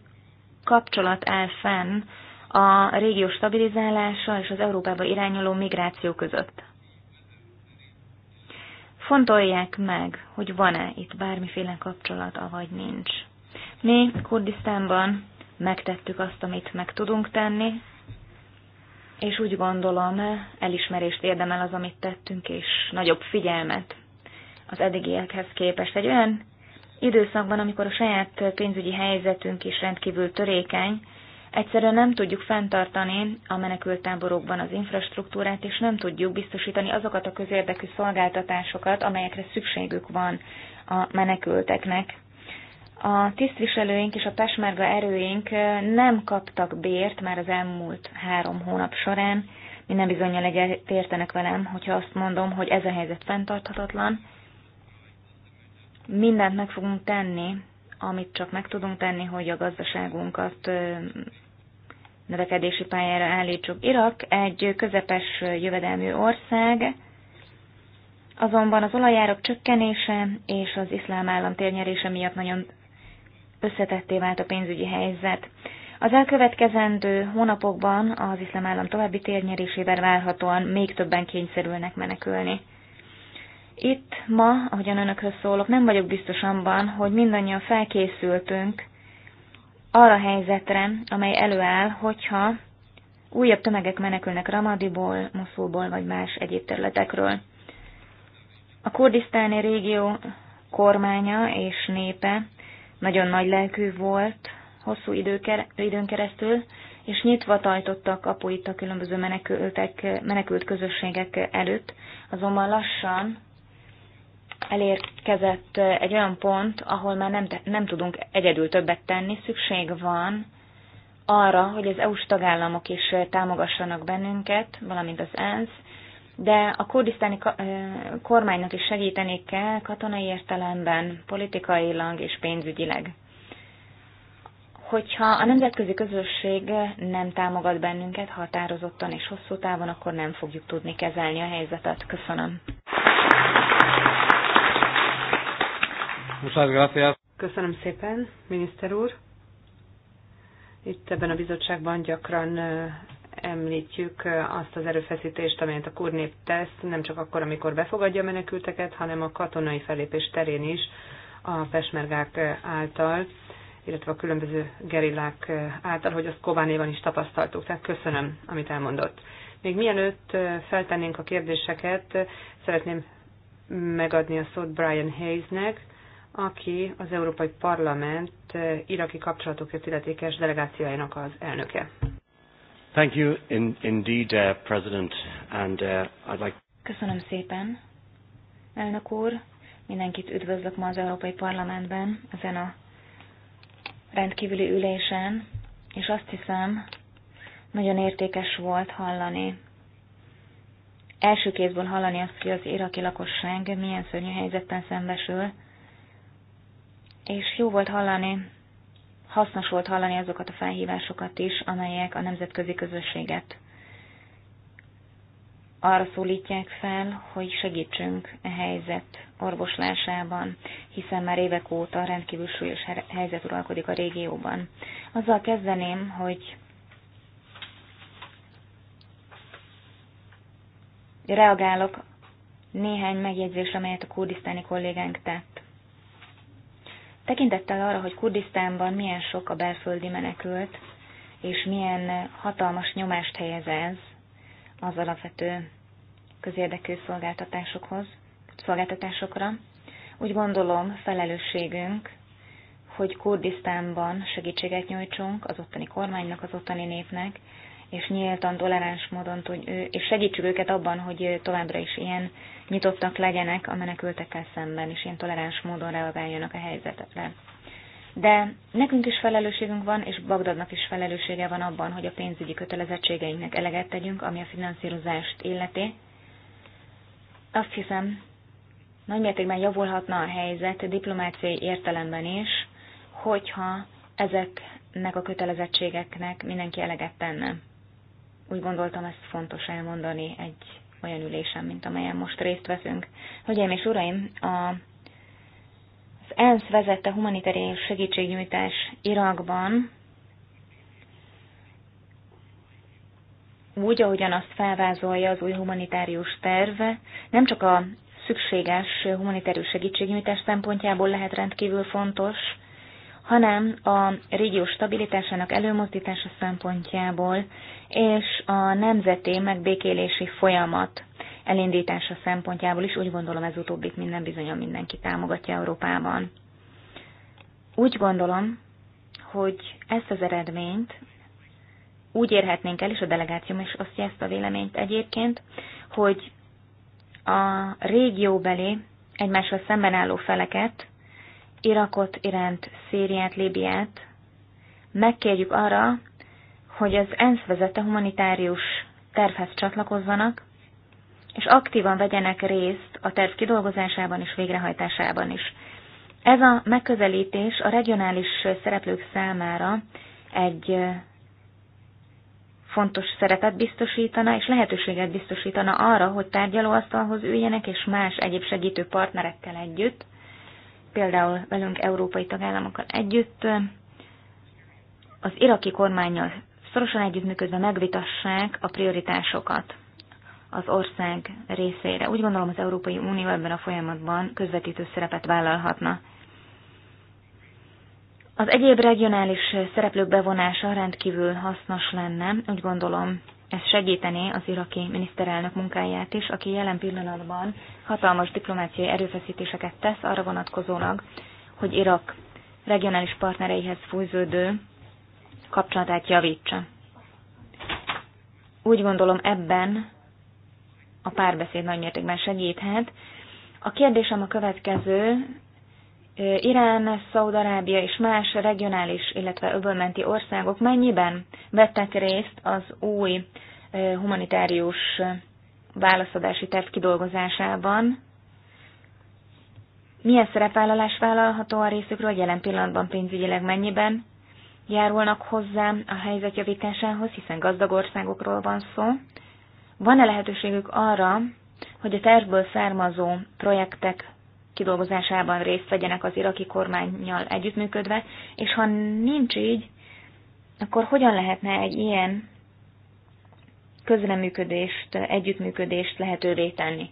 kapcsolat áll fenn a régió stabilizálása és az Európába irányuló migráció között. Fontolják meg, hogy van-e itt bármiféle kapcsolat, avagy nincs. Mi Kurdisztánban megtettük azt, amit meg tudunk tenni, és úgy gondolom, elismerést érdemel az, amit tettünk, és nagyobb figyelmet az eddigiekhez képest. Egy olyan időszakban, amikor a saját pénzügyi helyzetünk is rendkívül törékeny, egyszerűen nem tudjuk fenntartani a menekültáborokban az infrastruktúrát, és nem tudjuk biztosítani azokat a közérdekű szolgáltatásokat, amelyekre szükségük van a menekülteknek. A tisztviselőink és a pesmerga erőink nem kaptak bért már az elmúlt három hónap során. Minden bizonyal egyet értenek velem, hogyha azt mondom, hogy ez a helyzet fenntarthatatlan. Mindent meg fogunk tenni, amit csak meg tudunk tenni, hogy a gazdaságunkat növekedési pályára állítsuk. Irak egy közepes jövedelmű ország, azonban az olajárak csökkenése és az iszlám állam térnyerése miatt nagyon összetetté vált a pénzügyi helyzet. Az elkövetkezendő hónapokban az iszlám állam további térnyerésével várhatóan még többen kényszerülnek menekülni. Itt ma, ahogyan önökhöz szólok, nem vagyok biztos abban, hogy mindannyian felkészültünk arra a helyzetre, amely előáll, hogyha újabb tömegek menekülnek Ramadiból, Moszulból vagy más egyéb területekről. A kurdisztáni régió kormánya és népe nagyon nagy lelkű volt hosszú időn keresztül, és nyitva a kapuit a különböző menekültek, menekült közösségek előtt, azonban lassan elérkezett egy olyan pont, ahol már nem, nem tudunk egyedül többet tenni, szükség van arra, hogy az EU-s tagállamok is támogassanak bennünket, valamint az ENSZ, de a kurdisztáni kormánynak is segíteni kell katonai értelemben, politikailag és pénzügyileg. Hogyha a nemzetközi közösség nem támogat bennünket határozottan és hosszú távon, akkor nem fogjuk tudni kezelni a helyzetet. Köszönöm. Köszönöm szépen, miniszter úr. Itt ebben a bizottságban gyakran említjük azt az erőfeszítést, amelyet a kurnép tesz, nem csak akkor, amikor befogadja a menekülteket, hanem a katonai fellépés terén is a pesmergák által, illetve a különböző gerillák által, hogy azt Kobánéban is tapasztaltuk. Tehát köszönöm, amit elmondott. Még mielőtt feltennénk a kérdéseket, szeretném megadni a szót Brian Hayesnek, aki az Európai Parlament iraki kapcsolatokért illetékes delegációjának az elnöke. Thank you indeed, uh, President, and uh, I'd like... Köszönöm szépen, elnök úr. Mindenkit üdvözlök ma az Európai Parlamentben, ezen a rendkívüli ülésen, és azt hiszem, nagyon értékes volt hallani, első kézből hallani azt, hogy az iraki lakosság milyen szörnyű helyzetben szembesül, és jó volt hallani hasznos volt hallani azokat a felhívásokat is, amelyek a nemzetközi közösséget arra szólítják fel, hogy segítsünk a e helyzet orvoslásában, hiszen már évek óta rendkívül súlyos helyzet uralkodik a régióban. Azzal kezdeném, hogy reagálok néhány megjegyzésre, amelyet a kurdisztáni kollégánk tett. Tekintettel arra, hogy Kurdisztánban milyen sok a belföldi menekült, és milyen hatalmas nyomást helyez ez az alapvető közérdekű szolgáltatásokhoz, szolgáltatásokra, úgy gondolom felelősségünk, hogy Kurdisztánban segítséget nyújtsunk az ottani kormánynak, az ottani népnek, és nyíltan, toleráns módon, és segítsük őket abban, hogy továbbra is ilyen nyitottak legyenek a menekültekkel szemben, és ilyen toleráns módon reagáljanak a helyzetre. De nekünk is felelősségünk van, és Bagdadnak is felelőssége van abban, hogy a pénzügyi kötelezettségeinknek eleget tegyünk, ami a finanszírozást illeti. Azt hiszem, nagymértékben javulhatna a helyzet diplomáciai értelemben is, hogyha ezeknek a kötelezettségeknek mindenki eleget tenne úgy gondoltam, ezt fontos elmondani egy olyan ülésen, mint amelyen most részt veszünk. Hölgyeim és uraim, a, az ENSZ vezette humanitárius segítségnyújtás Irakban úgy, ahogyan azt felvázolja az új humanitárius terv, nem csak a szükséges humanitárius segítségnyújtás szempontjából lehet rendkívül fontos, hanem a régió stabilitásának előmozdítása szempontjából és a nemzeti megbékélési folyamat elindítása szempontjából is úgy gondolom ez utóbbit minden bizonyan mindenki támogatja Európában. Úgy gondolom, hogy ezt az eredményt úgy érhetnénk el, és a delegációm is osztja ezt a véleményt egyébként, hogy a régióbeli egymással szemben álló feleket Irakot, Iránt, Szíriát, Líbiát, megkérjük arra, hogy az ENSZ vezette humanitárius tervhez csatlakozzanak, és aktívan vegyenek részt a terv kidolgozásában és végrehajtásában is. Ez a megközelítés a regionális szereplők számára egy fontos szerepet biztosítana, és lehetőséget biztosítana arra, hogy tárgyalóasztalhoz üljenek, és más egyéb segítő partnerekkel együtt például velünk európai tagállamokkal együtt az iraki kormányjal szorosan együttműködve megvitassák a prioritásokat az ország részére. Úgy gondolom az Európai Unió ebben a folyamatban közvetítő szerepet vállalhatna. Az egyéb regionális szereplők bevonása rendkívül hasznos lenne, úgy gondolom ez segítené az iraki miniszterelnök munkáját is, aki jelen pillanatban hatalmas diplomáciai erőfeszítéseket tesz arra vonatkozólag, hogy Irak regionális partnereihez fűződő kapcsolatát javítsa. Úgy gondolom ebben a párbeszéd nagymértékben segíthet. A kérdésem a következő, Irán, Szaudarábia és más regionális, illetve öbölmenti országok mennyiben vettek részt az új humanitárius válaszadási terv kidolgozásában? Milyen szerepvállalás vállalható a részükről, hogy jelen pillanatban pénzügyileg mennyiben járulnak hozzá a helyzet javításához, hiszen gazdag országokról van szó? Van-e lehetőségük arra, hogy a tervből származó projektek kidolgozásában részt vegyenek az iraki kormányjal együttműködve, és ha nincs így, akkor hogyan lehetne egy ilyen közreműködést, együttműködést lehetővé tenni?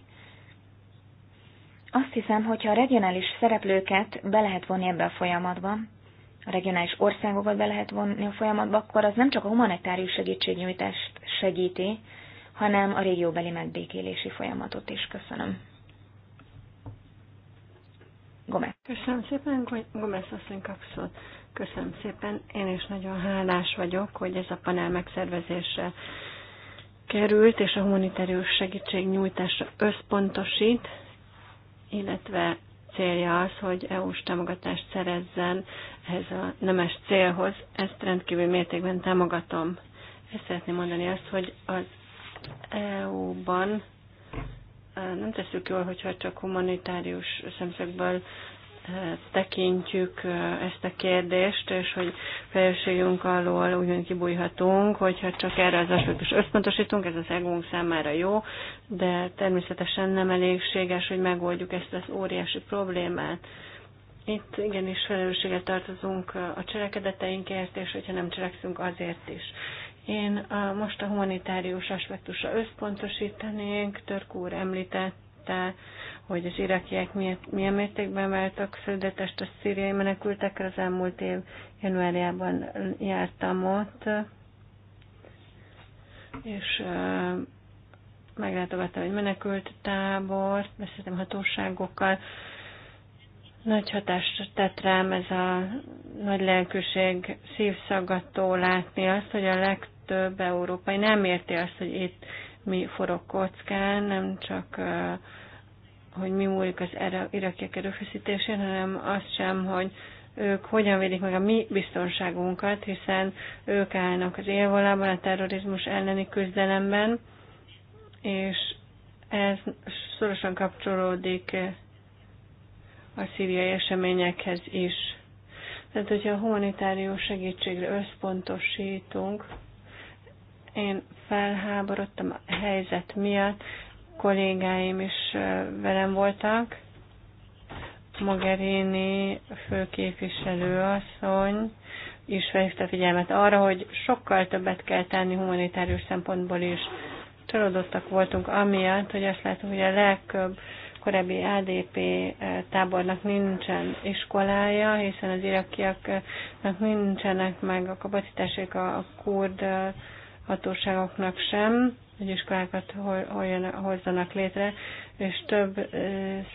Azt hiszem, hogyha a regionális szereplőket be lehet vonni ebbe a folyamatba, a regionális országokat be lehet vonni a folyamatba, akkor az nem csak a humanitárius segítségnyújtást segíti, hanem a régióbeli megbékélési folyamatot is. Köszönöm. Gomez. Köszönöm szépen, Gomez asszony kapszol. Köszönöm szépen. Én is nagyon hálás vagyok, hogy ez a panel megszervezése került, és a humanitárius nyújtása összpontosít, illetve célja az, hogy EU-s támogatást szerezzen ehhez a nemes célhoz. Ezt rendkívül mértékben támogatom. Ezt szeretném mondani azt, hogy az EU-ban nem tesszük jól, hogyha csak humanitárius szemszögből tekintjük ezt a kérdést, és hogy felségünk alól úgymond kibújhatunk, hogyha csak erre az aspektus összpontosítunk, ez az egónk számára jó, de természetesen nem elégséges, hogy megoldjuk ezt az óriási problémát. Itt igenis felelősséget tartozunk a cselekedeteinkért, és hogyha nem cselekszünk, azért is. Én a, most a humanitárius aspektusra összpontosítanék. Török úr említette, hogy az irakiek miért, milyen mértékben váltak földetest a szíriai menekültekre. Az elmúlt év januárjában jártam ott, és meglátogattam egy menekült tábort, beszéltem hatóságokkal. Nagy hatást tett rám ez a nagy lelkűség szívszaggató látni azt, hogy a leg több európai nem érti azt, hogy itt mi forog kockán, nem csak hogy mi múlik az irakiek erőfeszítésén, hanem azt sem, hogy ők hogyan védik meg a mi biztonságunkat, hiszen ők állnak az élvonalban a terrorizmus elleni küzdelemben, és ez szorosan kapcsolódik a szíriai eseményekhez is. Tehát, hogyha a humanitárius segítségre összpontosítunk, én felháborodtam a helyzet miatt, kollégáim is velem voltak. Mogherini főképviselő asszony is felhívta figyelmet arra, hogy sokkal többet kell tenni humanitárius szempontból is. Csalódottak voltunk amiatt, hogy azt látom, hogy a legtöbb korábbi ADP tábornak nincsen iskolája, hiszen az irakiaknak nincsenek meg a kapacitásék a kurd hatóságoknak sem, hogy iskolákat hozzanak létre, és több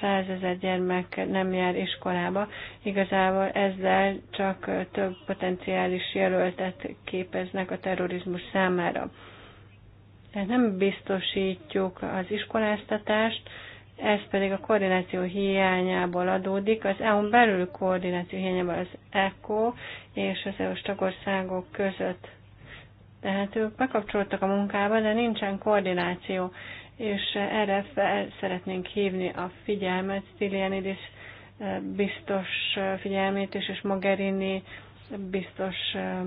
százezer gyermek nem jár iskolába. Igazából ezzel csak több potenciális jelöltet képeznek a terrorizmus számára. Tehát nem biztosítjuk az iskoláztatást, ez pedig a koordináció hiányából adódik. Az EU-n belül koordináció hiányából az ECO és az EU-s tagországok között tehát ők bekapcsoltak a munkába, de nincsen koordináció, és erre fel szeretnénk hívni a figyelmet, is eh, biztos eh, figyelmét is, és Mogherini biztos eh,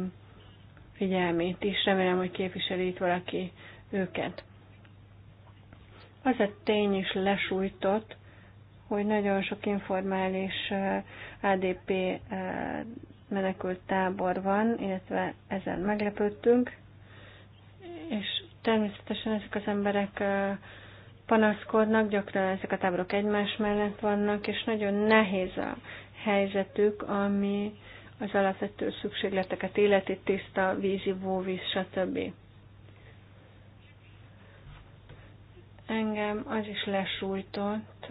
figyelmét is. Remélem, hogy képviseli itt valaki őket. Az a tény is lesújtott, hogy nagyon sok informális ADP menekült tábor van, illetve ezen meglepődtünk. És természetesen ezek az emberek panaszkodnak, gyakran ezek a táborok egymás mellett vannak, és nagyon nehéz a helyzetük, ami az alapvető szükségleteket életi tiszta víz, ivóvíz, stb. Engem az is lesújtott,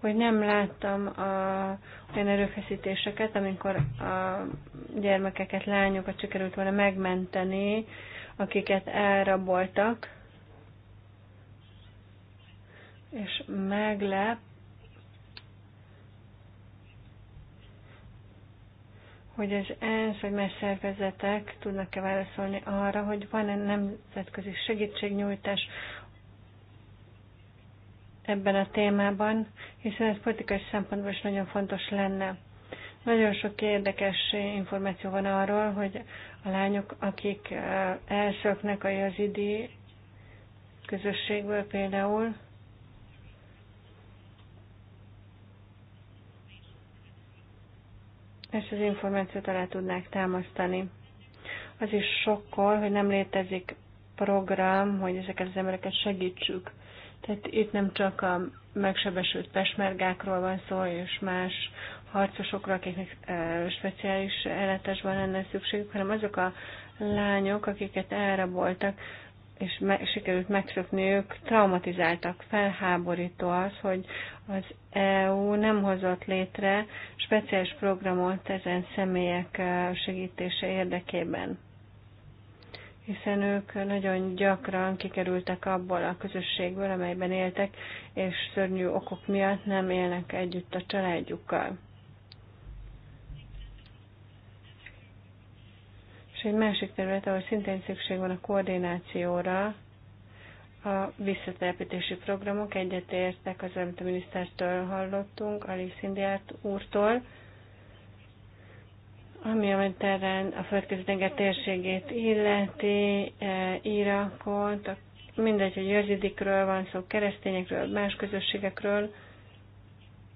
hogy nem láttam a olyan erőfeszítéseket, amikor a gyermekeket, lányokat sikerült volna megmenteni, akiket elraboltak, és meglep, hogy az ENSZ vagy más szervezetek tudnak-e válaszolni arra, hogy van-e nemzetközi segítségnyújtás ebben a témában, hiszen ez politikai szempontból is nagyon fontos lenne. Nagyon sok érdekes információ van arról, hogy a lányok, akik elszöknek a jazidi közösségből például, ezt az információt alá tudnák támasztani. Az is sokkal, hogy nem létezik program, hogy ezeket az embereket segítsük. Tehát itt nem csak a megsebesült pesmergákról van szó, és más harcosokra, akiknek speciális ellátásban lenne szükségük, hanem azok a lányok, akiket elraboltak, és me- sikerült megszökni, ők traumatizáltak. Felháborító az, hogy az EU nem hozott létre speciális programot ezen személyek segítése érdekében hiszen ők nagyon gyakran kikerültek abból a közösségből, amelyben éltek, és szörnyű okok miatt nem élnek együtt a családjukkal. És egy másik terület, ahol szintén szükség van a koordinációra, a visszatelepítési programok. Egyetértek az, amit a minisztertől hallottunk, Alice Szindiárt úrtól, ami a mediterrán, a földközi tenger térségét illeti, e, Irakot, mindegy, hogy jezidikről van szó, keresztényekről, más közösségekről,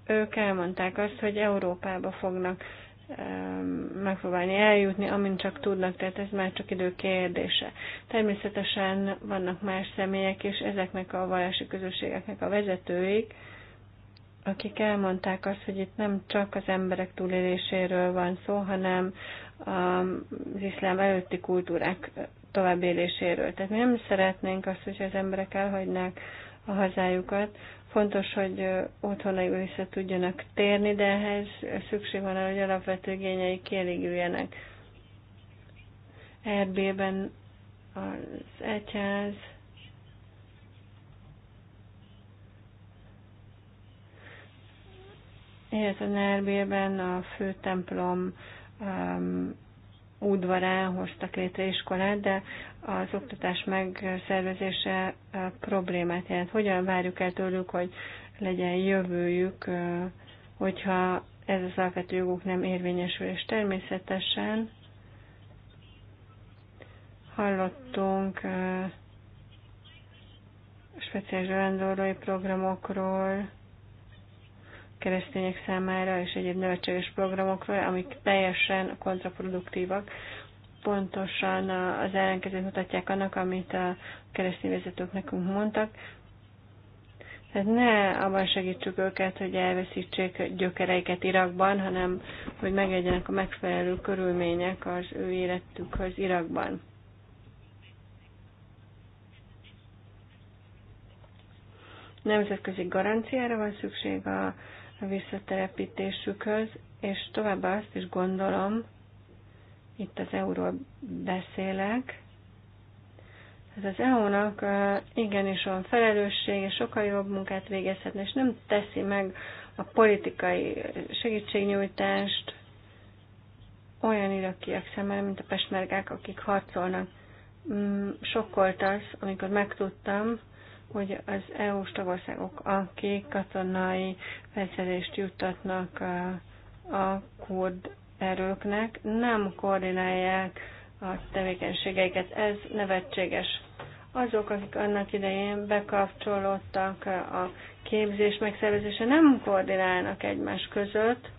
ők elmondták azt, hogy Európába fognak e, megpróbálni eljutni, amint csak tudnak, tehát ez már csak idő kérdése. Természetesen vannak más személyek, és ezeknek a vallási közösségeknek a vezetőik, akik elmondták azt, hogy itt nem csak az emberek túléléséről van szó, hanem az iszlám előtti kultúrák továbbéléséről. Tehát mi nem szeretnénk azt, hogy az emberek elhagynák a hazájukat. Fontos, hogy otthonaikba vissza tudjanak térni, de ehhez szükség van arra, hogy alapvető igényei kielégüljenek. Erbében az egyház illetve Nerbélben a főtemplom um, udvarán hoztak létre iskolát, de az oktatás megszervezése uh, problémát jelent. Hogyan várjuk el tőlük, hogy legyen jövőjük, uh, hogyha ez az alapvető joguk nem érvényesül, és természetesen hallottunk uh, speciális rendőrői programokról, keresztények számára és egyéb nevetséges programokról, amik teljesen kontraproduktívak, pontosan az ellenkezőt mutatják annak, amit a keresztény vezetők nekünk mondtak. Tehát ne abban segítsük őket, hogy elveszítsék gyökereiket Irakban, hanem hogy megegyenek a megfelelő körülmények az ő életükhöz Irakban. Nemzetközi garanciára van szükség a a visszaterepítésükhöz, és továbbá azt is gondolom, itt az EU-ról beszélek, ez az EU-nak igenis van felelősség, és sokkal jobb munkát végezhetne, és nem teszi meg a politikai segítségnyújtást olyan irakiak szemmel mint a pesmergák, akik harcolnak. Mm, Sokkolt az, amikor megtudtam, hogy az EU-s tagországok, akik katonai felszerelést juttatnak a kurd erőknek, nem koordinálják a tevékenységeiket. Ez nevetséges. Azok, akik annak idején bekapcsolódtak a képzés megszervezése, nem koordinálnak egymás között.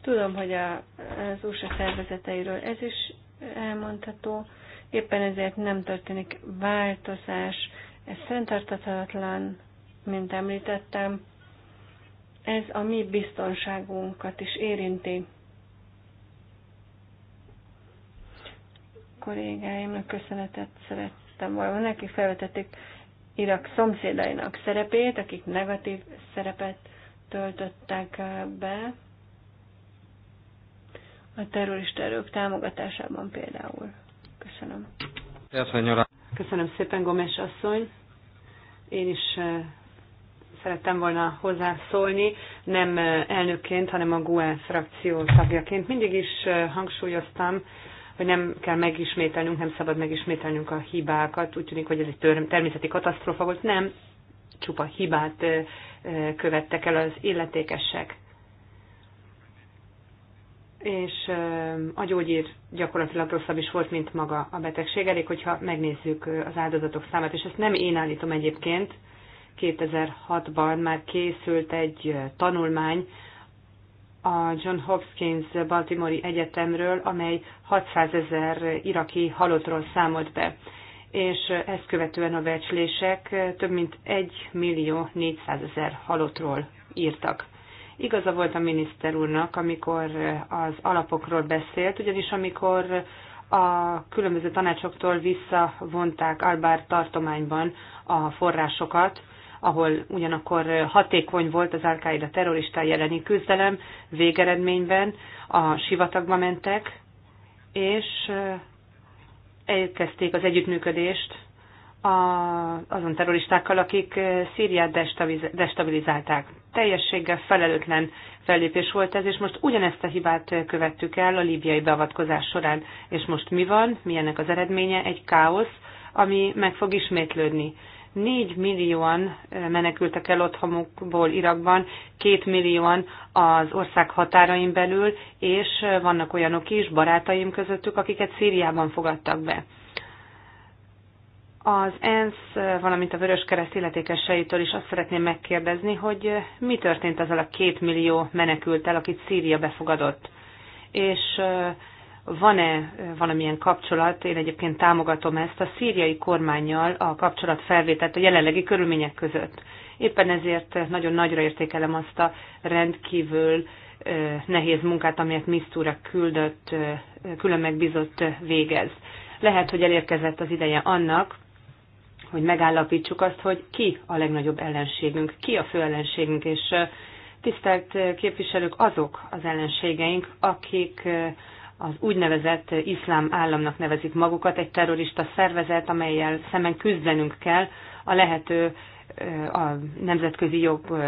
Tudom, hogy az USA szervezeteiről ez is elmondható Éppen ezért nem történik változás, ez fenntartatlan, mint említettem. Ez a mi biztonságunkat is érinti. kollégáimnak köszönetet szerettem volna. Neki felvetették Irak szomszédainak szerepét, akik negatív szerepet töltöttek be a terrorista erők támogatásában például. Köszönöm. Köszönöm szépen, Gomes asszony. Én is eh, szerettem volna hozzászólni, nem eh, elnökként, hanem a GUE frakció tagjaként. Mindig is eh, hangsúlyoztam, hogy nem kell megismételnünk, nem szabad megismételnünk a hibákat. Úgy tűnik, hogy ez egy természeti katasztrófa volt. Nem, csupa hibát követtek el az illetékesek és a gyógyír gyakorlatilag rosszabb is volt, mint maga a betegség. Elég, hogyha megnézzük az áldozatok számát, és ezt nem én állítom egyébként. 2006-ban már készült egy tanulmány a John Hopkins Baltimore Egyetemről, amely 600 ezer iraki halottról számolt be és ezt követően a becslések több mint 1 millió 400 ezer halottról írtak. Igaza volt a miniszter úrnak, amikor az alapokról beszélt, ugyanis amikor a különböző tanácsoktól visszavonták Albár tartományban a forrásokat, ahol ugyanakkor hatékony volt az Al-Qaeda terroristá jeleni küzdelem, végeredményben a sivatagba mentek, és eh, elkezdték az együttműködést azon terroristákkal, akik eh, Szíriát destabilizálták teljességgel felelőtlen fellépés volt ez, és most ugyanezt a hibát követtük el a líbiai beavatkozás során. És most mi van? Mi ennek az eredménye? Egy káosz, ami meg fog ismétlődni. 4 millióan eh, menekültek el otthonukból Irakban, 2 millióan az ország határain belül, és eh, vannak olyanok is, barátaim közöttük, akiket Szíriában fogadtak be. Az ENSZ, valamint a Vörös Kereszt illetékeseitől is azt szeretném megkérdezni, hogy mi történt azzal a két millió menekültel, akit Szíria befogadott, és van-e valamilyen kapcsolat, én egyébként támogatom ezt, a szíriai kormányjal a kapcsolat felvételt a jelenlegi körülmények között. Éppen ezért nagyon nagyra értékelem azt a rendkívül nehéz munkát, amelyet Misztúra küldött, külön megbízott végez. Lehet, hogy elérkezett az ideje annak, hogy megállapítsuk azt, hogy ki a legnagyobb ellenségünk, ki a fő ellenségünk, és tisztelt képviselők azok az ellenségeink, akik az úgynevezett iszlám államnak nevezik magukat, egy terrorista szervezet, amelyel szemben küzdenünk kell a lehető a nemzetközi jog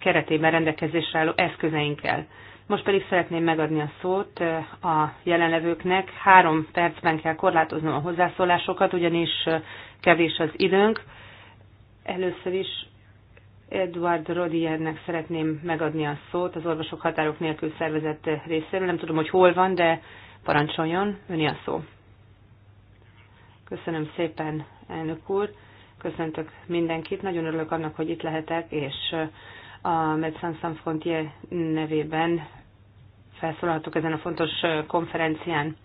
keretében rendelkezésre álló eszközeinkkel. Most pedig szeretném megadni a szót a jelenlevőknek. Három percben kell korlátoznom a hozzászólásokat, ugyanis kevés az időnk. Először is Edward Rodiernek szeretném megadni a szót, az Orvosok Határok Nélkül szervezett részéről. Nem tudom, hogy hol van, de parancsoljon, öni a szó. Köszönöm szépen, elnök úr. Köszöntök mindenkit. Nagyon örülök annak, hogy itt lehetek, és a Médecins Sans Frontier nevében felszólalhatok ezen a fontos konferencián.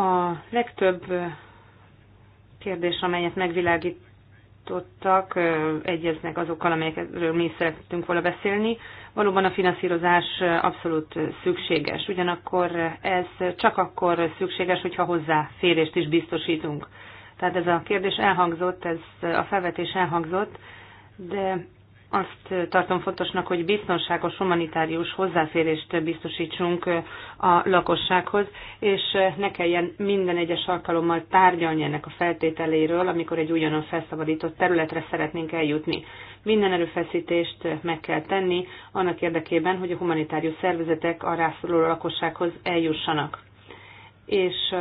A legtöbb kérdés, amelyet megvilágítottak, egyeznek azokkal, amelyekről mi szerettünk volna beszélni. Valóban a finanszírozás abszolút szükséges, ugyanakkor ez csak akkor szükséges, hogyha hozzáférést is biztosítunk. Tehát ez a kérdés elhangzott, ez a felvetés elhangzott, de azt tartom fontosnak, hogy biztonságos humanitárius hozzáférést biztosítsunk a lakossághoz, és ne kelljen minden egyes alkalommal tárgyalni ennek a feltételéről, amikor egy újonnan felszabadított területre szeretnénk eljutni. Minden erőfeszítést meg kell tenni annak érdekében, hogy a humanitárius szervezetek a rászoruló lakossághoz eljussanak. És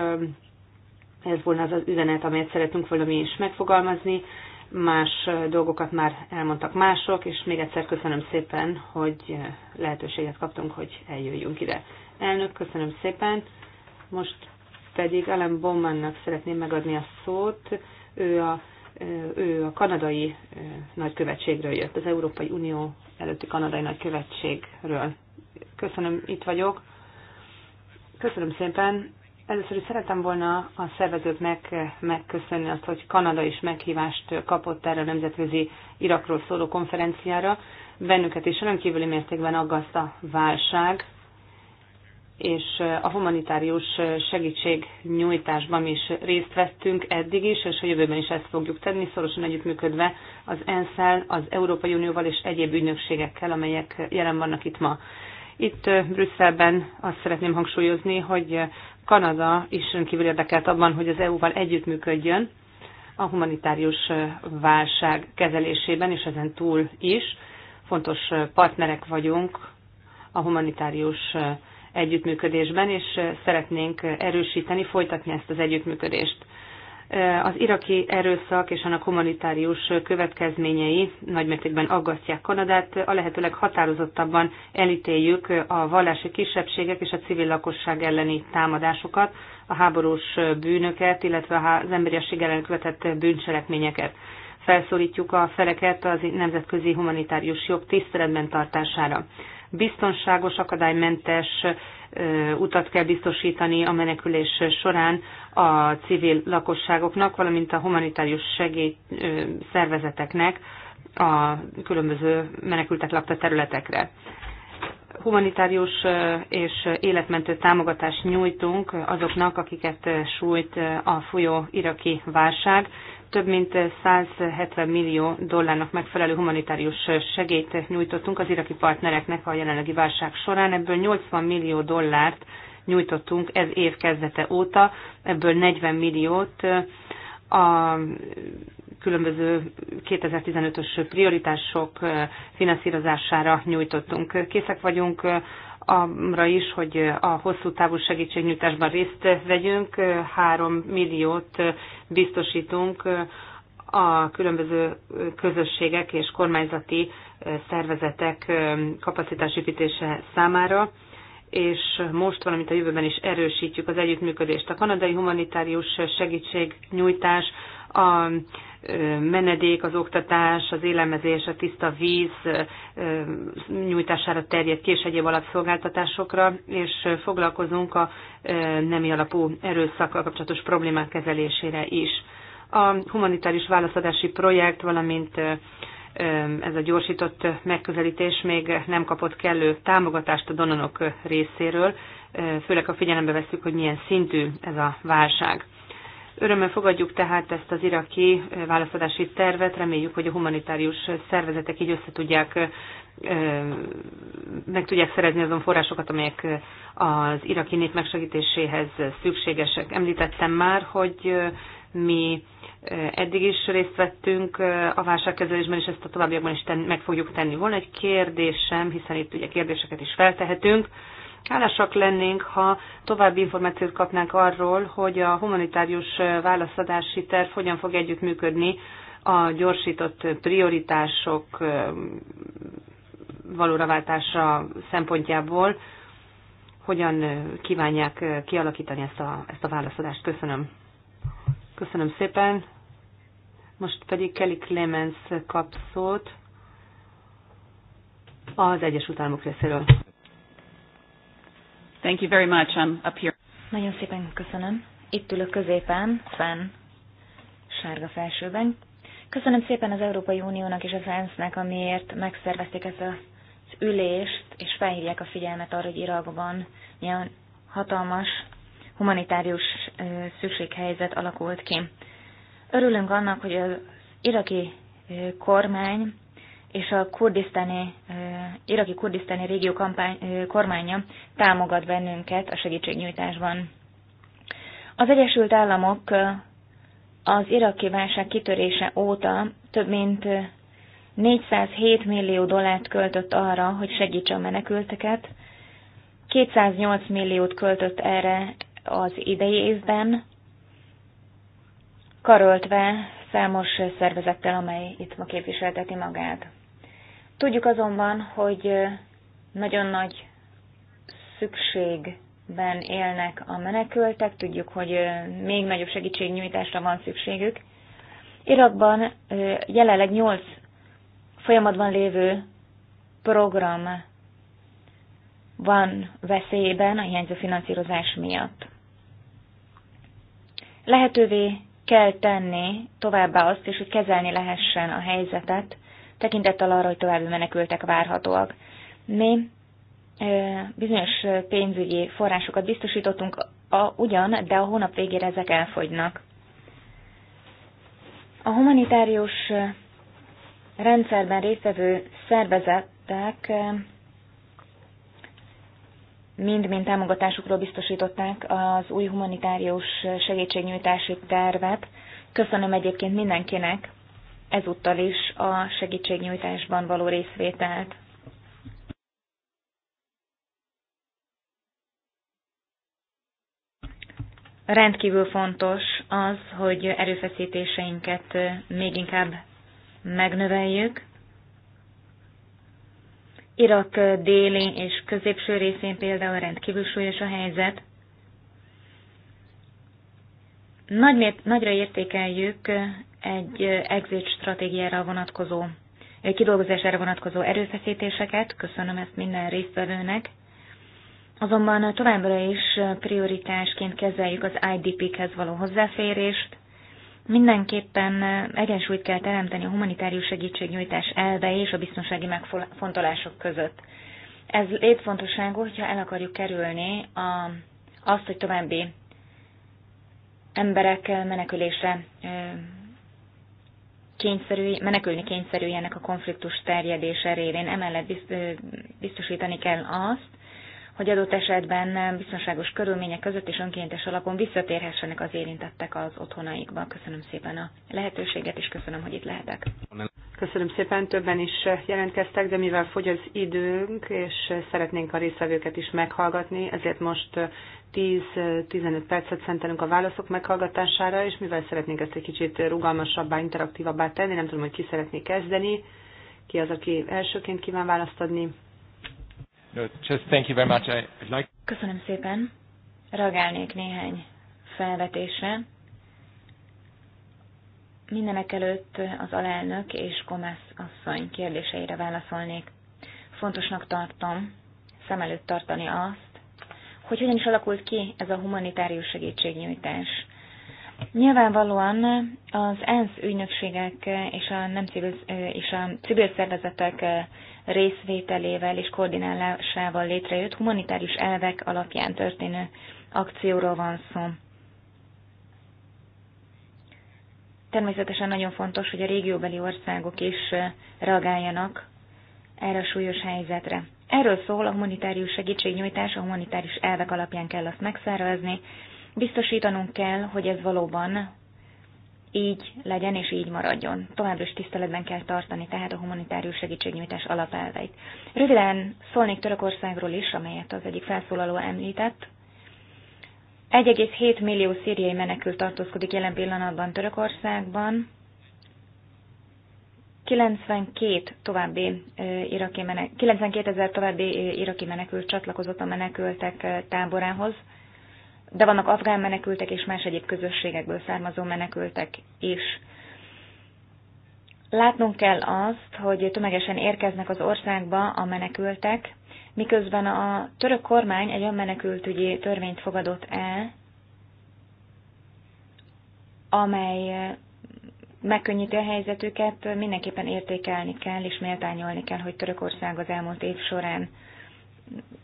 ez volna az az üzenet, amelyet szeretünk valami is megfogalmazni. Más dolgokat már elmondtak mások, és még egyszer köszönöm szépen, hogy lehetőséget kaptunk, hogy eljöjjünk ide. Elnök, köszönöm szépen. Most pedig Alan Bowmannak szeretném megadni a szót. Ő a, ő a kanadai nagykövetségről jött, az Európai Unió előtti kanadai nagykövetségről. Köszönöm, itt vagyok. Köszönöm szépen. Először is szeretem volna a szervezőknek megköszönni azt, hogy Kanada is meghívást kapott erre a nemzetközi Irakról szóló konferenciára. Bennünket is rendkívüli mértékben aggaszt a válság, és a humanitárius segítségnyújtásban is részt vettünk eddig is, és a jövőben is ezt fogjuk tenni, szorosan együttműködve az ENSZ-el, az Európai Unióval és egyéb ügynökségekkel, amelyek jelen vannak itt ma. Itt Brüsszelben azt szeretném hangsúlyozni, hogy Kanada is rendkívül érdekelt abban, hogy az EU-val együttműködjön a humanitárius válság kezelésében, és ezen túl is. Fontos partnerek vagyunk a humanitárius együttműködésben, és szeretnénk erősíteni, folytatni ezt az együttműködést az iraki erőszak és annak humanitárius következményei nagymértékben aggasztják Kanadát. A lehetőleg határozottabban elítéljük a vallási kisebbségek és a civil lakosság elleni támadásokat, a háborús bűnöket, illetve az emberiesség ellen követett bűncselekményeket. Felszólítjuk a feleket az nemzetközi humanitárius jog tiszteletben tartására biztonságos, akadálymentes utat kell biztosítani a menekülés során a civil lakosságoknak, valamint a humanitárius segély szervezeteknek a különböző menekültek lakta területekre humanitárius és életmentő támogatást nyújtunk azoknak, akiket sújt a folyó iraki válság, több mint 170 millió dollárnak megfelelő humanitárius segélyt nyújtottunk az iraki partnereknek a jelenlegi válság során, ebből 80 millió dollárt nyújtottunk ez év kezdete óta, ebből 40 milliót a különböző 2015-ös prioritások finanszírozására nyújtottunk. Készek vagyunk amra is, hogy a hosszú távú segítségnyújtásban részt vegyünk. három milliót biztosítunk a különböző közösségek és kormányzati szervezetek kapacitásépítése számára és most, valamint a jövőben is erősítjük az együttműködést. A kanadai humanitárius segítségnyújtás, a menedék, az oktatás, az élelmezés, a tiszta víz nyújtására terjedt kés és egyéb alapszolgáltatásokra, és foglalkozunk a nemi alapú erőszakkal kapcsolatos problémák kezelésére is. A humanitárius válaszadási projekt, valamint ez a gyorsított megközelítés még nem kapott kellő támogatást a donanok részéről, főleg a figyelembe veszük, hogy milyen szintű ez a válság. Örömmel fogadjuk tehát ezt az iraki eh, választási tervet, reméljük, hogy a humanitárius szervezetek így össze tudják, eh, meg tudják szerezni azon forrásokat, amelyek eh, az iraki nép megsegítéséhez szükségesek. Említettem már, hogy mi eddig is részt vettünk a válságkezelésben, és ezt a továbbiakban is ten, meg fogjuk tenni. Volna egy kérdésem, hiszen itt ugye kérdéseket is feltehetünk. Hálásak lennénk, ha további információt kapnánk arról, hogy a humanitárius válaszadási terv hogyan fog együttműködni a gyorsított prioritások valóráváltása szempontjából, hogyan kívánják kialakítani ezt a, ezt a válaszadást. Köszönöm. Köszönöm szépen. Most pedig Kelly Clemens kap szót az Egyesült Államok részéről. Thank you very much. I'm up here. Nagyon szépen köszönöm. Itt ülök középen, fenn, sárga felsőben. Köszönöm szépen az Európai Uniónak és az ENSZ-nek, amiért megszervezték ezt az ülést, és felhívják a figyelmet arra, hogy Irakban milyen hatalmas humanitárius szükséghelyzet alakult ki. Örülünk annak, hogy az iraki kormány és a kurdisztáni, iraki kurdisztáni régió kampány, kormánya támogat bennünket a segítségnyújtásban. Az Egyesült Államok az iraki válság kitörése óta több mint 407 millió dollárt költött arra, hogy segítse a menekülteket, 208 milliót költött erre az idei évben, karöltve számos szervezettel, amely itt ma képviselteti magát. Tudjuk azonban, hogy nagyon nagy szükségben élnek a menekültek, tudjuk, hogy még nagyobb segítségnyújtásra van szükségük. Irakban jelenleg 8 folyamatban lévő program van veszélyben a hiányzó finanszírozás miatt. Lehetővé kell tenni továbbá azt is, hogy kezelni lehessen a helyzetet tekintettel arra, hogy további menekültek várhatóak. Mi bizonyos pénzügyi forrásokat biztosítottunk a, ugyan, de a hónap végére ezek elfogynak. A humanitárius rendszerben résztvevő szervezetek mind-mind támogatásukról biztosították az új humanitárius segítségnyújtási tervet. Köszönöm egyébként mindenkinek, ezúttal is a segítségnyújtásban való részvételt. Rendkívül fontos az, hogy erőfeszítéseinket még inkább megnöveljük. Irak déli és középső részén például rendkívül súlyos a helyzet. Nagy, nagyra értékeljük egy exit stratégiára vonatkozó, kidolgozására vonatkozó erőfeszítéseket. Köszönöm ezt minden résztvevőnek. Azonban továbbra is prioritásként kezeljük az IDP-khez való hozzáférést. Mindenképpen egyensúlyt kell teremteni a humanitárius segítségnyújtás elve és a biztonsági megfontolások között. Ez létfontosságú, hogyha el akarjuk kerülni a, azt, hogy további emberek menekülésre kényszerűj, menekülni kényszerüljenek a konfliktus terjedése révén. Emellett biztosítani kell azt, hogy adott esetben biztonságos körülmények között és önkéntes alapon visszatérhessenek az érintettek az otthonaikba. Köszönöm szépen a lehetőséget, és köszönöm, hogy itt lehetek. Köszönöm szépen, többen is jelentkeztek, de mivel fogy az időnk, és szeretnénk a részvevőket is meghallgatni, ezért most 10-15 percet szentelünk a válaszok meghallgatására, és mivel szeretnénk ezt egy kicsit rugalmasabbá, interaktívabbá tenni, nem tudom, hogy ki szeretné kezdeni, ki az, aki elsőként kíván választ adni. Just thank you very much. I'd like... Köszönöm szépen. Reagálnék néhány felvetésre. Mindenek előtt az alelnök és Komász asszony kérdéseire válaszolnék. Fontosnak tartom szem előtt tartani azt, hogy hogyan is alakult ki ez a humanitárius segítségnyújtás. Nyilvánvalóan az ENSZ ügynökségek és a, nem civil, és a civil szervezetek részvételével és koordinálásával létrejött humanitárius elvek alapján történő akcióról van szó. Természetesen nagyon fontos, hogy a régióbeli országok is reagáljanak erre a súlyos helyzetre. Erről szól a humanitárius segítségnyújtás, a humanitárius elvek alapján kell azt megszervezni. Biztosítanunk kell, hogy ez valóban így legyen és így maradjon. Továbbra is tiszteletben kell tartani tehát a humanitárius segítségnyújtás alapelveit. Röviden szólnék Törökországról is, amelyet az egyik felszólaló említett. 1,7 millió szíriai menekült tartózkodik jelen pillanatban Törökországban. 92 további iraki menek, 92 ezer további iraki menekült csatlakozott a menekültek táborához de vannak afgán menekültek és más egyéb közösségekből származó menekültek is. Látnunk kell azt, hogy tömegesen érkeznek az országba a menekültek, miközben a török kormány egy olyan menekültügyi törvényt fogadott el, amely megkönnyíti a helyzetüket, mindenképpen értékelni kell és méltányolni kell, hogy Törökország az elmúlt év során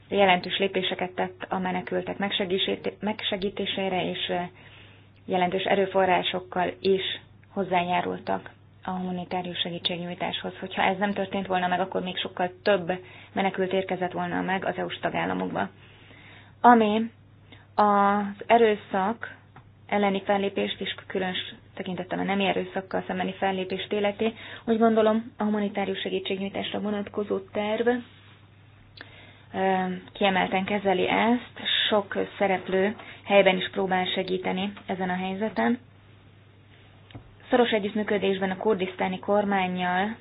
jelentős lépéseket tett a menekültek megsegítésére, és jelentős erőforrásokkal is hozzájárultak a humanitárius segítségnyújtáshoz. Hogyha ez nem történt volna meg, akkor még sokkal több menekült érkezett volna meg az EU-s tagállamokba. Ami az erőszak elleni fellépést is különös tekintettem a nem erőszakkal szembeni fellépést életi, úgy gondolom a humanitárius segítségnyújtásra vonatkozó terv kiemelten kezeli ezt, sok szereplő helyben is próbál segíteni ezen a helyzeten. Szoros együttműködésben a kurdisztáni kormányjal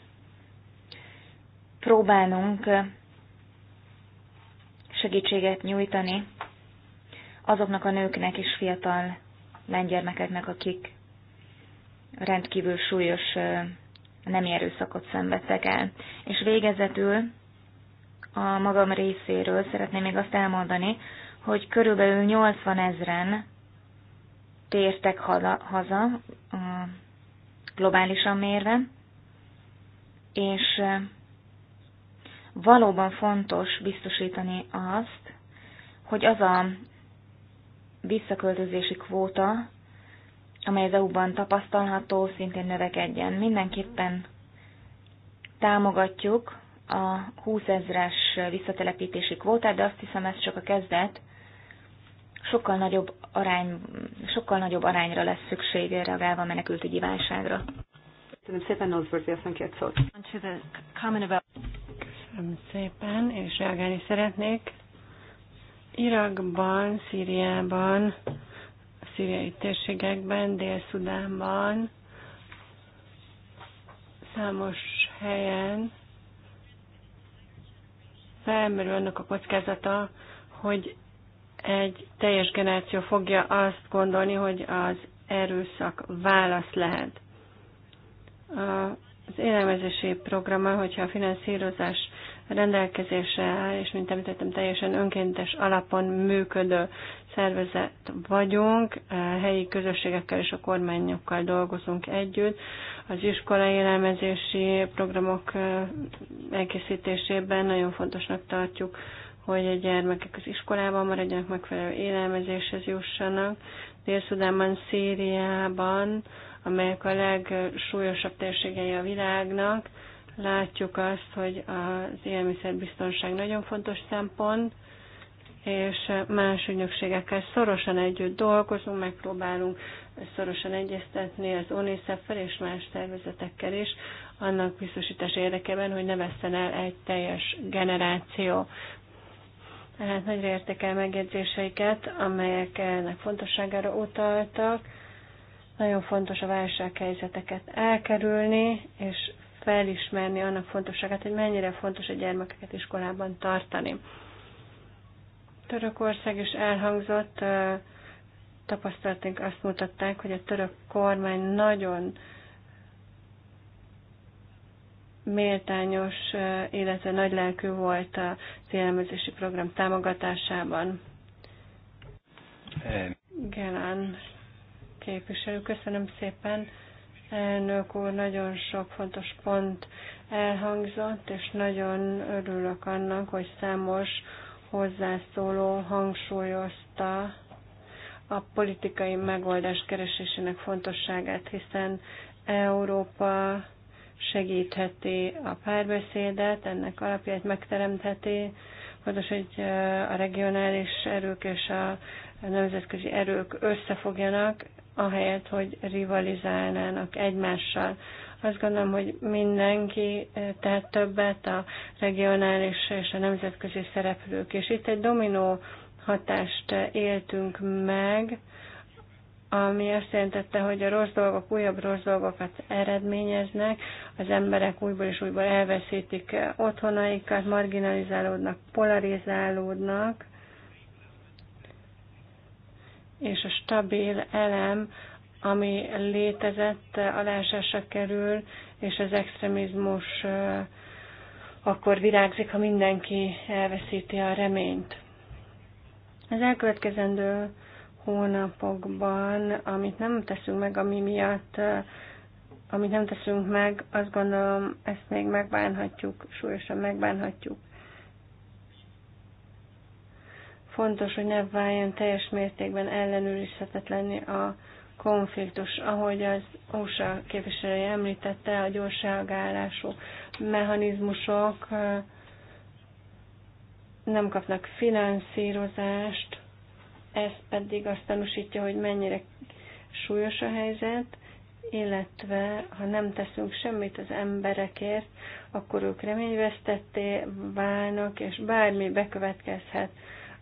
próbálunk segítséget nyújtani azoknak a nőknek és fiatal lánygyermekeknek, akik rendkívül súlyos nem erőszakot szenvedtek el. És végezetül a magam részéről szeretném még azt elmondani, hogy körülbelül 80 ezren tértek haza, globálisan mérve, és valóban fontos biztosítani azt, hogy az a visszaköltözési kvóta, amely az EU-ban tapasztalható, szintén növekedjen. Mindenképpen támogatjuk a 20 ezres visszatelepítési kvótát, de azt hiszem ez csak a kezdet. Sokkal nagyobb, arány, sokkal nagyobb arányra lesz szükség reagálva a menekültügyi válságra. Köszönöm szépen, Osborne, aztán két szót. Köszönöm szépen, és reagálni szeretnék. Irakban, Szíriában, a szíriai térségekben, Dél-Szudánban, számos helyen felmerül annak a kockázata, hogy egy teljes generáció fogja azt gondolni, hogy az erőszak válasz lehet. Az élelmezési programa, hogyha a finanszírozás rendelkezésre áll, és mint említettem, teljesen önkéntes alapon működő szervezet vagyunk, helyi közösségekkel és a kormányokkal dolgozunk együtt. Az iskola élelmezési programok elkészítésében nagyon fontosnak tartjuk, hogy a gyermekek az iskolában maradjanak, megfelelő élelmezéshez jussanak. Dél-Szudánban, Szíriában, amelyek a legsúlyosabb térségei a világnak, látjuk azt, hogy az élelmiszerbiztonság nagyon fontos szempont, és más ügynökségekkel szorosan együtt dolgozunk, megpróbálunk szorosan egyeztetni az UNICEF-fel és más szervezetekkel is, annak biztosítás érdekében, hogy ne veszten el egy teljes generáció. Tehát nagyra értékel megjegyzéseiket, amelyek ennek fontosságára utaltak. Nagyon fontos a válsághelyzeteket elkerülni, és felismerni annak fontosságát, hogy mennyire fontos a gyermekeket iskolában tartani. Törökország is elhangzott, tapasztalatunk azt mutatták, hogy a török kormány nagyon méltányos, illetve nagylelkű volt a élelmezési program támogatásában. Gelán képviselő, köszönöm szépen. Elnök úr, nagyon sok fontos pont elhangzott, és nagyon örülök annak, hogy számos hozzászóló hangsúlyozta a politikai megoldás keresésének fontosságát, hiszen Európa segítheti a párbeszédet, ennek alapját megteremtheti, fontos, hogy a regionális erők és a nemzetközi erők összefogjanak, ahelyett, hogy rivalizálnának egymással. Azt gondolom, hogy mindenki eh, tehát többet a regionális és a nemzetközi szereplők. És itt egy dominó hatást eh, éltünk meg, ami azt jelentette, hogy a rossz dolgok újabb rossz dolgokat eredményeznek, az emberek újból és újból elveszítik eh, otthonaikat, marginalizálódnak, polarizálódnak, és a stabil elem ami létezett, alásásra kerül, és az extremizmus akkor virágzik, ha mindenki elveszíti a reményt. Az elkövetkezendő hónapokban, amit nem teszünk meg, ami miatt, amit nem teszünk meg, azt gondolom, ezt még megbánhatjuk, súlyosan megbánhatjuk. Fontos, hogy ne váljon teljes mértékben ellenőrizhetetlenni a konfliktus. Ahogy az USA képviselője említette, a gyors reagálású mechanizmusok nem kapnak finanszírozást, ez pedig azt tanúsítja, hogy mennyire súlyos a helyzet, illetve ha nem teszünk semmit az emberekért, akkor ők reményvesztetté válnak, és bármi bekövetkezhet,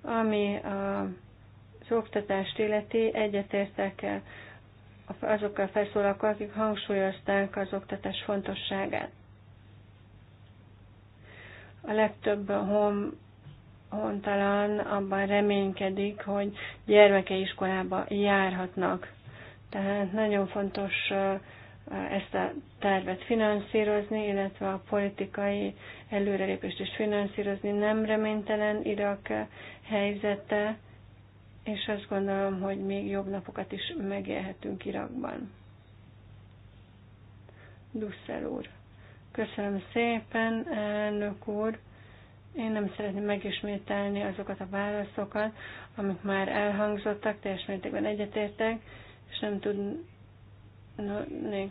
ami a az oktatást illeti egyetértek el azokkal felszólalkok, akik hangsúlyozták az oktatás fontosságát. A legtöbb hon, hontalan abban reménykedik, hogy gyermekei iskolába járhatnak. Tehát nagyon fontos ezt a tervet finanszírozni, illetve a politikai előrelépést is finanszírozni. Nem reménytelen Irak helyzete, és azt gondolom, hogy még jobb napokat is megélhetünk Irakban. Dusszel úr. Köszönöm szépen, elnök úr. Én nem szeretném megismételni azokat a válaszokat, amik már elhangzottak, teljes mértékben egyetértek, és nem tudnék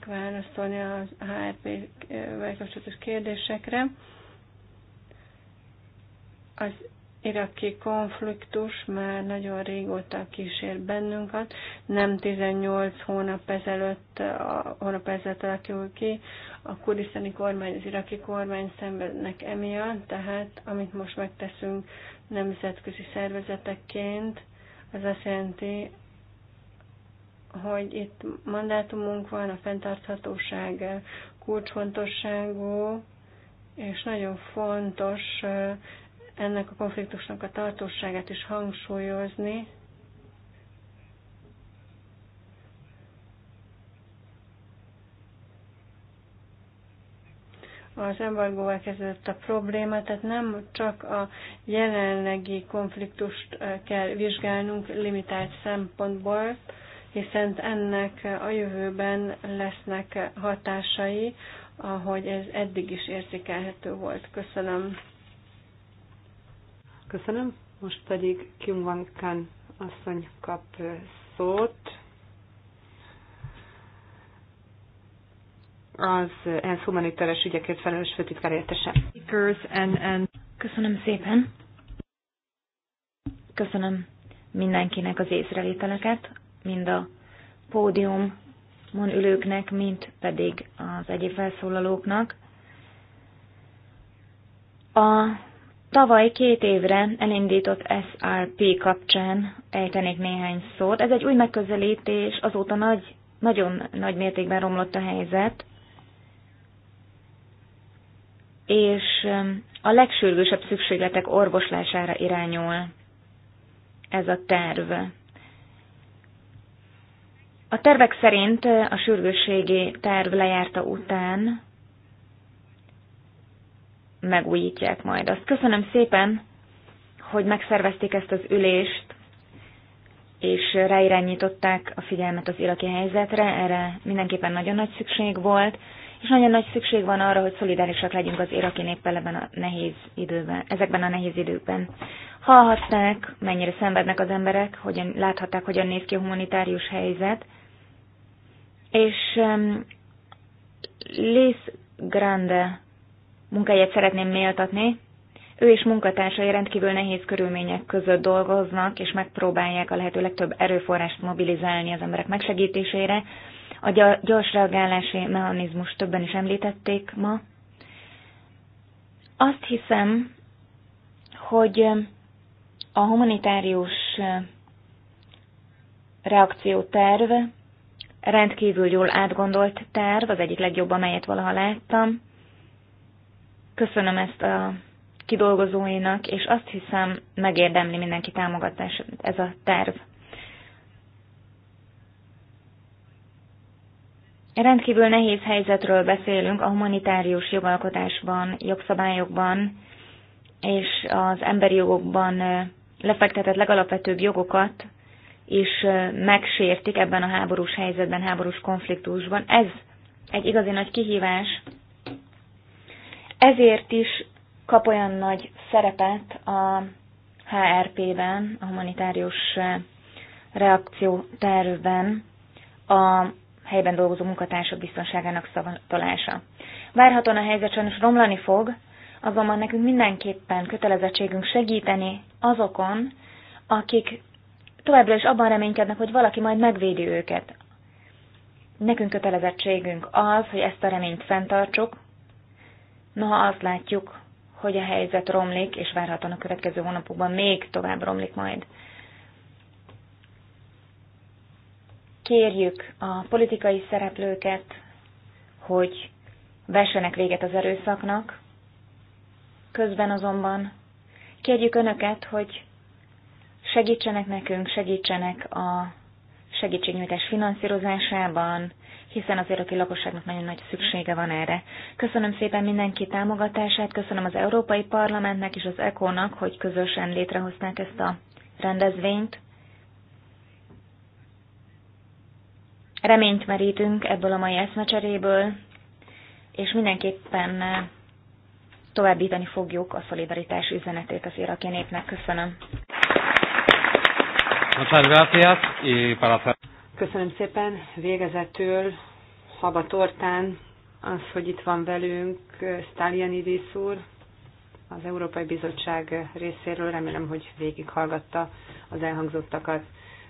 válaszolni a HRP-vel kapcsolatos kérdésekre. Az iraki konfliktus már nagyon régóta kísér bennünket, nem 18 hónap ezelőtt, a, hónap ezelőtt alakul ki, a kurisztani kormány, az iraki kormány szenvednek emiatt, tehát amit most megteszünk nemzetközi szervezetekként, az azt jelenti, hogy itt mandátumunk van, a fenntarthatóság kulcsfontosságú, és nagyon fontos ennek a konfliktusnak a tartóságát is hangsúlyozni. Az embargóval kezdődött a probléma, tehát nem csak a jelenlegi konfliktust kell vizsgálnunk limitált szempontból, hiszen ennek a jövőben lesznek hatásai, ahogy ez eddig is érzékelhető volt. Köszönöm. Köszönöm. Most pedig Kim Van Kan asszony kap szót. Az ENSZ humanitáres ügyekért felelős főtitkár értese. Köszönöm szépen. Köszönöm mindenkinek az észrevételeket, mind a pódiumon ülőknek, mint pedig az egyéb felszólalóknak. A Tavaly két évre elindított SRP kapcsán ejtenék néhány szót. Ez egy új megközelítés, azóta nagy, nagyon nagy mértékben romlott a helyzet, és a legsürgősebb szükségletek orvoslására irányul ez a terv. A tervek szerint a sürgősségi terv lejárta után megújítják majd azt. Köszönöm szépen, hogy megszervezték ezt az ülést, és ráirányították a figyelmet az iraki helyzetre, erre mindenképpen nagyon nagy szükség volt, és nagyon nagy szükség van arra, hogy szolidárisak legyünk az iraki néppel ebben a nehéz időben, ezekben a nehéz időkben. Hallhatták, mennyire szenvednek az emberek, hogyan láthatták, hogyan néz ki a humanitárius helyzet, és um, Liz Grande munkáját szeretném méltatni. Ő és munkatársai rendkívül nehéz körülmények között dolgoznak, és megpróbálják a lehető legtöbb erőforrást mobilizálni az emberek megsegítésére. A gyors reagálási mechanizmus többen is említették ma. Azt hiszem, hogy a humanitárius reakcióterv rendkívül jól átgondolt terv, az egyik legjobb, amelyet valaha láttam. Köszönöm ezt a kidolgozóinak, és azt hiszem megérdemli mindenki támogatását ez a terv. Rendkívül nehéz helyzetről beszélünk a humanitárius jogalkotásban, jogszabályokban és az emberi jogokban lefektetett legalapvetőbb jogokat is megsértik ebben a háborús helyzetben, háborús konfliktusban. Ez egy igazi nagy kihívás ezért is kap olyan nagy szerepet a HRP-ben, a humanitárius eh, reakció tervben a helyben dolgozó munkatársak biztonságának szavatolása. Várhatóan a helyzet sajnos romlani fog, azonban nekünk mindenképpen kötelezettségünk segíteni azokon, akik továbbra is abban reménykednek, hogy valaki majd megvédi őket. Nekünk kötelezettségünk az, hogy ezt a reményt fenntartsuk, Noha azt látjuk, hogy a helyzet romlik, és várhatóan a következő hónapokban még tovább romlik majd. Kérjük a politikai szereplőket, hogy vessenek véget az erőszaknak, közben azonban kérjük Önöket, hogy segítsenek nekünk, segítsenek a segítségnyújtás finanszírozásában, hiszen az iraki lakosságnak nagyon nagy szüksége van erre. Köszönöm szépen mindenki támogatását, köszönöm az Európai Parlamentnek és az ECO-nak, hogy közösen létrehozták ezt a rendezvényt. Reményt merítünk ebből a mai eszmecseréből, és mindenképpen eh, továbbítani fogjuk a szolidaritás üzenetét az iraki népnek. Köszönöm. Muchas gracias y para Köszönöm szépen. Végezetül Haba Tortán az, hogy itt van velünk Stalianidis úr, az Európai Bizottság részéről. Remélem, hogy végighallgatta az elhangzottakat.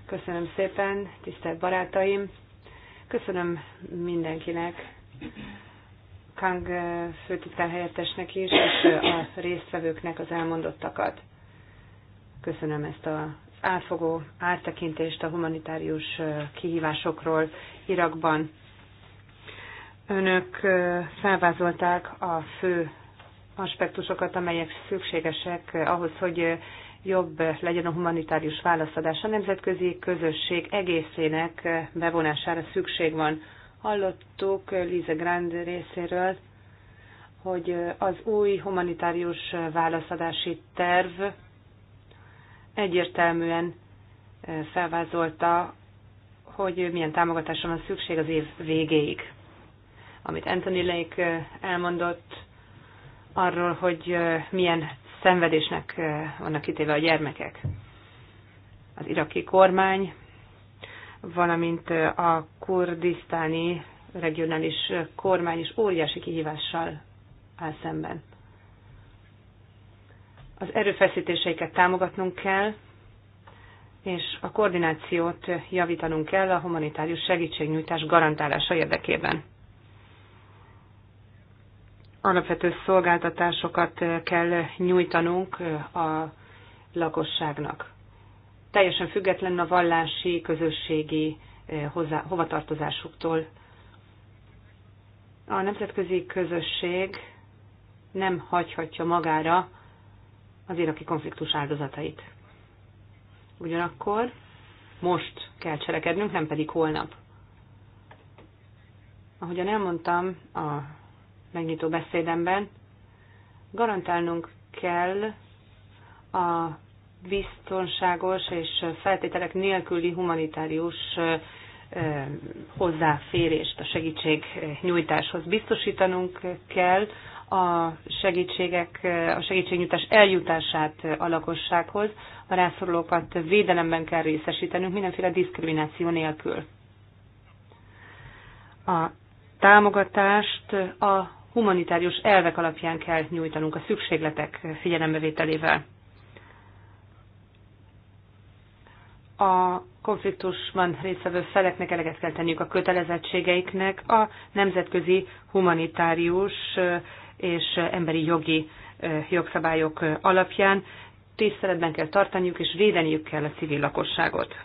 Köszönöm szépen, tisztelt barátaim! Köszönöm mindenkinek, Kang helyettesnek is, és a résztvevőknek az elmondottakat. Köszönöm ezt a átfogó áttekintést a humanitárius kihívásokról Irakban. Önök felvázolták a fő aspektusokat, amelyek szükségesek ahhoz, hogy jobb legyen a humanitárius válaszadás. A nemzetközi közösség egészének bevonására szükség van. Hallottuk Lise Grand részéről, hogy az új humanitárius válaszadási terv egyértelműen felvázolta, hogy milyen támogatásra van szükség az év végéig. Amit Anthony Lake elmondott arról, hogy milyen szenvedésnek vannak kitéve a gyermekek. Az iraki kormány, valamint a kurdisztáni regionális kormány is óriási kihívással áll szemben. Az erőfeszítéseiket támogatnunk kell, és a koordinációt javítanunk kell a humanitárius segítségnyújtás garantálása érdekében. Alapvető szolgáltatásokat kell nyújtanunk a lakosságnak. Teljesen független a vallási, közösségi eh, hozzá, hovatartozásuktól. A nemzetközi közösség nem hagyhatja magára az iraki konfliktus áldozatait. Ugyanakkor most kell cselekednünk, nem pedig holnap. Ahogyan elmondtam a megnyitó beszédemben, garantálnunk kell a biztonságos és feltételek nélküli humanitárius hozzáférést a segítség nyújtáshoz biztosítanunk kell a segítségek, a segítségnyújtás eljutását a lakossághoz, a rászorulókat védelemben kell részesítenünk mindenféle diszkrimináció nélkül. A támogatást a humanitárius elvek alapján kell nyújtanunk a szükségletek figyelembevételével. A konfliktusban résztvevő feleknek eleget kell tenniük a kötelezettségeiknek a nemzetközi humanitárius és emberi jogi jogszabályok alapján tiszteletben kell tartaniuk és védeniük kell a civil lakosságot.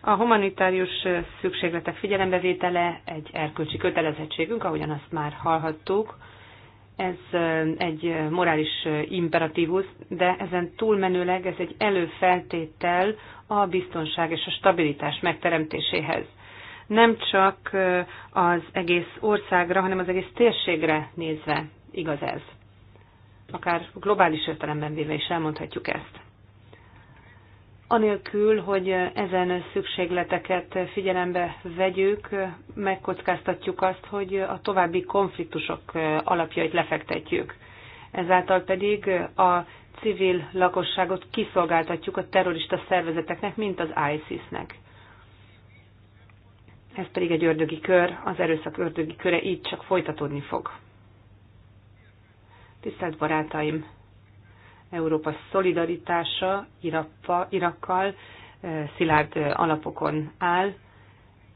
A humanitárius szükségletek figyelembevétele egy erkölcsi kötelezettségünk, ahogyan azt már hallhattuk. Ez egy morális imperatívus, de ezen túlmenőleg ez egy előfeltétel a biztonság és a stabilitás megteremtéséhez nem csak az egész országra, hanem az egész térségre nézve igaz ez. Akár globális értelemben véve is elmondhatjuk ezt. Anélkül, hogy ezen szükségleteket figyelembe vegyük, megkockáztatjuk azt, hogy a további konfliktusok alapjait lefektetjük. Ezáltal pedig a civil lakosságot kiszolgáltatjuk a terrorista szervezeteknek, mint az ISIS-nek ez pedig egy ördögi kör, az erőszak ördögi köre így csak folytatódni fog. Tisztelt barátaim! Európa szolidaritása Irappa, Irakkal eh, szilárd eh, alapokon áll.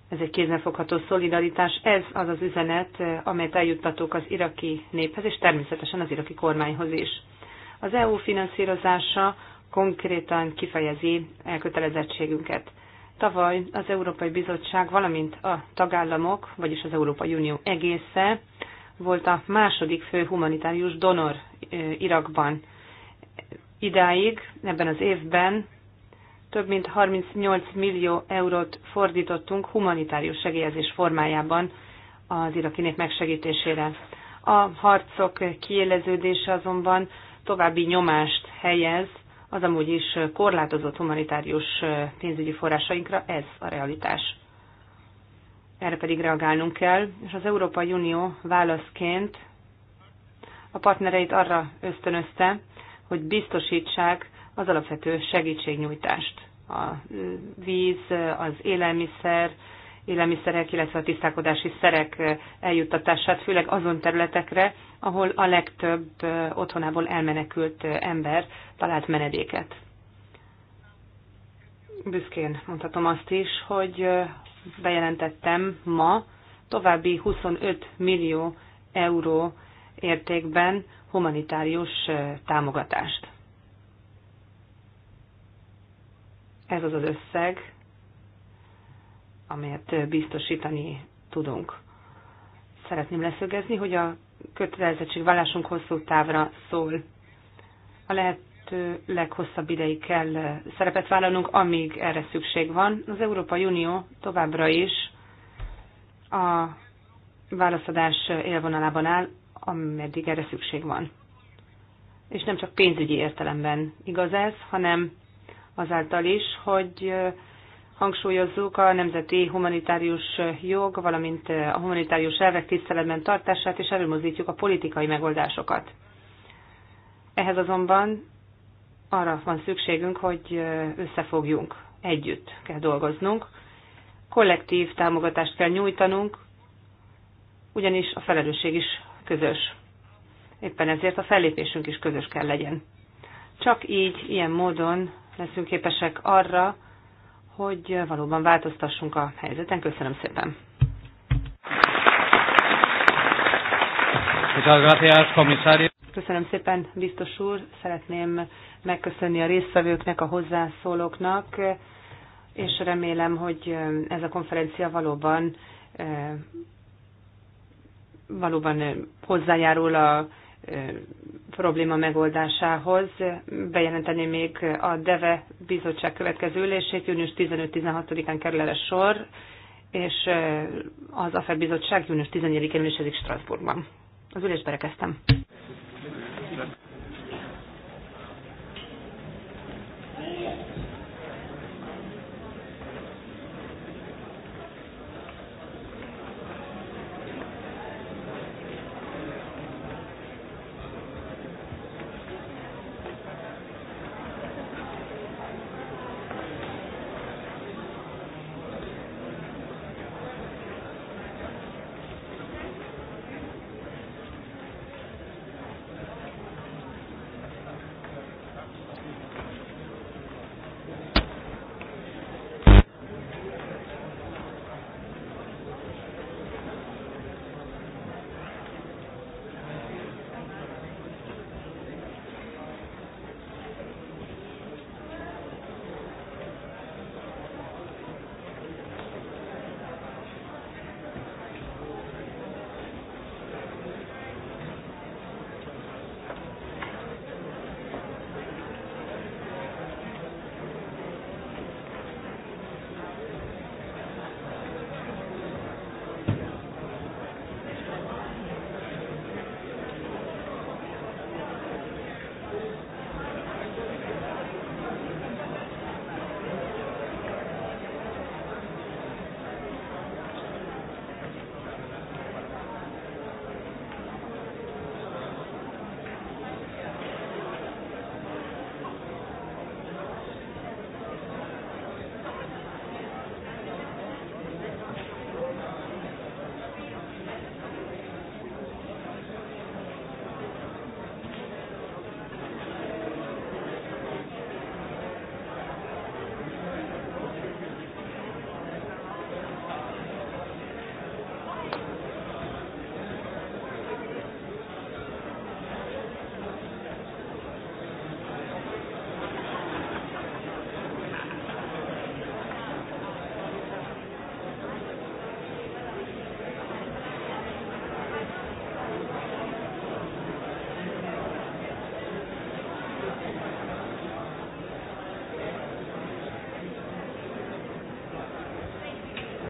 Ez egy kézzelfogható szolidaritás. Ez az az üzenet, eh, amelyet eljuttatók az iraki néphez, és természetesen az iraki kormányhoz is. Az EU finanszírozása konkrétan kifejezi elkötelezettségünket. Tavaly az Európai Bizottság, valamint a tagállamok, vagyis az Európai Unió egésze volt a második fő humanitárius donor Irakban. Idáig, ebben az évben több mint 38 millió eurót fordítottunk humanitárius segélyezés formájában az iraki nép megsegítésére. A harcok kiéleződése azonban további nyomást helyez az amúgy is korlátozott humanitárius pénzügyi forrásainkra, ez a realitás. Erre pedig reagálnunk kell, és az Európai Unió válaszként a partnereit arra ösztönözte, hogy biztosítsák az alapvető segítségnyújtást. A víz, az élelmiszer, élelmiszerek, illetve a tisztálkodási szerek eljuttatását, főleg azon területekre, ahol a legtöbb otthonából elmenekült ember talált menedéket. Büszkén mondhatom azt is, hogy bejelentettem ma további 25 millió euró értékben humanitárius támogatást. Ez az az összeg, amelyet biztosítani tudunk. Szeretném leszögezni, hogy a kötelezettségvállásunk hosszú távra szól. A lehető leghosszabb ideig kell szerepet vállalnunk, amíg erre szükség van. Az Európai Unió továbbra is a válaszadás élvonalában áll, ameddig erre szükség van. És nem csak pénzügyi értelemben igaz ez, hanem azáltal is, hogy hangsúlyozzuk a nemzeti humanitárius jog, valamint a humanitárius elvek tiszteletben tartását, és előmozdítjuk a politikai megoldásokat. Ehhez azonban arra van szükségünk, hogy összefogjunk, együtt kell dolgoznunk, kollektív támogatást kell nyújtanunk, ugyanis a felelősség is közös. Éppen ezért a fellépésünk is közös kell legyen. Csak így, ilyen módon leszünk képesek arra, hogy valóban változtassunk a helyzeten. Köszönöm szépen. Köszönöm szépen, biztos úr. Szeretném megköszönni a résztvevőknek, a hozzászólóknak, és remélem, hogy ez a konferencia valóban eh, valóban eh, hozzájárul a probléma megoldásához. Bejelenteni még a DEVE bizottság következő ülését, június 15-16-án kerül a sor, és az AFER bizottság június 14-én ülésezik Strasbourgban. Az ülést rekeztem.